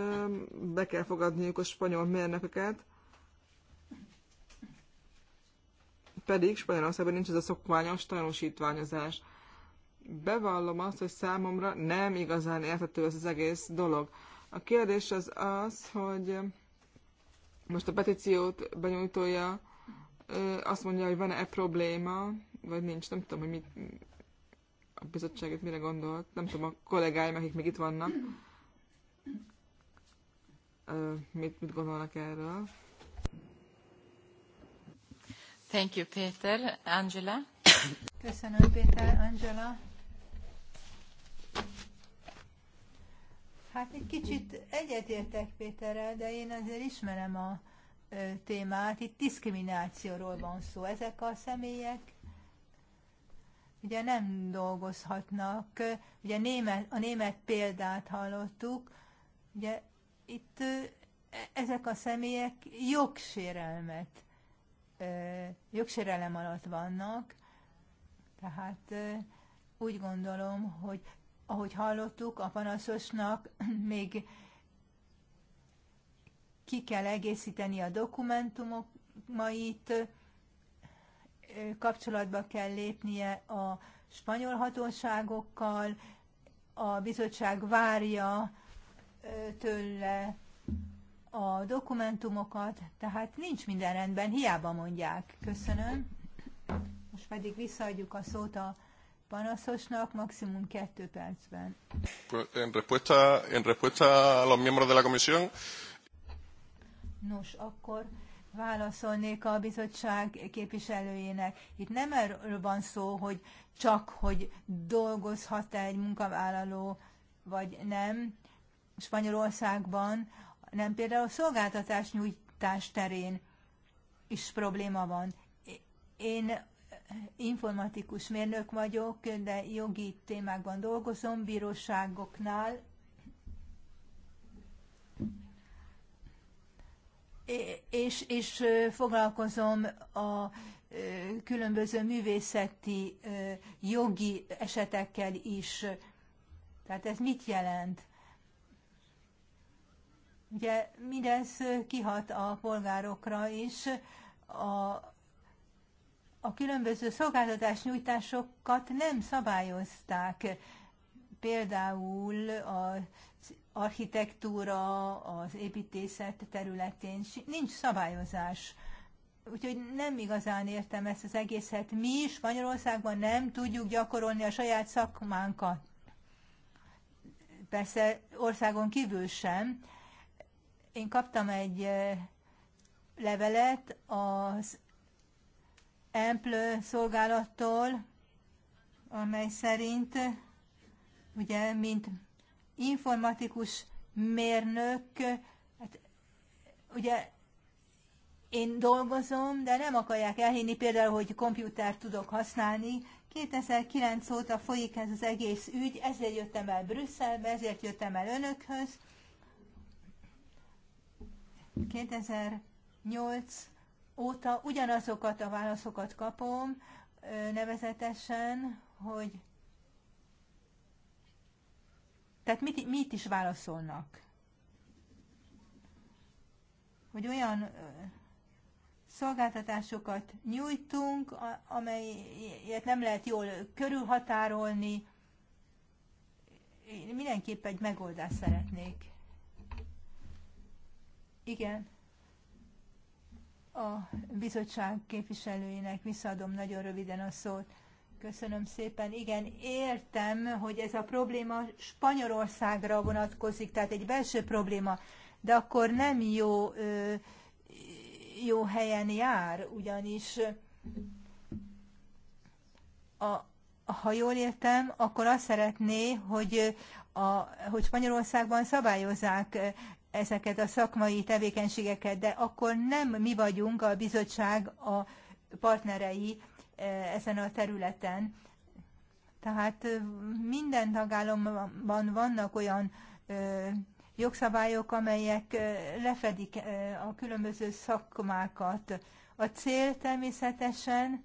be kell fogadniuk a spanyol mérnököket, pedig Spanyolországban nincs ez a szokványos tanúsítványozás bevallom azt, hogy számomra nem igazán érthető ez az egész dolog. A kérdés az az, hogy most a petíciót benyújtója azt mondja, hogy van-e probléma, vagy nincs, nem tudom, hogy mit, a bizottság mire gondolt, nem tudom, a kollégáim, akik még itt vannak, mit, mit gondolnak erről. Thank you, Peter, Angela? Köszönöm, Péter. Angela? Hát egy kicsit egyetértek Péterrel, de én azért ismerem a témát. Itt diszkriminációról van szó. Ezek a személyek ugye nem dolgozhatnak. Ugye német, a német példát hallottuk. Ugye itt ezek a személyek jogsérelmet, jogsérelem alatt vannak. Tehát úgy gondolom, hogy ahogy hallottuk, a panaszosnak még ki kell egészíteni a dokumentumait, kapcsolatba kell lépnie a spanyol hatóságokkal, a bizottság várja tőle a dokumentumokat, tehát nincs minden rendben, hiába mondják. Köszönöm. Most pedig visszaadjuk a szót a panaszosnak, maximum kettő percben. En respuesta, en respuesta a los miembros de la comisión. Nos, akkor válaszolnék a bizottság képviselőjének. Itt nem erről van szó, hogy csak, hogy dolgozhat-e egy munkavállaló, vagy nem. Spanyolországban nem például a szolgáltatás nyújtás terén is probléma van. Én informatikus mérnök vagyok, de jogi témákban dolgozom, bíróságoknál. És, és foglalkozom a különböző művészeti jogi esetekkel is. Tehát ez mit jelent? Ugye mindez kihat a polgárokra is, a, a különböző szolgáltatás nyújtásokat nem szabályozták. Például az architektúra, az építészet területén nincs szabályozás. Úgyhogy nem igazán értem ezt az egészet. Mi is Magyarországban nem tudjuk gyakorolni a saját szakmánkat. Persze országon kívül sem. Én kaptam egy eh, levelet az emplő szolgálattól, amely szerint ugye, mint informatikus mérnök, hát, ugye én dolgozom, de nem akarják elhinni például, hogy kompjútert tudok használni. 2009 óta folyik ez az egész ügy, ezért jöttem el Brüsszelbe, ezért jöttem el önökhöz. 2008 óta ugyanazokat a válaszokat kapom, nevezetesen, hogy tehát mit, mit is válaszolnak? Hogy olyan szolgáltatásokat nyújtunk, amelyet nem lehet jól körülhatárolni. Én mindenképp egy megoldást szeretnék. Igen a bizottság képviselőinek visszaadom nagyon röviden a szót. Köszönöm szépen. Igen, értem, hogy ez a probléma Spanyolországra vonatkozik, tehát egy belső probléma, de akkor nem jó, jó helyen jár, ugyanis a, ha jól értem, akkor azt szeretné, hogy, a, hogy Spanyolországban szabályozzák ezeket a szakmai tevékenységeket, de akkor nem mi vagyunk a bizottság a partnerei e, ezen a területen. Tehát minden tagállamban vannak olyan jogszabályok, amelyek lefedik a különböző szakmákat. A cél természetesen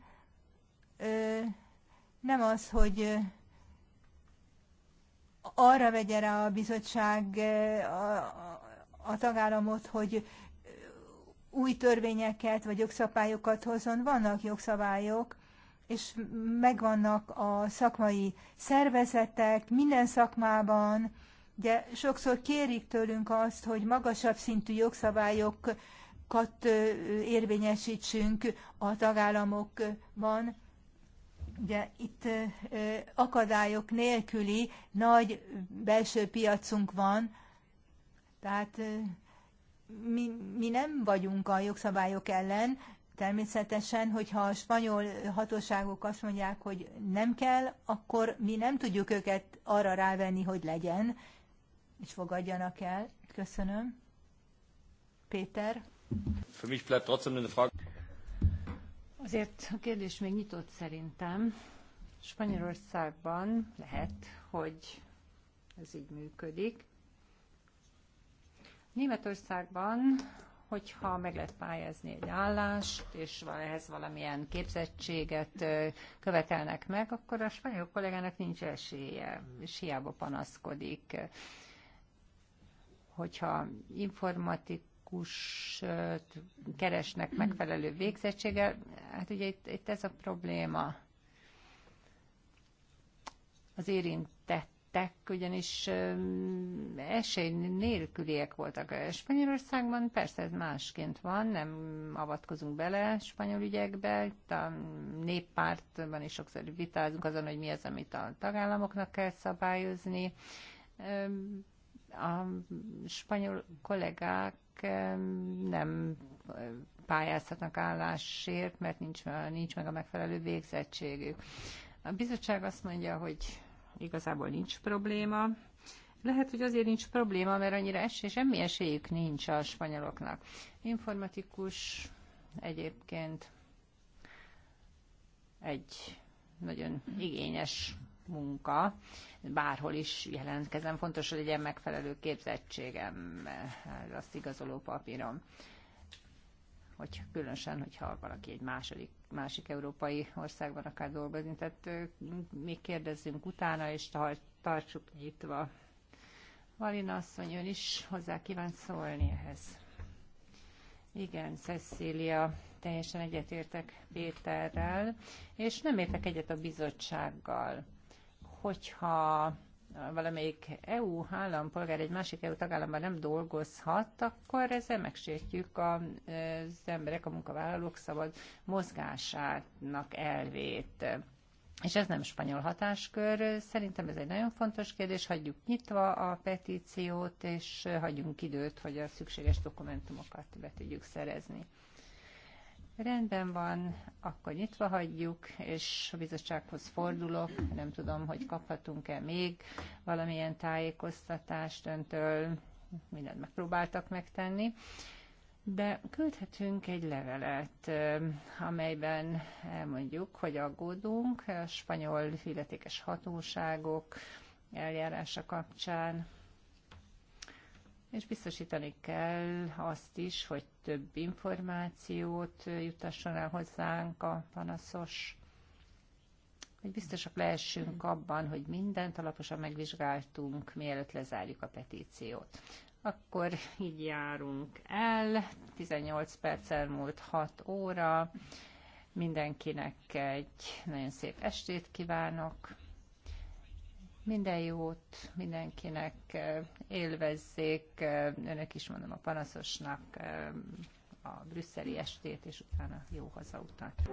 nem az, hogy arra vegye rá a bizottság a tagállamot, hogy új törvényeket vagy jogszabályokat hozzon. Vannak jogszabályok, és megvannak a szakmai szervezetek minden szakmában. Ugye sokszor kérik tőlünk azt, hogy magasabb szintű jogszabályokat érvényesítsünk a tagállamokban. Ugye itt akadályok nélküli nagy belső piacunk van, tehát mi, mi nem vagyunk a jogszabályok ellen, természetesen, hogyha a spanyol hatóságok azt mondják, hogy nem kell, akkor mi nem tudjuk őket arra rávenni, hogy legyen, és fogadjanak el. Köszönöm. Péter? Für mich bleibt trotzdem eine Frage. Azért a kérdés még nyitott szerintem. Spanyolországban lehet, hogy ez így működik. Németországban, hogyha meg lehet pályázni egy állást, és van ehhez valamilyen képzettséget követelnek meg, akkor a spanyol kollégának nincs esélye, és hiába panaszkodik. Hogyha informatik keresnek megfelelő végzettséggel. Hát ugye itt, itt ez a probléma. Az érintett lettek, ugyanis esély nélküliek voltak. Spanyolországban persze ez másként van, nem avatkozunk bele spanyol ügyekbe, itt a néppártban is sokszor vitázunk azon, hogy mi az, amit a tagállamoknak kell szabályozni. A spanyol kollégák nem pályázhatnak állásért, mert nincs, nincs meg a megfelelő végzettségük. A bizottság azt mondja, hogy igazából nincs probléma. Lehet, hogy azért nincs probléma, mert annyira esély, semmi esélyük nincs a spanyoloknak. Informatikus egyébként egy nagyon igényes munka, bárhol is jelentkezem, fontos, hogy legyen megfelelő képzettségem, az azt igazoló papírom. Hogy különösen, hogyha valaki egy második másik európai országban akár dolgozni. Tehát még kérdezzünk utána, és tartsuk nyitva. Valina asszony, ön is hozzá kíván szólni ehhez. Igen, Cecília, teljesen egyetértek Péterrel, és nem értek egyet a bizottsággal. Hogyha valamelyik EU állampolgár egy másik EU tagállamban nem dolgozhat, akkor ezzel megsértjük az emberek, a munkavállalók szabad mozgásának elvét. És ez nem spanyol hatáskör. Szerintem ez egy nagyon fontos kérdés. Hagyjuk nyitva a petíciót, és hagyjunk időt, hogy a szükséges dokumentumokat be tudjuk szerezni. Rendben van, akkor nyitva hagyjuk, és a bizottsághoz fordulok. Nem tudom, hogy kaphatunk-e még valamilyen tájékoztatást öntől. Mindent megpróbáltak megtenni. De küldhetünk egy levelet, amelyben elmondjuk, hogy aggódunk a spanyol illetékes hatóságok eljárása kapcsán, és biztosítani kell azt is, hogy több információt jutasson el hozzánk a panaszos, hogy biztosak lehessünk abban, hogy mindent alaposan megvizsgáltunk, mielőtt lezárjuk a petíciót. Akkor így járunk el, 18 perc múlt 6 óra, mindenkinek egy nagyon szép estét kívánok! Minden jót mindenkinek élvezzék, önök is mondom a panaszosnak a brüsszeli estét, és utána jó hazautat.